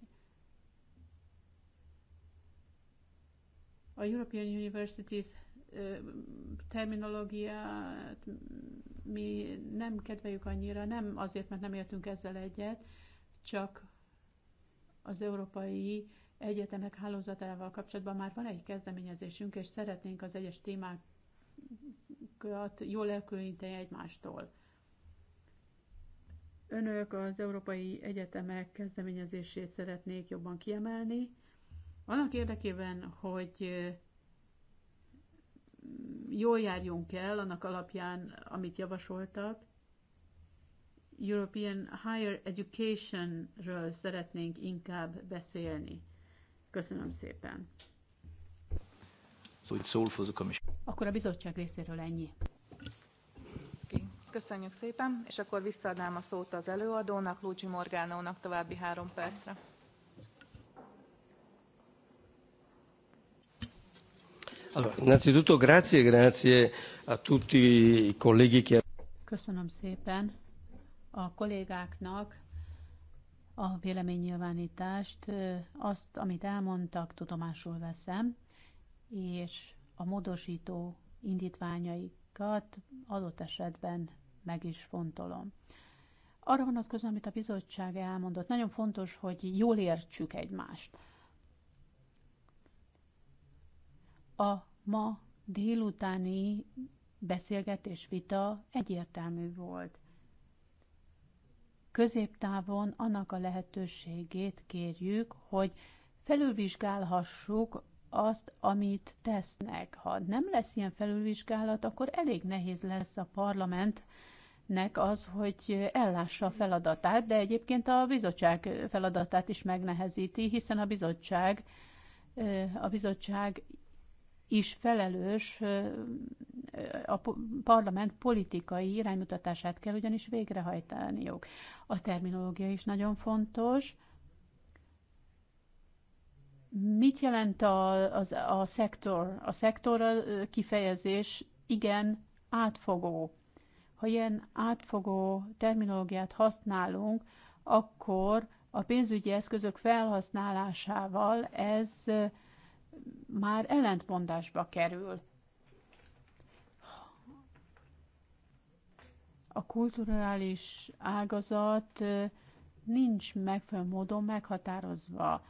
a European Universities terminológiát mi nem kedveljük annyira, nem azért, mert nem értünk ezzel egyet, csak az európai egyetemek hálózatával kapcsolatban már van egy kezdeményezésünk, és szeretnénk az egyes témákat jól elkülöníteni egymástól. Önök az európai egyetemek kezdeményezését szeretnék jobban kiemelni, annak érdekében, hogy jól járjunk el annak alapján, amit javasoltak, European Higher Education-ről szeretnénk inkább beszélni. Köszönöm szépen. Akkor a bizottság részéről ennyi. Köszönjük szépen, és akkor visszaadnám a szót az előadónak, Lúcsi Morgánónak további három percre. Allora, innanzitutto grazie, grazie a tutti i colleghi che... Köszönöm szépen a kollégáknak a véleménynyilvánítást. Azt, amit elmondtak, tudomásul veszem, és a módosító indítványaikat adott esetben meg is fontolom. Arra vonatkozom, amit a bizottság elmondott, nagyon fontos, hogy jól értsük egymást. A Ma délutáni beszélgetés vita egyértelmű volt. Középtávon annak a lehetőségét kérjük, hogy felülvizsgálhassuk azt, amit tesznek. Ha nem lesz ilyen felülvizsgálat, akkor elég nehéz lesz a parlamentnek az, hogy ellássa a feladatát, de egyébként a bizottság feladatát is megnehezíti, hiszen a bizottság a bizottság is felelős a parlament politikai iránymutatását kell ugyanis végrehajtaniuk. A terminológia is nagyon fontos. Mit jelent a, a, a szektor? A szektor kifejezés igen átfogó. Ha ilyen átfogó terminológiát használunk, akkor a pénzügyi eszközök felhasználásával ez már ellentmondásba kerül. A kulturális ágazat nincs megfelelő módon meghatározva.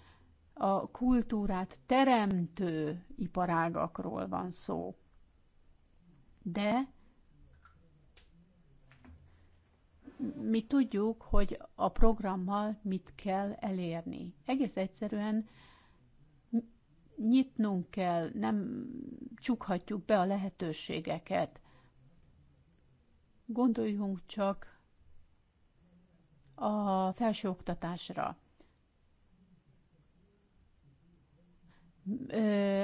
A kultúrát teremtő iparágakról van szó. De mi tudjuk, hogy a programmal mit kell elérni. Egész egyszerűen nyitnunk kell, nem csukhatjuk be a lehetőségeket. Gondoljunk csak a felsőoktatásra.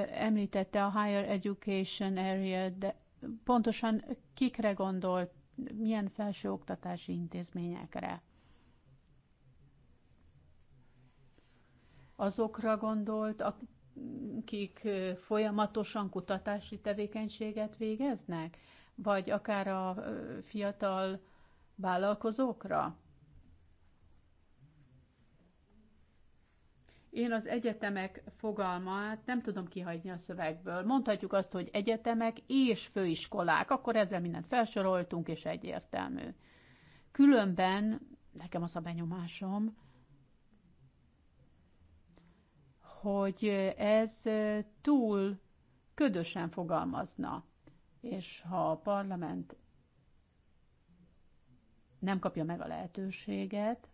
Említette a Higher Education Area, de pontosan kikre gondolt, milyen felsőoktatási intézményekre? azokra gondolt, akik folyamatosan kutatási tevékenységet végeznek, vagy akár a fiatal vállalkozókra? Én az egyetemek fogalmát nem tudom kihagyni a szövegből. Mondhatjuk azt, hogy egyetemek és főiskolák, akkor ezzel mindent felsoroltunk, és egyértelmű. Különben nekem az a benyomásom, hogy ez túl ködösen fogalmazna, és ha a parlament nem kapja meg a lehetőséget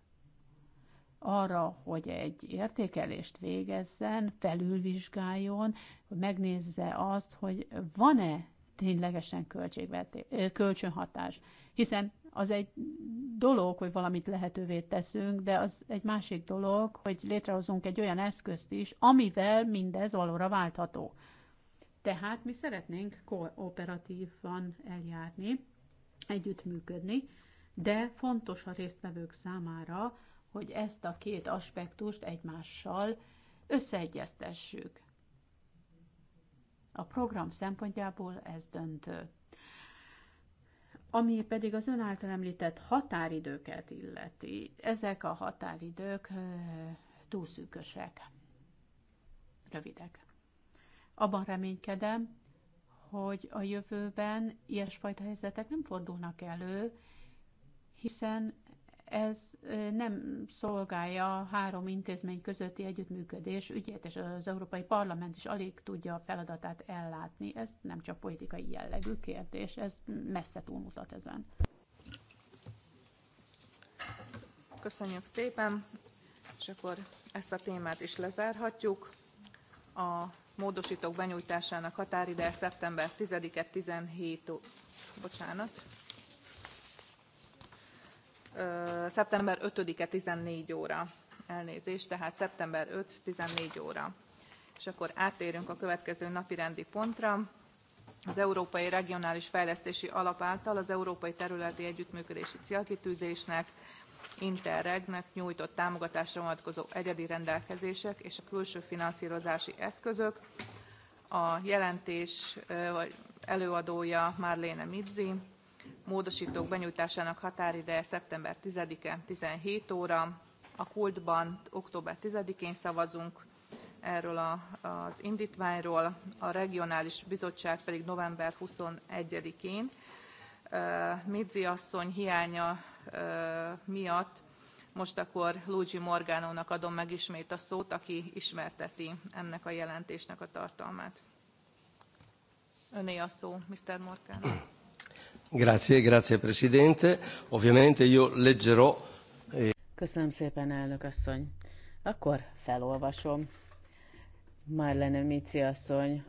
arra, hogy egy értékelést végezzen, felülvizsgáljon, hogy megnézze azt, hogy van-e ténylegesen költségveté- kölcsönhatás. Hiszen az egy dolog, hogy valamit lehetővé teszünk, de az egy másik dolog, hogy létrehozunk egy olyan eszközt is, amivel mindez valóra váltható. Tehát mi szeretnénk kooperatívan eljárni, együttműködni, de fontos a résztvevők számára, hogy ezt a két aspektust egymással összeegyeztessük. A program szempontjából ez döntő. Ami pedig az ön által említett határidőket illeti, ezek a határidők túlszűkösek, rövidek. Abban reménykedem, hogy a jövőben ilyesfajta helyzetek nem fordulnak elő, hiszen ez nem szolgálja a három intézmény közötti együttműködés ügyét, és az Európai Parlament is alig tudja a feladatát ellátni. Ez nem csak politikai jellegű kérdés, ez messze túlmutat ezen. Köszönjük szépen, és akkor ezt a témát is lezárhatjuk. A módosítók benyújtásának határideje szeptember 10-e 17 bocsánat, szeptember 5-e 14 óra. Elnézést, tehát szeptember 5, 14 óra. És akkor átérünk a következő napi rendi pontra. Az Európai Regionális Fejlesztési Alap által az Európai Területi Együttműködési Célkitűzésnek, Interregnek nyújtott támogatásra vonatkozó egyedi rendelkezések és a külső finanszírozási eszközök. A jelentés előadója Marlene Midzi, módosítók benyújtásának határideje szeptember 10-e 17 óra. A kultban október 10-én szavazunk erről a, az indítványról, a regionális bizottság pedig november 21-én. Midzi asszony hiánya miatt most akkor Luigi Morganónak adom meg ismét a szót, aki ismerteti ennek a jelentésnek a tartalmát. Öné a szó, Mr. Morgan. Grazie, grazie Presidente. Ovviamente io leggerò... Eh, Köszönöm szépen, elnök asszony. Akkor felolvasom. Marlene Mici asszony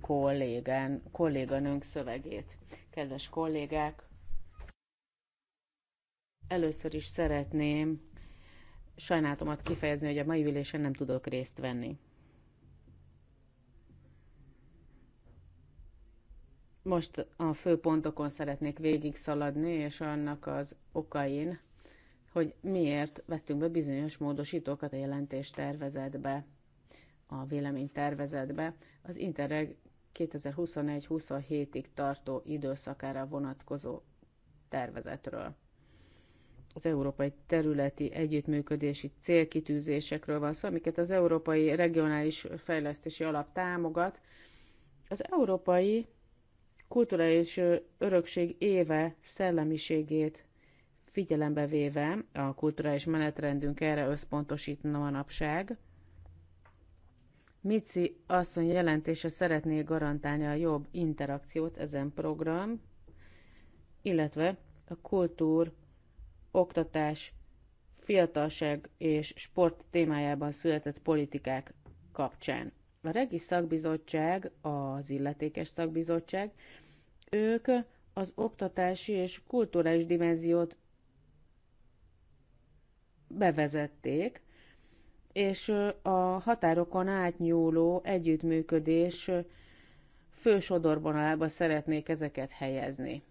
kollégán, kolléganőnk szövegét. Kedves kollégák, először is szeretném sajnálatomat kifejezni, hogy a mai ülésen nem tudok részt venni. Most a fő pontokon szeretnék végigszaladni, és annak az okain, hogy miért vettünk be bizonyos módosítókat a jelentés tervezetbe, a vélemény tervezetbe, az Interreg 2021-27-ig tartó időszakára vonatkozó tervezetről. Az európai területi együttműködési célkitűzésekről van szó, amiket az Európai Regionális Fejlesztési Alap támogat. Az európai kulturális örökség éve szellemiségét figyelembe véve, a kulturális menetrendünk erre összpontosítna manapság, Mici asszony jelentése szeretné garantálni a jobb interakciót ezen program, illetve a kultúr, oktatás, fiatalság és sport témájában született politikák kapcsán. A Regi Szakbizottság, az illetékes szakbizottság ők az oktatási és kulturális dimenziót bevezették, és a határokon átnyúló együttműködés fő sodorvonalába szeretnék ezeket helyezni.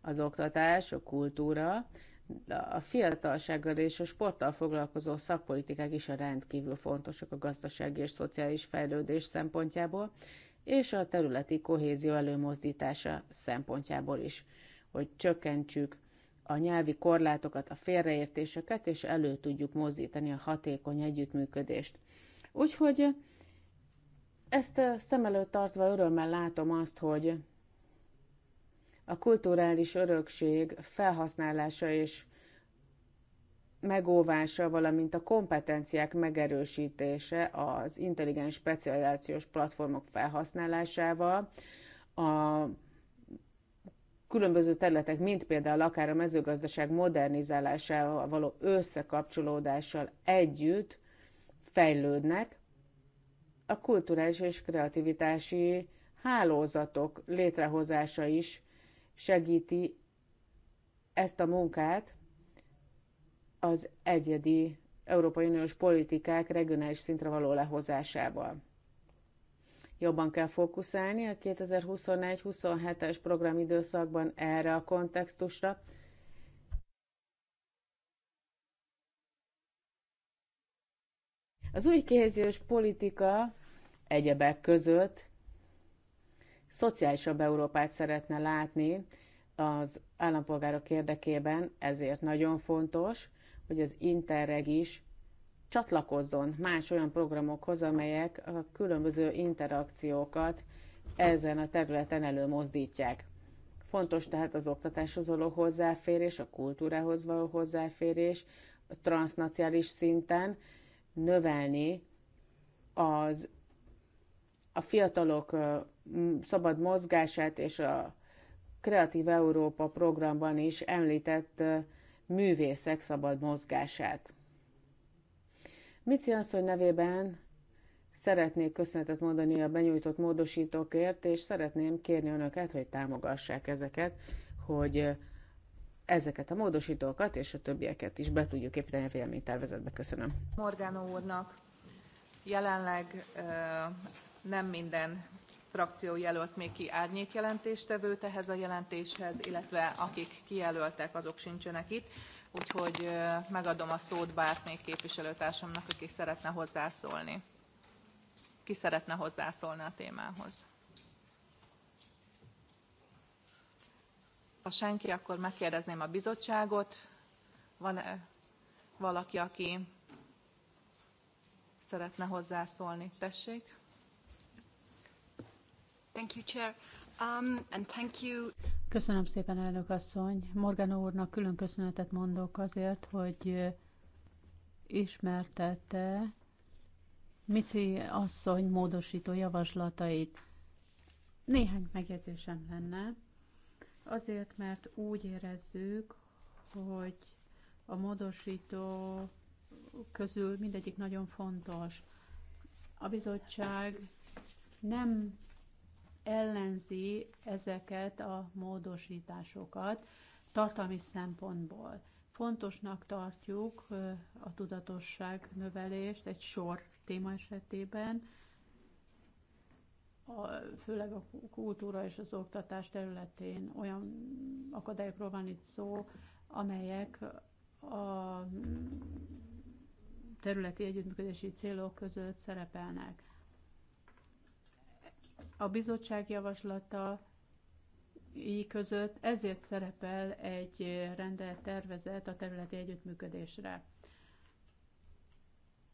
Az oktatás, a kultúra, a fiatalsággal és a sporttal foglalkozó szakpolitikák is a rendkívül fontosak a gazdasági és szociális fejlődés szempontjából, és a területi kohézió előmozdítása szempontjából is, hogy csökkentsük a nyelvi korlátokat, a félreértéseket, és elő tudjuk mozdítani a hatékony együttműködést. Úgyhogy ezt szem előtt tartva örömmel látom azt, hogy a kulturális örökség felhasználása és megóvása, valamint a kompetenciák megerősítése az intelligens specializációs platformok felhasználásával, a különböző területek, mint például akár a mezőgazdaság modernizálásával való összekapcsolódással együtt fejlődnek, a kulturális és kreativitási hálózatok létrehozása is segíti ezt a munkát, az egyedi Európai Uniós politikák regionális szintre való lehozásával. Jobban kell fókuszálni a 2021-27-es programidőszakban erre a kontextusra, Az új kohéziós politika egyebek között szociálisabb Európát szeretne látni az állampolgárok érdekében, ezért nagyon fontos, hogy az Interreg is csatlakozzon más olyan programokhoz, amelyek a különböző interakciókat ezen a területen előmozdítják. Fontos tehát az oktatáshoz való hozzáférés, a kultúrához való hozzáférés, a transznaciális szinten növelni az a fiatalok szabad mozgását és a Kreatív Európa programban is említett művészek szabad mozgását. Mici asszony nevében szeretnék köszönetet mondani a benyújtott módosítókért, és szeretném kérni önöket, hogy támogassák ezeket, hogy ezeket a módosítókat és a többieket is be tudjuk építeni a véleménytervezetbe. Köszönöm. Morgánó úrnak jelenleg nem minden frakció jelölt még ki jelentéstevőt ehhez a jelentéshez, illetve akik kijelöltek, azok sincsenek itt, úgyhogy megadom a szót bármelyik képviselőtársamnak, aki szeretne hozzászólni. Ki szeretne hozzászólni a témához? Ha senki, akkor megkérdezném a bizottságot. Van-e valaki, aki szeretne hozzászólni? Tessék! Thank you, Chair. Um, and thank you. Köszönöm szépen, elnök asszony. Morgan úrnak külön köszönetet mondok azért, hogy ismertette Mici asszony módosító javaslatait. Néhány megjegyzésem lenne, azért, mert úgy érezzük, hogy a módosító közül mindegyik nagyon fontos. A bizottság nem ellenzi ezeket a módosításokat tartalmi szempontból. Fontosnak tartjuk a tudatosság növelést egy sor téma esetében, a, főleg a kultúra és az oktatás területén olyan akadályokról van itt szó, amelyek a területi együttműködési célok között szerepelnek a bizottság javaslata között, ezért szerepel egy rendelt tervezet a területi együttműködésre.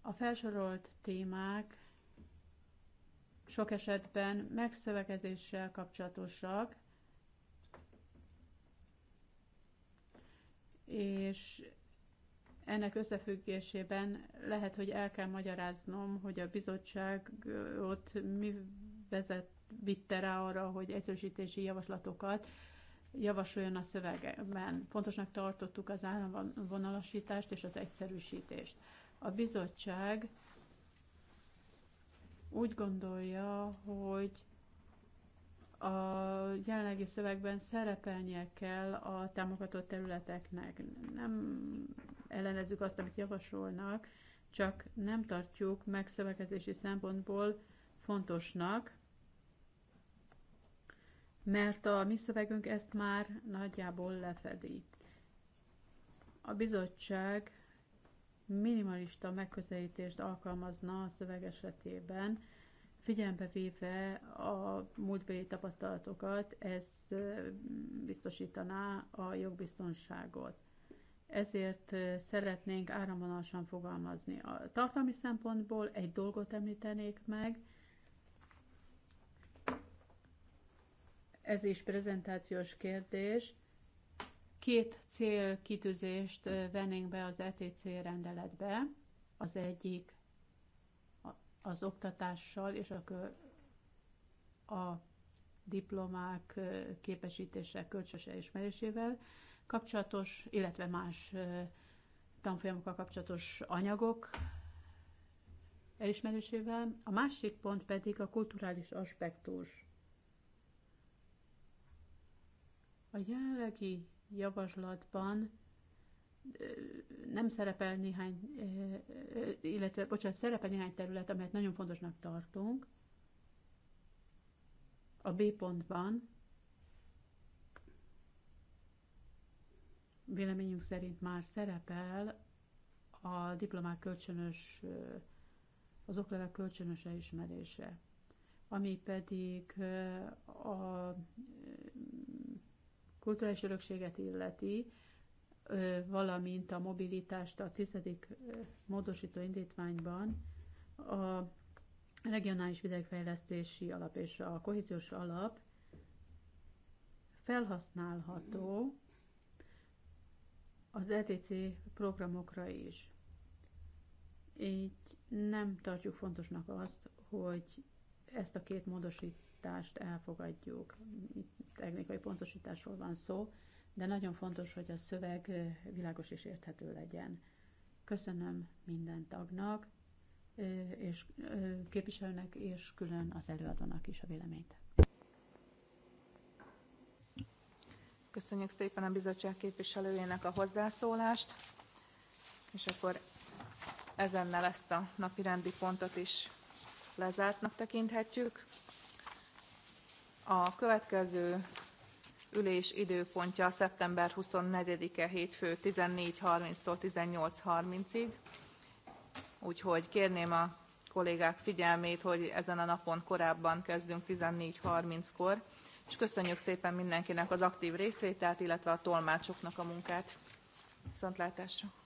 A felsorolt témák sok esetben megszövekezéssel kapcsolatosak, és ennek összefüggésében lehet, hogy el kell magyaráznom, hogy a bizottság ott mi vezet vitte rá arra, hogy egyszerűsítési javaslatokat javasoljon a szövegben. Fontosnak tartottuk az áramvonalasítást és az egyszerűsítést. A bizottság úgy gondolja, hogy a jelenlegi szövegben szerepelnie kell a támogatott területeknek. Nem ellenezzük azt, amit javasolnak, csak nem tartjuk megszövegezési szempontból fontosnak, mert a mi szövegünk ezt már nagyjából lefedi. A bizottság minimalista megközelítést alkalmazna a szöveg esetében, figyelembe véve a múltbeli tapasztalatokat, ez biztosítaná a jogbiztonságot. Ezért szeretnénk áramvonalasan fogalmazni. A tartalmi szempontból egy dolgot említenék meg, ez is prezentációs kérdés. Két célkitűzést vennénk be az ETC rendeletbe. Az egyik az oktatással és a, a diplomák képesítése, kölcsöse elismerésével kapcsolatos, illetve más tanfolyamokkal kapcsolatos anyagok elismerésével. A másik pont pedig a kulturális aspektus. A jelenlegi javaslatban nem szerepel néhány, illetve, bocsánat, szerepel néhány terület, amelyet nagyon fontosnak tartunk. A B pontban véleményünk szerint már szerepel a diplomák kölcsönös, az oklevelek kölcsönös elismerése, ami pedig a kulturális örökséget illeti, valamint a mobilitást a tizedik módosító indítványban a regionális vidékfejlesztési alap és a kohéziós alap felhasználható az ETC programokra is. Így nem tartjuk fontosnak azt, hogy ezt a két módosít pontosítást elfogadjuk. Itt technikai pontosításról van szó, de nagyon fontos, hogy a szöveg világos és érthető legyen. Köszönöm minden tagnak, és képviselőnek, és külön az előadónak is a véleményt. Köszönjük szépen a bizottság képviselőjének a hozzászólást, és akkor ezennel ezt a napirendi pontot is lezártnak tekinthetjük. A következő ülés időpontja szeptember 24-e hétfő 14.30-tól 18.30-ig, úgyhogy kérném a kollégák figyelmét, hogy ezen a napon korábban kezdünk 14.30-kor, és köszönjük szépen mindenkinek az aktív részvételt, illetve a tolmácsoknak a munkát. Viszontlátásra!